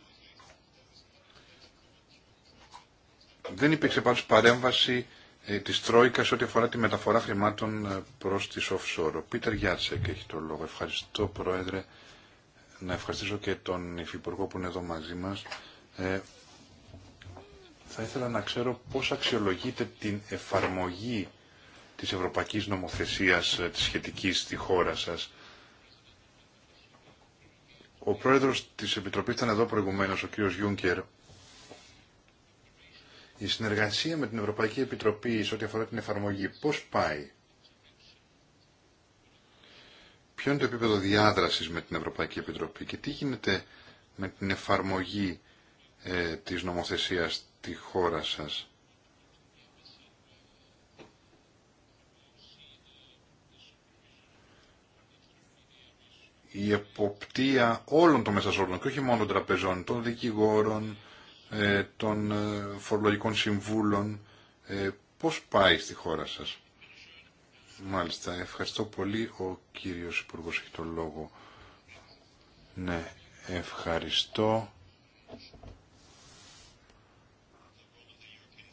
Δεν υπήρξε πάντως παρέμβαση ε, της Τρόικας ό,τι αφορά τη μεταφορά χρημάτων ε, προς τις offshore. Ο Πίτερ Γιάτσεκ έχει το λόγο. Ευχαριστώ, Πρόεδρε. Να ευχαριστήσω και τον Υφυπουργό που είναι εδώ μαζί μας ε, θα ήθελα να ξέρω πώς αξιολογείτε την εφαρμογή της ευρωπαϊκής νομοθεσίας ε, της σχετικής στη χώρα σας. Ο πρόεδρος της Επιτροπής ήταν εδώ προηγουμένως, ο κύριος Γιούνκερ. Η συνεργασία με την Ευρωπαϊκή Επιτροπή σε ό,τι αφορά την εφαρμογή, πώς πάει. Ποιο είναι το επίπεδο διάδρασης με την Ευρωπαϊκή Επιτροπή και τι γίνεται με την εφαρμογή ε, της νομοθεσίας στη χώρα σας. Η εποπτεία όλων των μεσασόρων και όχι μόνο των τραπεζών, των δικηγόρων, ε, των ε, φορολογικών συμβούλων, ε, πώς πάει στη χώρα σας. Μάλιστα, ευχαριστώ πολύ. Ο κύριος Υπουργός έχει το λόγο. Ναι, ευχαριστώ.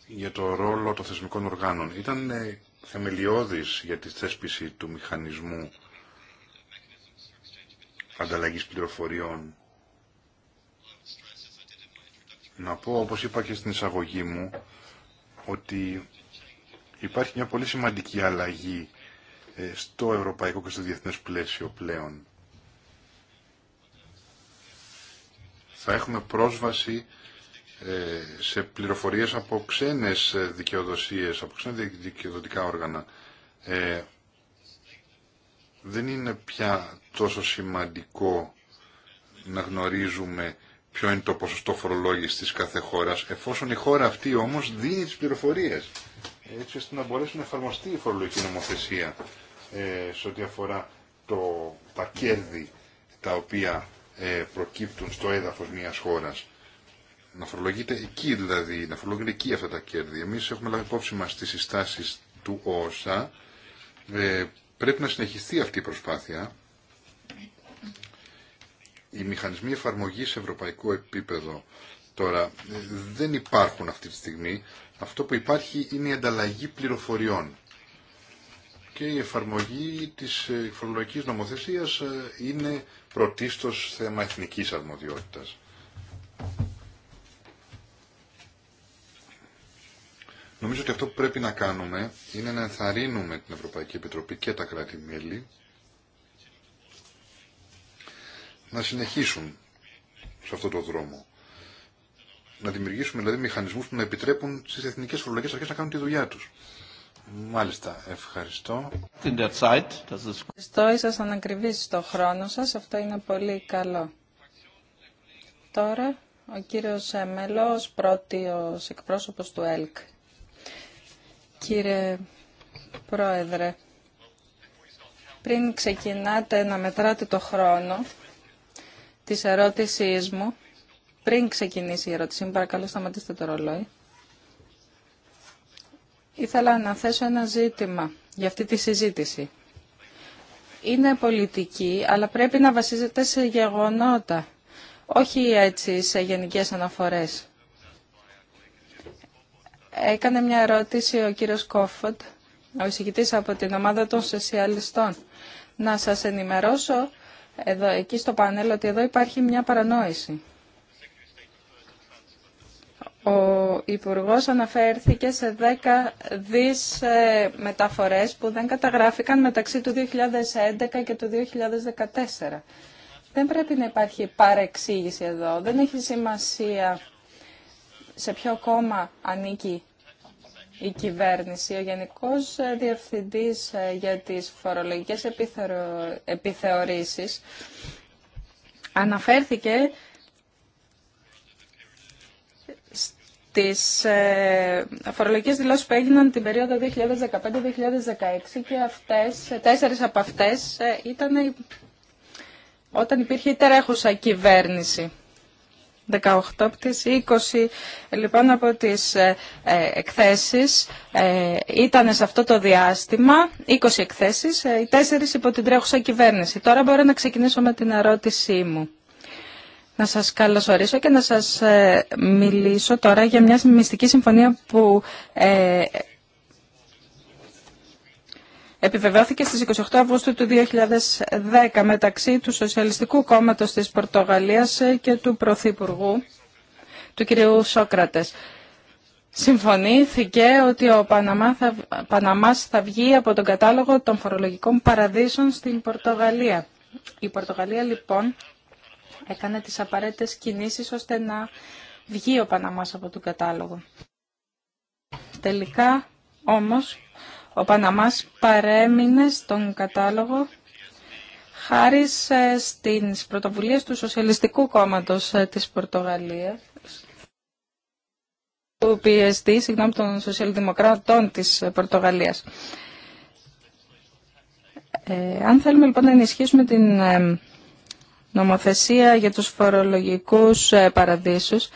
για το ρόλο των θεσμικών οργάνων. Ήταν ε, θεμελιώδης για τη θέσπιση του μηχανισμού ανταλλαγής πληροφοριών. Να πω, όπως είπα και στην εισαγωγή μου, ότι υπάρχει μια πολύ σημαντική αλλαγή ε, στο ευρωπαϊκό και στο διεθνές πλαίσιο πλέον. Θα έχουμε πρόσβαση ε, σε πληροφορίες από ξένες δικαιοδοσίες, από ξένα δικαιοδοτικά όργανα. Ε, δεν είναι πια τόσο σημαντικό να γνωρίζουμε ποιο είναι το ποσοστό φορολόγηση της κάθε χώρας, εφόσον η χώρα αυτή όμως δίνει τις πληροφορίες, έτσι ώστε να μπορέσει να εφαρμοστεί η φορολογική νομοθεσία ε, σε ό,τι αφορά το, τα κέρδη τα οποία ε, προκύπτουν στο έδαφος μιας χώρας να φορολογείται εκεί δηλαδή, να φορολογείται εκεί αυτά τα κέρδη. Εμείς έχουμε λάβει υπόψη μα τι συστάσεις του ΩΣΑ. Ε, πρέπει να συνεχιστεί αυτή η προσπάθεια. Οι μηχανισμοί εφαρμογή σε ευρωπαϊκό επίπεδο τώρα ε, δεν υπάρχουν αυτή τη στιγμή. Αυτό που υπάρχει είναι η ανταλλαγή πληροφοριών. Και η εφαρμογή της ε, φορολογικής νομοθεσίας είναι πρωτίστως θέμα εθνικής αρμοδιότητας. Νομίζω ότι αυτό που πρέπει να κάνουμε είναι να ενθαρρύνουμε την Ευρωπαϊκή Επιτροπή και τα κράτη-μέλη να συνεχίσουν σε αυτό το δρόμο. Να δημιουργήσουμε δηλαδή μηχανισμούς που να επιτρέπουν στις εθνικές φορολογικές αρχές να κάνουν τη δουλειά τους. Μάλιστα, ευχαριστώ. Ευχαριστώ, ήσασταν ακριβείς στο χρόνο σας, αυτό είναι πολύ καλό. Τώρα, ο κύριος Μέλος, πρώτος εκπρόσωπος του ΕΛΚ. Κύριε Πρόεδρε, πριν ξεκινάτε να μετράτε το χρόνο της ερώτησής μου, πριν ξεκινήσει η ερώτησή μου, παρακαλώ σταματήστε το ρολόι. Ήθελα να θέσω ένα ζήτημα για αυτή τη συζήτηση. Είναι πολιτική, αλλά πρέπει να βασίζεται σε γεγονότα, όχι έτσι σε γενικές αναφορές. Έκανε μια ερώτηση ο κύριος Κόφοντ, ο εισηγητής από την ομάδα των σοσιαλιστών. Να σας ενημερώσω εδώ, εκεί στο πανέλ ότι εδώ υπάρχει μια παρανόηση. Ο Υπουργός αναφέρθηκε σε 10 δις ε, μεταφορές που δεν καταγράφηκαν μεταξύ του 2011 και του 2014. Δεν πρέπει να υπάρχει παρεξήγηση εδώ. Δεν έχει σημασία σε ποιο κόμμα ανήκει η κυβέρνηση. Ο Γενικός Διευθυντής ε, για τις φορολογικές επιθεω... επιθεωρήσεις αναφέρθηκε στις ε, φορολογικές δηλώσεις που έγιναν την περίοδο 2015-2016 και αυτές, ε, τέσσερις από αυτές ήταν όταν υπήρχε η τερέχουσα κυβέρνηση. 18 από 20 λοιπόν από τις ε, ε, εκθέσεις ε, ήταν σε αυτό το διάστημα 20 εκθέσεις, ε, οι τέσσερις 4 υπό την τρέχουσα κυβέρνηση. Τώρα μπορώ να ξεκινήσω με την ερώτησή μου. Να σας καλωσορίσω και να σας μιλήσω τώρα για μια μυστική συμφωνία που επιβεβαιώθηκε στις 28 Αυγούστου του 2010 μεταξύ του Σοσιαλιστικού Κόμματος της Πορτογαλίας και του Πρωθυπουργού, του κυρίου Σόκρατες. Συμφωνήθηκε ότι ο Παναμά θα, Παναμάς θα βγει από τον κατάλογο των φορολογικών παραδείσων στην Πορτογαλία. Η Πορτογαλία λοιπόν έκανε τις απαραίτητες κινήσεις ώστε να βγει ο Παναμάς από τον κατάλογο. Τελικά όμως ο Παναμάς παρέμεινε στον κατάλογο χάρη στις πρωτοβουλίες του Σοσιαλιστικού Κόμματος ε, της Πορτογαλίας του PSD, συγγνώμη, των Σοσιαλδημοκρατών της Πορτογαλίας. Ε, αν θέλουμε λοιπόν να ενισχύσουμε την ε, νομοθεσία για τους φορολογικούς παραδείσους,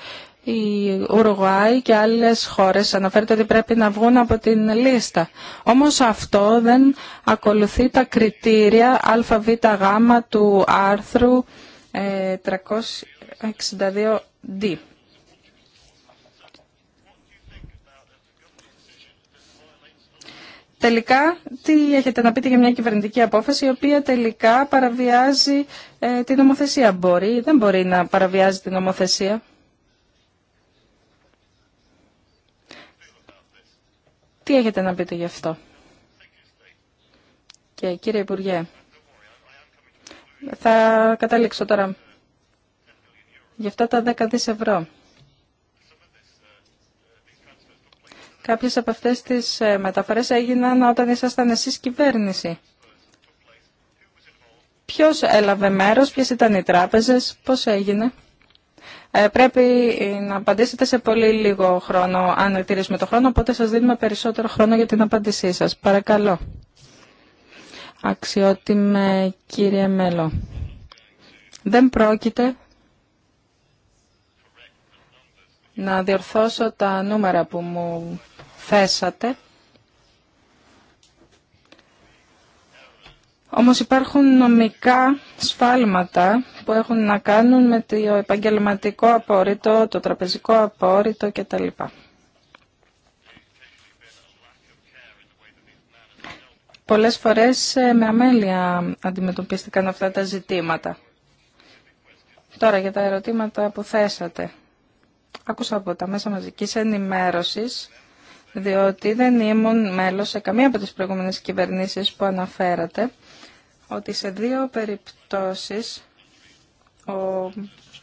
η Ουρουγουάη και άλλες χώρες αναφέρεται ότι πρέπει να βγουν από την λίστα. Όμως αυτό δεν ακολουθεί τα κριτήρια αβγ του άρθρου 362D. Ε, τελικά, τι έχετε να πείτε για μια κυβερνητική απόφαση η οποία τελικά παραβιάζει ε, την νομοθεσία. Μπορεί, δεν μπορεί να παραβιάζει την νομοθεσία. Τι έχετε να πείτε γι' αυτό. Και κύριε Υπουργέ, θα καταλήξω τώρα γι' αυτά τα δέκα δις ευρώ. Κάποιες από αυτές τις ε, μεταφορές έγιναν όταν ήσασταν εσείς κυβέρνηση. Ποιος έλαβε μέρος, ποιες ήταν οι τράπεζες, πώς έγινε. Ε, πρέπει ε, να απαντήσετε σε πολύ λίγο χρόνο, αν τηρήσουμε το χρόνο, οπότε σας δίνουμε περισσότερο χρόνο για την απάντησή σας. Παρακαλώ. Αξιότιμε κύριε Μέλο. Δεν πρόκειται να διορθώσω τα νούμερα που μου θέσατε. Όμως υπάρχουν νομικά σφάλματα που έχουν να κάνουν με το επαγγελματικό απόρριτο, το τραπεζικό απόρριτο κτλ. Πολλές φορές ε, με αμέλεια αντιμετωπίστηκαν αυτά τα ζητήματα. Τώρα για τα ερωτήματα που θέσατε. Άκουσα από τα μέσα μαζικής ενημέρωσης, διότι δεν ήμουν μέλος σε καμία από τις προηγούμενες κυβερνήσεις που αναφέρατε ότι σε δύο περιπτώσεις ο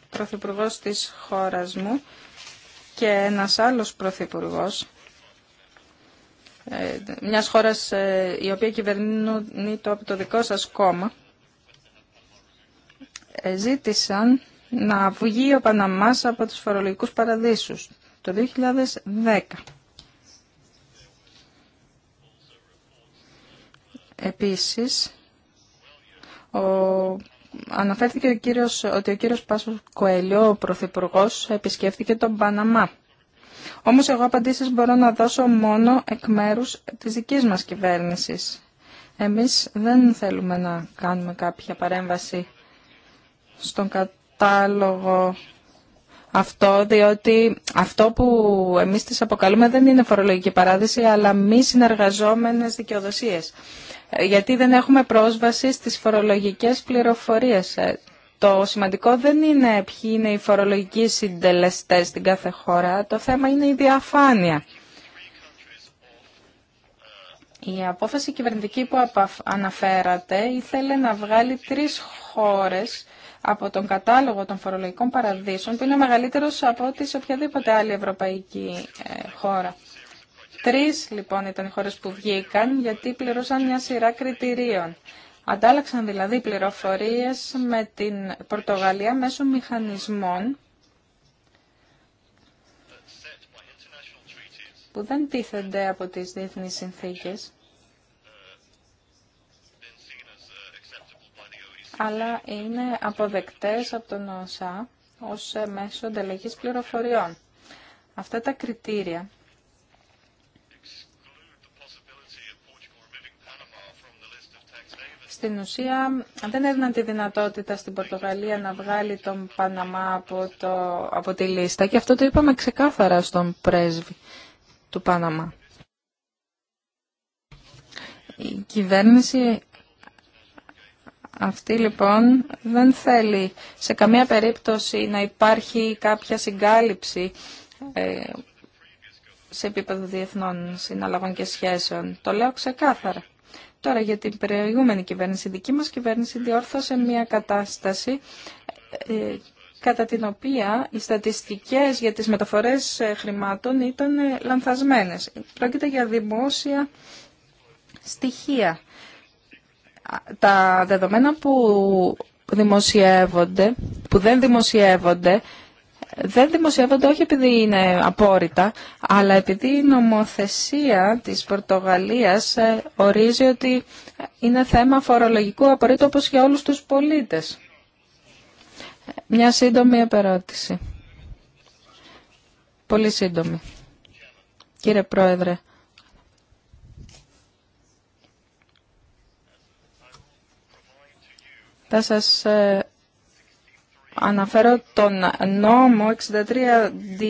πρωθυπουργός της χώρας μου και ένας άλλος πρωθυπουργός ε, μιας χώρας ε, η οποία κυβερνεί από το δικό σας κόμμα ε, ζήτησαν να βγει ο Παναμάς από τους φορολογικούς παραδείσους το 2010. Επίσης, Αναφέρθηκε ο ότι ο κύριος Πάσος Κοέλιο, ο Πρωθυπουργό, επισκέφθηκε τον Παναμά. Όμως εγώ απαντήσεις μπορώ να δώσω μόνο εκ μέρους της δικής μας κυβέρνησης. Εμείς δεν θέλουμε να κάνουμε κάποια παρέμβαση στον κατάλογο αυτό, διότι αυτό που εμείς τις αποκαλούμε δεν είναι φορολογική παράδειση, αλλά μη συνεργαζόμενες δικαιοδοσίες γιατί δεν έχουμε πρόσβαση στις φορολογικές πληροφορίες. Ε, το σημαντικό δεν είναι ποιοι είναι οι φορολογικοί συντελεστές στην κάθε χώρα, το θέμα είναι η διαφάνεια. Η απόφαση κυβερνητική που αναφέρατε ήθελε να βγάλει τρεις χώρες από τον κατάλογο των φορολογικών παραδείσων που είναι μεγαλύτερος από ό,τι σε οποιαδήποτε άλλη ευρωπαϊκή ε, χώρα. Τρεις λοιπόν ήταν οι χώρες που βγήκαν γιατί πληρούσαν μια σειρά κριτηρίων. Αντάλλαξαν δηλαδή πληροφορίες με την Πορτογαλία μέσω μηχανισμών που δεν τίθενται από τις διεθνείς συνθήκες αλλά είναι αποδεκτές από τον ΟΣΑ ως μέσο ανταλλαγής πληροφοριών. Αυτά τα κριτήρια στην ουσία δεν έδιναν τη δυνατότητα στην Πορτογαλία να βγάλει τον Παναμά από, το, από τη λίστα και αυτό το είπαμε ξεκάθαρα στον πρέσβη του Παναμά. Η κυβέρνηση αυτή λοιπόν δεν θέλει σε καμία περίπτωση να υπάρχει κάποια συγκάλυψη ε, σε επίπεδο διεθνών συναλλαγών και σχέσεων. Το λέω ξεκάθαρα. Τώρα για την προηγούμενη κυβέρνηση, η δική μας κυβέρνηση διόρθωσε μια κατάσταση ε, κατά την οποία οι στατιστικές για τις μεταφορές ε, χρημάτων ήταν ε, λανθασμένες. Πρόκειται για δημόσια στοιχεία. Τα δεδομένα που δημοσιεύονται, που δεν δημοσιεύονται, δεν δημοσιεύονται όχι επειδή είναι απόρριτα, αλλά επειδή η νομοθεσία της Πορτογαλίας ε, ορίζει ότι είναι θέμα φορολογικού απορρίτου όπως για όλους τους πολίτες. Μια σύντομη επερώτηση. Πολύ σύντομη. Κύριε Πρόεδρε, θα σας ε, αναφέρω τον νόμο 63D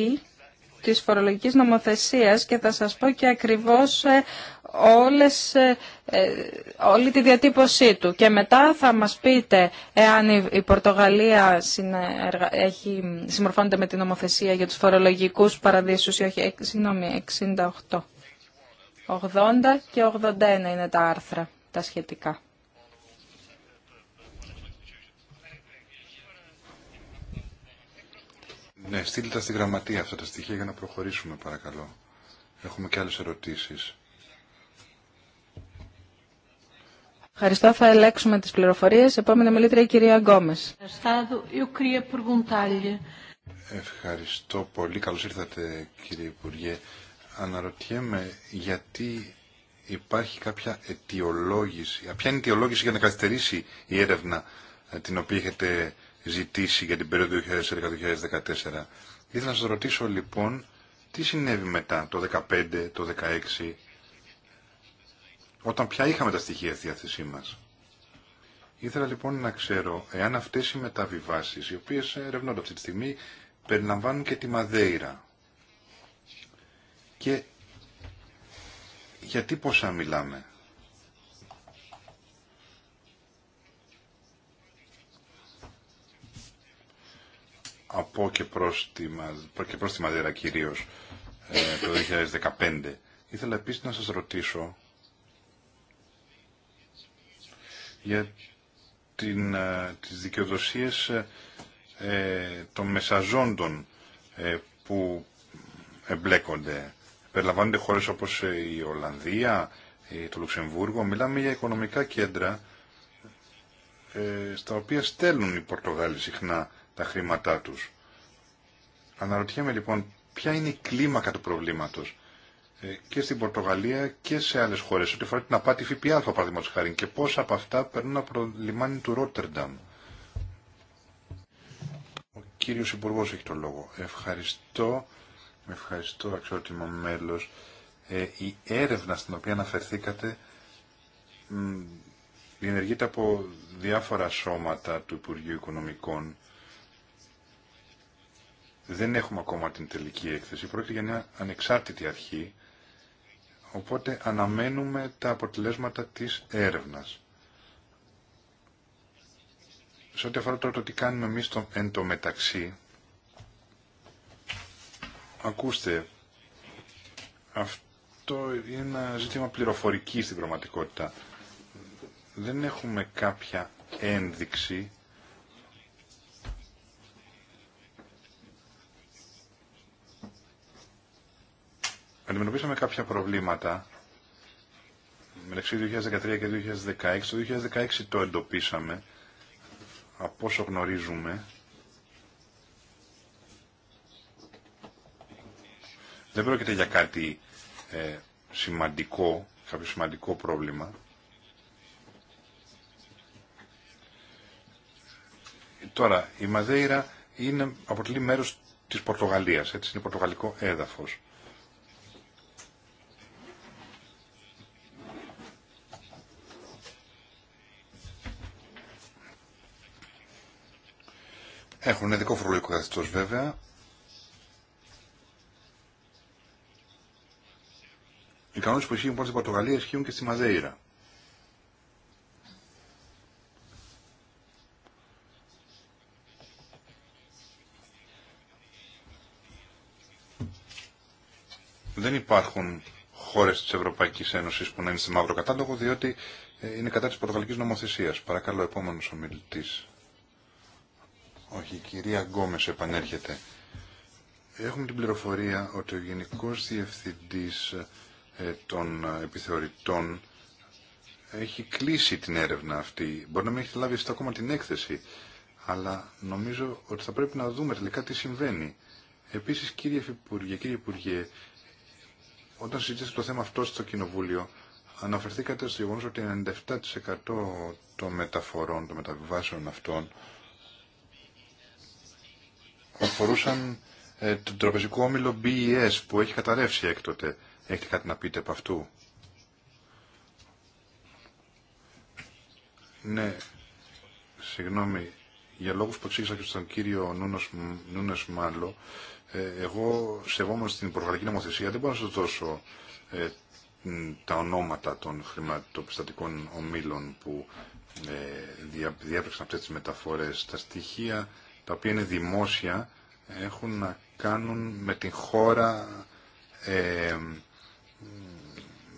της φορολογικής νομοθεσίας και θα σας πω και ακριβώς ε, όλες, ε, ε, όλη τη διατύπωσή του. Και μετά θα μας πείτε εάν η Πορτογαλία έχει, συμμορφώνεται με την νομοθεσία για τους φορολογικούς παραδείσους ή όχι, συγγνώμη, 68. 80 και 81 είναι τα άρθρα, τα σχετικά. Ναι, στείλτε τα στη γραμματεία αυτά τα στοιχεία για να προχωρήσουμε παρακαλώ. Έχουμε και άλλες ερωτήσεις. Ευχαριστώ. Θα ελέγξουμε τις πληροφορίες. Επόμενη μιλήτρια η κυρία Γκόμες. Ευχαριστώ πολύ. Καλώς ήρθατε κύριε Υπουργέ. Αναρωτιέμαι γιατί υπάρχει κάποια αιτιολόγηση. Ποια είναι η αιτιολόγηση για να καθυστερήσει η έρευνα ε, την οποία έχετε ζητήσει για την περίοδο 2011-2014. Ήθελα να σας ρωτήσω λοιπόν τι συνέβη μετά το 2015, το 2016, όταν πια είχαμε τα στοιχεία στη διάθεσή μας. Ήθελα λοιπόν να ξέρω εάν αυτές οι μεταβιβάσεις, οι οποίες ερευνώνται αυτή τη στιγμή, περιλαμβάνουν και τη Μαδέιρα. Και γιατί πόσα μιλάμε. από και προς τη, και Μαδέρα κυρίως ε, το 2015. Ήθελα επίσης να σας ρωτήσω για την, ε, τις δικαιοδοσίες ε, ε των μεσαζόντων που εμπλέκονται. Περιλαμβάνονται χώρες όπως η Ολλανδία, το Λουξεμβούργο. Μιλάμε για οικονομικά κέντρα στα οποία στέλνουν οι Πορτογάλοι συχνά τα χρήματά τους. Αναρωτιέμαι λοιπόν ποια είναι η κλίμακα του προβλήματος ε, και στην Πορτογαλία και σε άλλες χώρες, ό,τι αφορά την απάτη ΦΠΑ, παραδείγματος χάρη, και πόσα από αυτά περνούν από το λιμάνι του Ρότερνταμ. Ο κύριος υπουργό έχει το λόγο. Ευχαριστώ, ευχαριστώ αξιότιμο μέλος. Ε, η έρευνα στην οποία αναφερθήκατε διενεργείται από διάφορα σώματα του Υπουργείου Οικονομικών δεν έχουμε ακόμα την τελική έκθεση. Πρόκειται για μια ανεξάρτητη αρχή, οπότε αναμένουμε τα αποτελέσματα της έρευνας. Σε ό,τι αφορά τώρα το τι κάνουμε εμείς εν το μεταξύ, ακούστε, αυτό είναι ένα ζήτημα πληροφορική στην πραγματικότητα. Δεν έχουμε κάποια ένδειξη αντιμετωπίσαμε κάποια προβλήματα μεταξύ 2013 και 2016. Το 2016 το εντοπίσαμε, από όσο γνωρίζουμε. Δεν πρόκειται για κάτι ε, σημαντικό, κάποιο σημαντικό πρόβλημα. Τώρα, η Μαδέιρα είναι, αποτελεί μέρος της Πορτογαλίας, έτσι είναι πορτογαλικό έδαφος. Έχουν ειδικό φορολογικό καθεστώ βέβαια. Οι κανόνε που ισχύουν πάνω στην Πορτογαλία ισχύουν και στη Μαζέιρα. Δεν υπάρχουν χώρε τη Ευρωπαϊκή Ένωση που να είναι σε μαύρο κατάλογο, διότι ε, είναι κατά τη πορτογαλική νομοθεσία. Παρακαλώ, επόμενο ομιλητής. Όχι, η κυρία Γκόμες επανέρχεται. Έχουμε την πληροφορία ότι ο Γενικός Διευθυντής ε, των ε, Επιθεωρητών έχει κλείσει την έρευνα αυτή. Μπορεί να μην έχει λάβει ακόμα την έκθεση, αλλά νομίζω ότι θα πρέπει να δούμε τελικά τι συμβαίνει. Επίσης, κύριε Υπουργέ, κύριε Υπουργέ, όταν συζητήσατε το θέμα αυτό στο Κοινοβούλιο, αναφερθήκατε στο γεγονό ότι 97% των μεταφορών, των μεταβιβάσεων αυτών, αφορούσαν ε, τον τροπεζικό όμιλο BES που έχει καταρρεύσει έκτοτε. Έχετε κάτι να πείτε από αυτού. Ναι, συγγνώμη, για λόγους που εξήγησα και στον κύριο Νούνος, Νούνες Μάλλο, ε, εγώ σεβόμενος στην προγραμματική νομοθεσία δεν μπορώ να σας δώσω ε, τα ονόματα των χρηματοπιστατικών ομίλων που ε, διέπρεξαν αυτές τις μεταφορές. Τα στοιχεία τα οποία είναι δημόσια, έχουν να κάνουν με την χώρα ε,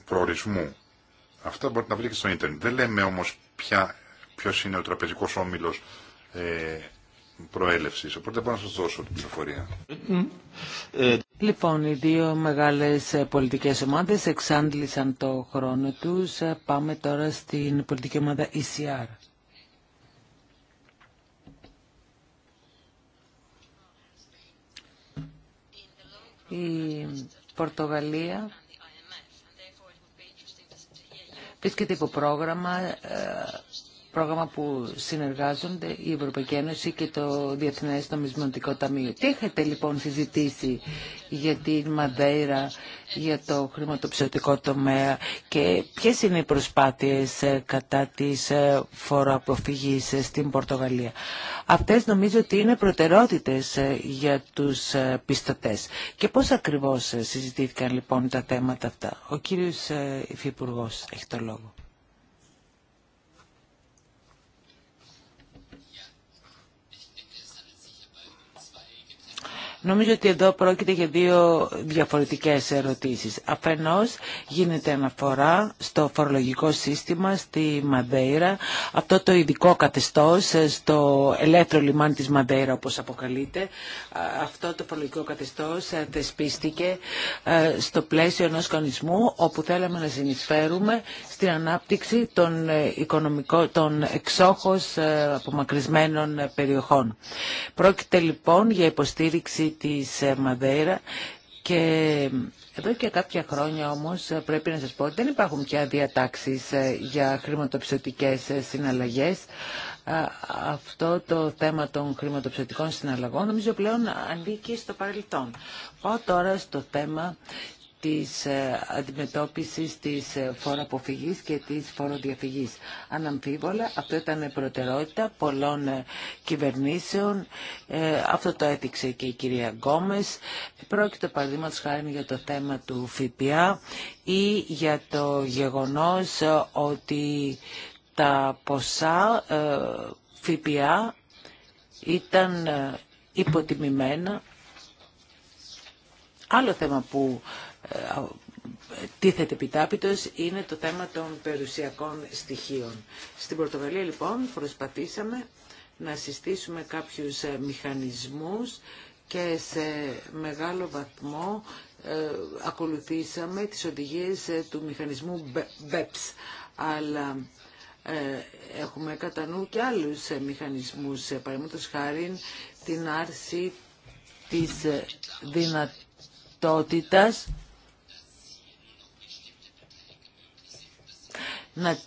προορισμού. Αυτά μπορείτε να βρείτε και στο ίντερνετ. Δεν λέμε όμως ποια, ποιος είναι ο τραπεζικός όμιλος ε, προέλευσης. Οπότε μπορώ να σας δώσω την πληροφορία. Λοιπόν, οι δύο μεγάλες ε, πολιτικές ομάδες εξάντλησαν το χρόνο τους. Ε, πάμε τώρα στην πολιτική ομάδα ECR. η Πορτογαλία βρίσκεται υπό πρόγραμμα ε, πρόγραμμα που συνεργάζονται η Ευρωπαϊκή Ένωση και το Διεθνές Νομισματικό Ταμείο. Τι έχετε λοιπόν συζητήσει για την Μαδέρα, για το χρηματοψηφιακό τομέα και ποιες είναι οι προσπάθειες ε, κατά της ε, φοροαποφυγής ε, στην Πορτογαλία. Αυτές νομίζω ότι είναι προτεραιότητες για τους πιστωτές. Και πώς ακριβώς συζητήθηκαν λοιπόν τα θέματα αυτά. Ο κύριος Υφυπουργός έχει το λόγο. Νομίζω ότι εδώ πρόκειται για δύο διαφορετικές ερωτήσεις. Αφενός γίνεται αναφορά στο φορολογικό σύστημα στη Μαδέιρα, αυτό το ειδικό καθεστώς ε, στο ελεύθερο λιμάνι της Μαδέιρα όπως αποκαλείται. Αυτό το φορολογικό καθεστώς ε, θεσπίστηκε ε, στο πλαίσιο ενός κανονισμού όπου θέλαμε να συνεισφέρουμε στην ανάπτυξη των, οικονομικών, των εξόχως απομακρυσμένων περιοχών. Πρόκειται λοιπόν για υποστήριξη τη της ε, Μαδέρα και εδώ και κάποια χρόνια όμως ε, πρέπει να σας πω ότι δεν υπάρχουν πια διατάξεις ε, για χρηματοπιστωτικές συναλλαγές. Αυτό το θέμα των χρηματοπιστωτικών συναλλαγών νομίζω πλέον ανήκει στο παρελθόν. Πάω τώρα στο θέμα της ε, αντιμετώπισης της ε, φοροαποφυγής και της φοροδιαφυγής. Αναμφίβολα, αυτό ήταν προτεραιότητα πολλών ε, κυβερνήσεων. Αυτό το έδειξε και η κυρία Γκόμες. Πρόκειται, παραδείγματο χάρη για το θέμα του ΦΠΑ ή για το γεγονός ότι τα ποσά ΦΠΑ ήταν υποτιμημένα Άλλο θέμα που τίθεται επιτάπητος είναι το θέμα των περιουσιακών στοιχείων. Στην Πορτογαλία λοιπόν προσπαθήσαμε να συστήσουμε κάποιους ε, μηχανισμούς και σε μεγάλο βαθμό ε, ακολουθήσαμε τις οδηγίες ε, του μηχανισμού BEPS. Αλλά έχουμε κατά νου και άλλους μηχανισμούς, παραδείγματος χάρη την άρση της δυνατότητας να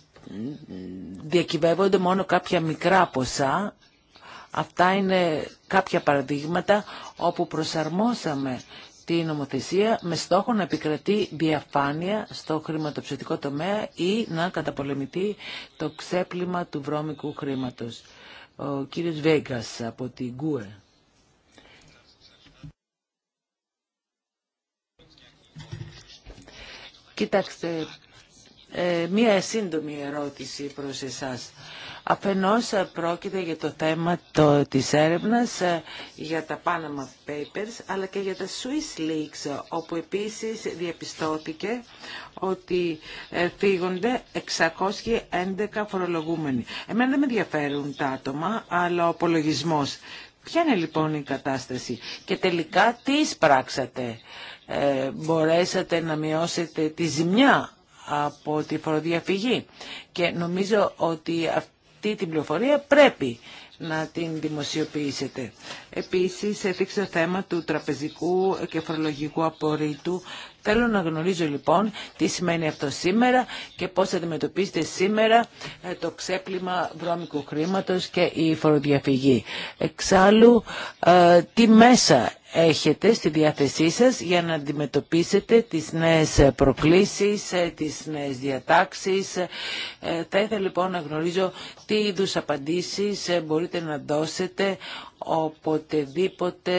διακυβεύονται μόνο κάποια μικρά ποσά. Αυτά είναι κάποια παραδείγματα όπου προσαρμόσαμε τη νομοθεσία με στόχο να επικρατεί διαφάνεια στο χρηματοψηφιστικό τομέα ή να καταπολεμηθεί το ξέπλυμα του βρώμικου χρήματος. Ο κύριος Βέγκας από την ΚΟΕ. Κοιτάξτε, ε, μία σύντομη ερώτηση προς εσάς. Αφενός ε, πρόκειται για το θέμα το, της έρευνας ε, για τα Panama Papers αλλά και για τα Swiss Leaks όπου επίσης διαπιστώθηκε ότι φύγονται 611 φορολογούμενοι. Εμένα δεν με ενδιαφέρουν τα άτομα αλλά ο απολογισμός. Ποια είναι λοιπόν η κατάσταση και τελικά τι εισπράξατε. μπορέσατε να μειώσετε τη ζημιά από τη φοροδιαφυγή. Και νομίζω ότι αυτή την πληροφορία πρέπει να την δημοσιοποιήσετε. Επίσης, σε το θέμα του τραπεζικού και φορολογικού απορρίτου. Θέλω να γνωρίζω λοιπόν τι σημαίνει αυτό σήμερα και πώς αντιμετωπίζετε σήμερα ε, το ξέπλυμα βρώμικου χρήματος και η φοροδιαφυγή. Εξάλλου, ε, τι μέσα έχετε στη διάθεσή σας για να αντιμετωπίσετε τις νέες προκλήσεις, ε, τις νέες διατάξεις. Ε, θα ήθελα λοιπόν να γνωρίζω τι είδου απαντήσεις ε, μπορείτε να δώσετε οποτεδήποτε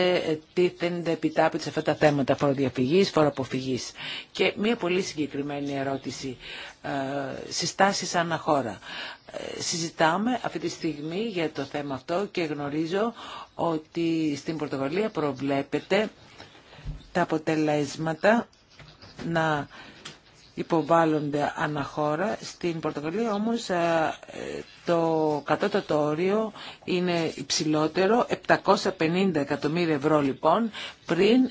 τίθενται επιτάπητε σε αυτά τα θέματα φοροδιαφυγής, φοροαποφυγής. Και μία πολύ συγκεκριμένη ερώτηση. Συστάσεις αναχώρα. Συζητάμε αυτή τη στιγμή για το θέμα αυτό και γνωρίζω ότι στην Πορτογαλία προβλέπεται τα αποτελέσματα να υποβάλλονται αναχώρα. Στην Πορτογαλία όμως ε, το κατώτατο όριο είναι υψηλότερο, 750 εκατομμύρια ευρώ λοιπόν, πριν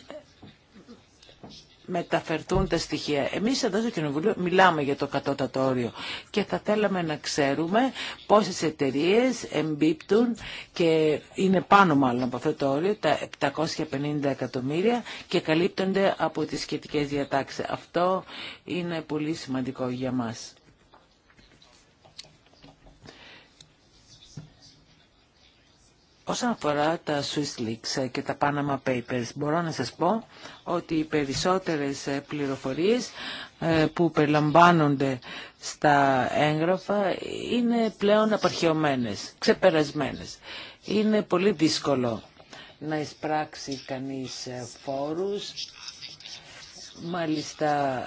μεταφερθούν τα στοιχεία. Εμείς εδώ στο Κοινοβουλίο μιλάμε για το κατώτατο όριο και θα θέλαμε να ξέρουμε πόσες εταιρείε εμπίπτουν και είναι πάνω μάλλον από αυτό το όριο, τα 750 εκατομμύρια και καλύπτονται από τις σχετικές διατάξεις. Αυτό είναι πολύ σημαντικό για μας. Όσον αφορά τα Swiss Leaks και τα Panama Papers, μπορώ να σας πω ότι οι περισσότερες ε, πληροφορίες ε, που περιλαμβάνονται στα έγγραφα είναι πλέον απαρχαιωμένες, ξεπερασμένες. Είναι πολύ δύσκολο να εισπράξει κανείς ε, φόρους, μάλιστα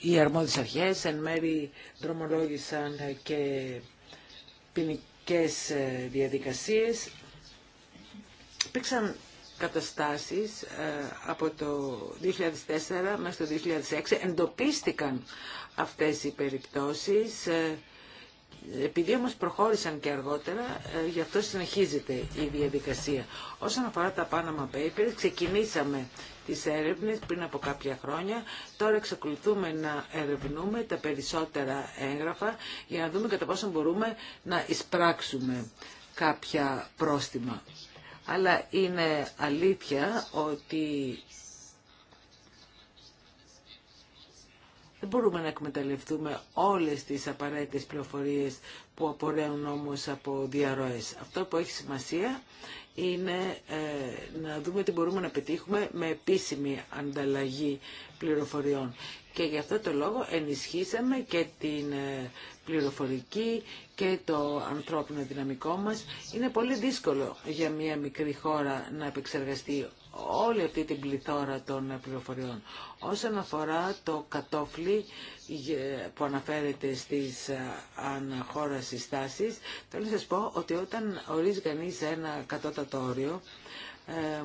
οι αρμόδιες αρχές εν μέρη δρομολόγησαν και ποινικές ε, διαδικασίες. Υπήρξαν καταστάσεις ε, από το 2004 μέχρι το 2006. Εντοπίστηκαν αυτές οι περιπτώσεις ε, επειδή όμως προχώρησαν και αργότερα, ε, γι' αυτό συνεχίζεται η διαδικασία. Όσον αφορά τα Panama Papers, ξεκινήσαμε τις έρευνες πριν από κάποια χρόνια. Τώρα εξακολουθούμε να ερευνούμε τα περισσότερα έγγραφα για να δούμε κατά πόσο μπορούμε να εισπράξουμε κάποια πρόστιμα. Αλλά είναι αλήθεια ότι Δεν μπορούμε να εκμεταλλευτούμε όλες τις απαραίτητες πληροφορίες που απορρέουν όμως από διαρροές. Αυτό που έχει σημασία είναι ε, να δούμε τι μπορούμε να πετύχουμε με επίσημη ανταλλαγή πληροφοριών. Και γι' αυτό το λόγο ενισχύσαμε και την ε, πληροφορική και το ανθρώπινο δυναμικό μας. Είναι πολύ δύσκολο για μια μικρή χώρα να επεξεργαστεί όλη αυτή την πληθώρα των πληροφοριών. Όσον αφορά το κατόφλι ε, που αναφέρεται στις ε, αναχώρα στάσεις, θέλω να σας πω ότι όταν ορίζει κανείς ένα κατώτατο όριο, ε,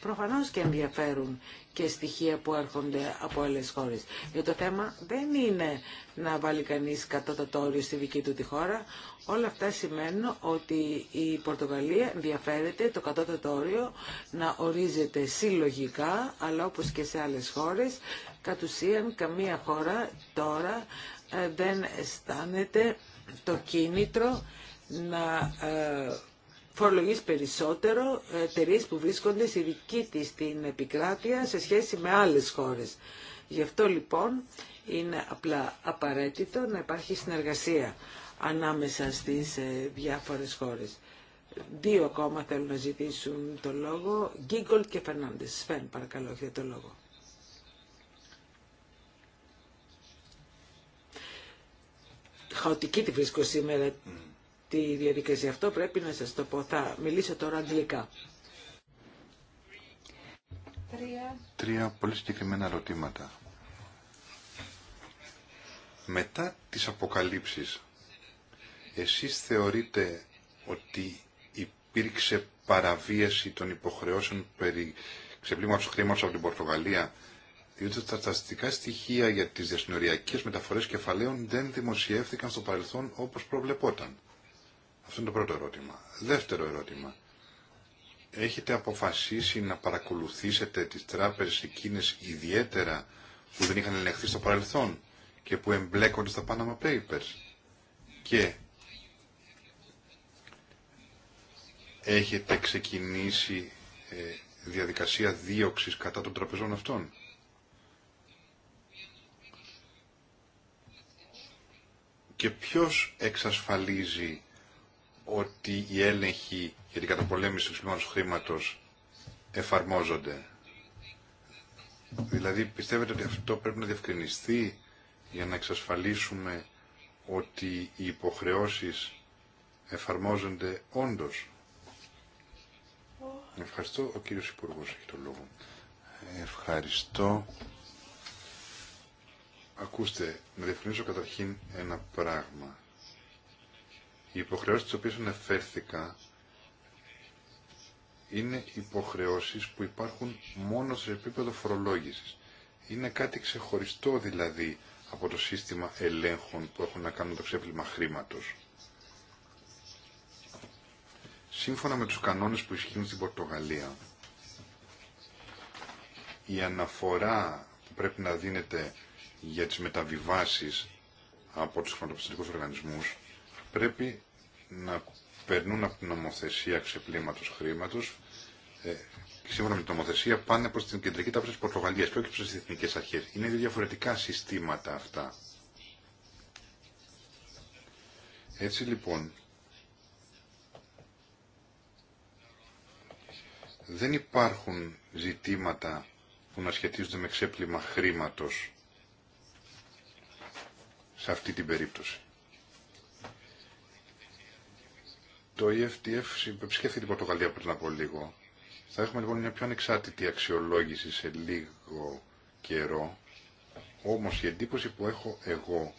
προφανώς και ενδιαφέρουν και στοιχεία που έρχονται από άλλες χώρες. Για το θέμα δεν είναι να βάλει κανείς τόριο στη δική του τη χώρα. Όλα αυτά σημαίνουν ότι η Πορτογαλία ενδιαφέρεται το όριο να ορίζεται συλλογικά, αλλά όπως και σε άλλες χώρες, κατ' ουσίαν καμία χώρα τώρα ε, δεν αισθάνεται το κίνητρο να ε, φορολογείς περισσότερο εταιρείε που βρίσκονται στη δική της την επικράτεια σε σχέση με άλλες χώρες. Γι' αυτό λοιπόν είναι απλά απαραίτητο να υπάρχει συνεργασία ανάμεσα στις ε, διάφορες χώρες. Δύο ακόμα θέλουν να ζητήσουν το λόγο. Γκίγκολ και Φερνάντες. Σφέν, παρακαλώ, έχετε το λόγο. Χαοτική τη βρίσκω σήμερα mm τη διαδικασία. Αυτό πρέπει να σας το πω. Θα μιλήσω τώρα αγγλικά. Τρία, πολύ συγκεκριμένα ερωτήματα. Μετά τις αποκαλύψεις, εσείς θεωρείτε ότι υπήρξε παραβίαση των υποχρεώσεων περί ξεπλήματος χρήματος από την Πορτογαλία, διότι τα στατιστικά στοιχεία για τις διασυνοριακές μεταφορές κεφαλαίων δεν δημοσιεύθηκαν στο παρελθόν όπως προβλεπόταν. Αυτό είναι το πρώτο ερώτημα. Δεύτερο ερώτημα. Έχετε αποφασίσει να παρακολουθήσετε τις τράπεζες εκείνες ιδιαίτερα που δεν είχαν ελεγχθεί στο παρελθόν και που εμπλέκονται στα Panama Papers. Και έχετε ξεκινήσει ε, διαδικασία δίωξης κατά των τραπεζών αυτών. Και ποιος εξασφαλίζει ότι οι έλεγχοι για την καταπολέμηση του ξυπνήματος χρήματο εφαρμόζονται. Δηλαδή πιστεύετε ότι αυτό πρέπει να διευκρινιστεί για να εξασφαλίσουμε ότι οι υποχρεώσεις εφαρμόζονται όντως. Ευχαριστώ. Ο κύριος Υπουργός έχει το λόγο. Ευχαριστώ. Ακούστε, να διευκρινίσω καταρχήν ένα πράγμα. Οι υποχρεώσεις τις οποίες αναφέρθηκα είναι υποχρεώσεις που υπάρχουν μόνο σε επίπεδο φορολόγησης. Είναι κάτι ξεχωριστό δηλαδή από το σύστημα ελέγχων που έχουν να κάνουν το ξέπλυμα χρήματος. Σύμφωνα με τους κανόνες που ισχύουν στην Πορτογαλία, η αναφορά που πρέπει να δίνεται για τις μεταβιβάσεις από τους χρηματοπιστωτικούς οργανισμούς πρέπει να περνούν από την νομοθεσία ξεπλήματο χρήματο. ε, σύμφωνα με την νομοθεσία πάνε προς την κεντρική τάξη τη Πορτογαλίας και όχι προς τις εθνικέ αρχές. Είναι διαφορετικά συστήματα αυτά. Έτσι λοιπόν, δεν υπάρχουν ζητήματα που να σχετίζονται με ξέπλυμα χρήματος σε αυτή την περίπτωση. Το EFTF επισκέφθηκε την Πορτογαλία πριν από λίγο. Θα έχουμε λοιπόν μια πιο ανεξάρτητη αξιολόγηση σε λίγο καιρό. Όμως η εντύπωση που έχω εγώ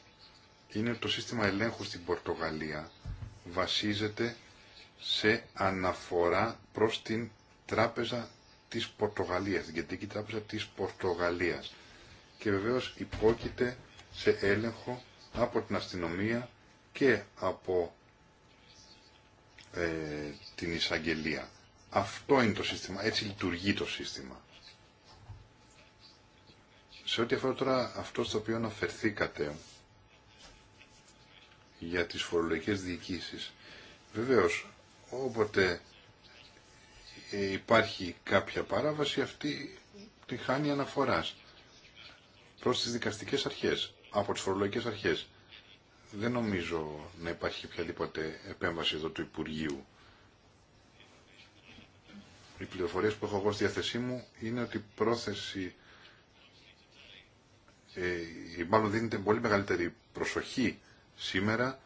είναι ότι το σύστημα ελέγχου στην Πορτογαλία βασίζεται σε αναφορά προς την Τράπεζα της Πορτογαλίας, την Κεντρική Τράπεζα της Πορτογαλίας. Και βεβαίως υπόκειται σε έλεγχο από την αστυνομία και από ε, την εισαγγελία. Αυτό είναι το σύστημα, έτσι λειτουργεί το σύστημα. Σε ό,τι αφορά τώρα αυτό στο οποίο αναφερθήκατε για τις φορολογικές διοικήσεις, βεβαίως όποτε ε, υπάρχει κάποια παράβαση αυτή τη χάνει αναφοράς προς τις δικαστικές αρχές, από τις φορολογικές αρχές δεν νομίζω να υπάρχει οποιαδήποτε επέμβαση εδώ του Υπουργείου. Οι πληροφορίε που έχω εγώ στη διάθεσή μου είναι ότι η πρόθεση, ε, μάλλον δίνεται πολύ μεγαλύτερη προσοχή σήμερα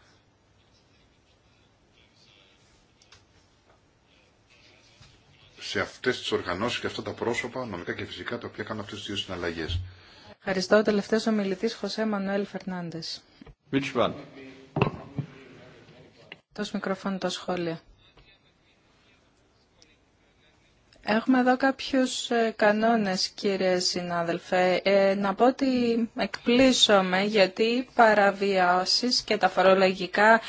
σε αυτές τις οργανώσεις και αυτά τα πρόσωπα, νομικά και φυσικά, τα οποία κάνουν αυτές τις δύο συναλλαγές. Ευχαριστώ. Ο τελευταίος ομιλητής Χωσέ Μανουέλ Φερνάντες σχόλια. Έχουμε εδώ κάποιους ε, κανόνες, κύριε συνάδελφε. Ε, να πω ότι εκπλήσωμαι γιατί παραβιάσεις και τα φορολογικά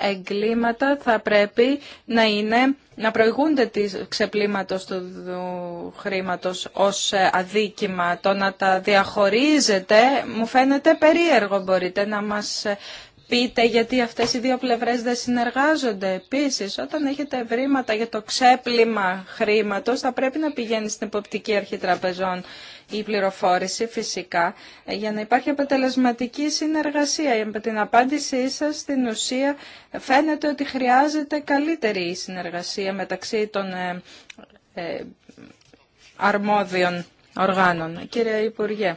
εγκλήματα θα πρέπει να είναι να προηγούνται της ξεπλήματος του χρήματος ως αδίκημα. Το να τα διαχωρίζετε μου φαίνεται περίεργο. Μπορείτε να μας πείτε γιατί αυτές οι δύο πλευρές δεν συνεργάζονται. Επίσης, όταν έχετε ευρήματα για το ξέπλυμα χρήματος, θα πρέπει να πηγαίνει στην εποπτική αρχή τραπεζών η πληροφόρηση φυσικά, για να υπάρχει αποτελεσματική συνεργασία. Με την απάντησή σας, στην ουσία, φαίνεται ότι χρειάζεται καλύτερη συνεργασία μεταξύ των ε, ε αρμόδιων οργάνων. Κύριε Υπουργέ.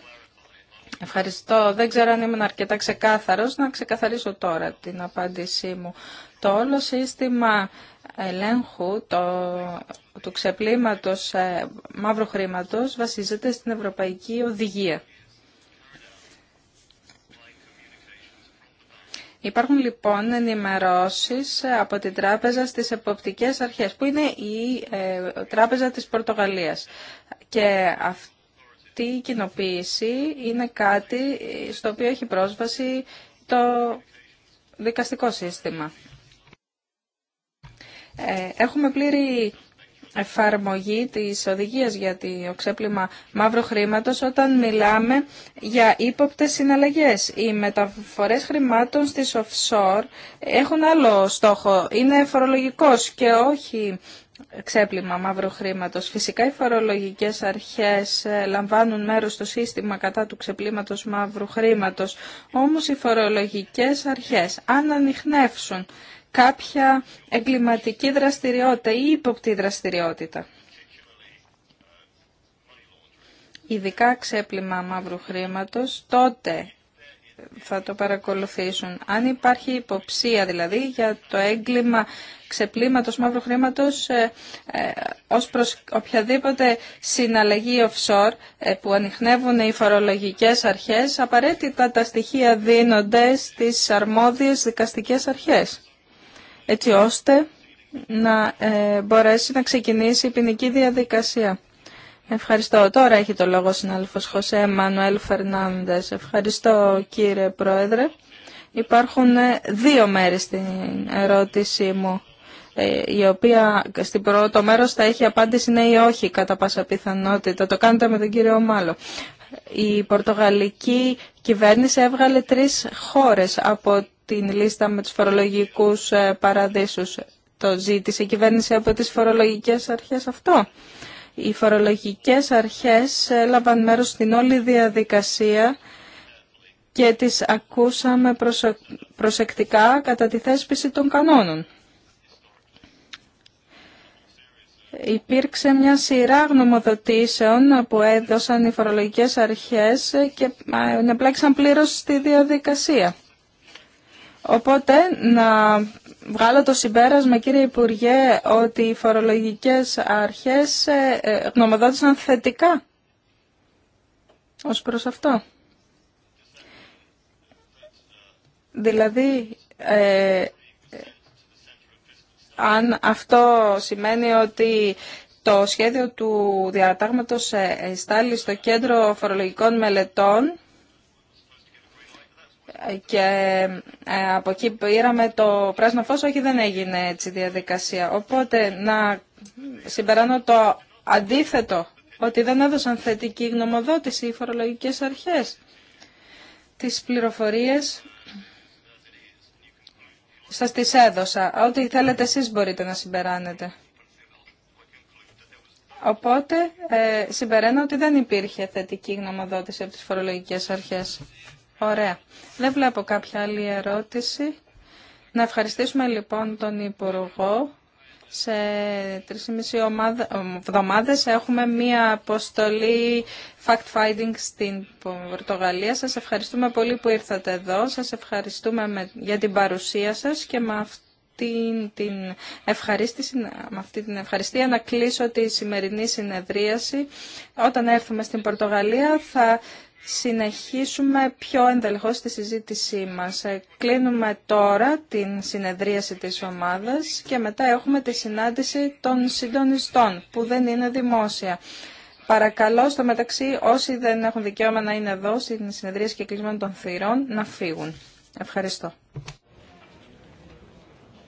Ευχαριστώ. Δεν ξέρω αν ήμουν αρκετά ξεκάθαρος. Να ξεκαθαρίσω τώρα την απάντησή μου. Το όλο σύστημα ελέγχου το, του ξεπλήματος ε, μαύρου χρήματος βασίζεται στην Ευρωπαϊκή Οδηγία. Υπάρχουν λοιπόν ενημερώσεις από την τράπεζα στις εποπτικές αρχές, που είναι η ε, τράπεζα της Πορτογαλίας. Και αυτό αυτή η κοινοποίηση είναι κάτι στο οποίο έχει πρόσβαση το δικαστικό σύστημα. Ε, έχουμε πλήρη εφαρμογή της οδηγίας για το ξέπλυμα μαύρου χρήματος όταν μιλάμε για ύποπτες συναλλαγές. Οι μεταφορές χρημάτων στις offshore έχουν άλλο στόχο. Είναι φορολογικός και όχι ξέπλυμα μαύρου χρήματος. Φυσικά οι φορολογικές αρχές ε, λαμβάνουν μέρος στο σύστημα κατά του ξεπλύματος μαύρου χρήματος. Όμως οι φορολογικές αρχές αν ανοιχνεύσουν κάποια εγκληματική δραστηριότητα ή υποπτή δραστηριότητα. Ειδικά ξέπλυμα μαύρου χρήματος, τότε θα το παρακολουθήσουν. Αν υπάρχει υποψία δηλαδή για το έγκλημα ξεπλήματος μαύρου χρήματος ε, ε ως προς οποιαδήποτε συναλλαγή offshore ε, που ανοιχνεύουν οι φορολογικές αρχές, απαραίτητα τα στοιχεία δίνονται στις αρμόδιες δικαστικές αρχές, έτσι ώστε να ε, μπορέσει να ξεκινήσει η ποινική διαδικασία. Ευχαριστώ. Τώρα έχει το λόγο ο συνάδελφος Χωσέ Μανουέλ Φερνάνδες. Ευχαριστώ κύριε Πρόεδρε. Υπάρχουν ε, δύο μέρη στην ερώτησή μου, ε, η οποία στην πρώτο μέρος θα έχει απάντηση ναι ή όχι κατά πάσα πιθανότητα. Το κάνετε με τον κύριο Μάλλο. Η πορτογαλική κυβέρνηση έβγαλε τρεις χώρες από την λίστα με τους φορολογικούς ε, παραδείσους. Το ζήτησε η κυβέρνηση από τις φορολογικές αρχές αυτό. Οι φορολογικές αρχές έλαβαν μέρος στην όλη διαδικασία και τις ακούσαμε προσεκτικά κατά τη θέσπιση των κανόνων. Υπήρξε μια σειρά γνωμοδοτήσεων που έδωσαν οι φορολογικές αρχές και πλέξαν πλήρως στη διαδικασία. Οπότε να βγάλω το συμπέρασμα κύριε Υπουργέ ότι οι φορολογικές αρχές ε, ε, γνωμοδότησαν θετικά ως προς αυτό. Δηλαδή, ε, αν αυτό σημαίνει ότι το σχέδιο του διατάγματος στάλει στο κέντρο φορολογικών μελετών και ε, από εκεί πήραμε το πράσινο φως, όχι δεν έγινε έτσι διαδικασία. Οπότε να συμπεράνω το αντίθετο, ότι δεν έδωσαν θετική γνωμοδότηση οι φορολογικές αρχές. Τις πληροφορίες σας τις έδωσα. Ό,τι θέλετε εσείς μπορείτε να συμπεράνετε. Οπότε ε, συμπεραίνω ότι δεν υπήρχε θετική γνωμοδότηση από τις φορολογικές αρχές. Ωραία. Δεν βλέπω κάποια άλλη ερώτηση. Να ευχαριστήσουμε λοιπόν τον Υπουργό. Σε τρεις ή μισή εβδομάδες έχουμε μία αποστολή fact-finding στην Πορτογαλία. Σας ευχαριστούμε πολύ που ήρθατε εδώ. Σας ευχαριστούμε για την παρουσία σας και με αυτήν την ευχαρίστηση, με αυτή την ευχαριστία να κλείσω τη σημερινή συνεδρίαση. Όταν έρθουμε στην Πορτογαλία θα συνεχίσουμε πιο εντελώς τη συζήτησή μας. Ε, κλείνουμε τώρα την συνεδρίαση της ομάδας και μετά έχουμε τη συνάντηση των συντονιστών που δεν είναι δημόσια. Παρακαλώ στο μεταξύ όσοι δεν έχουν δικαίωμα να είναι εδώ στην συνεδρίαση και κλεισμένων των θηρών να φύγουν. Ευχαριστώ.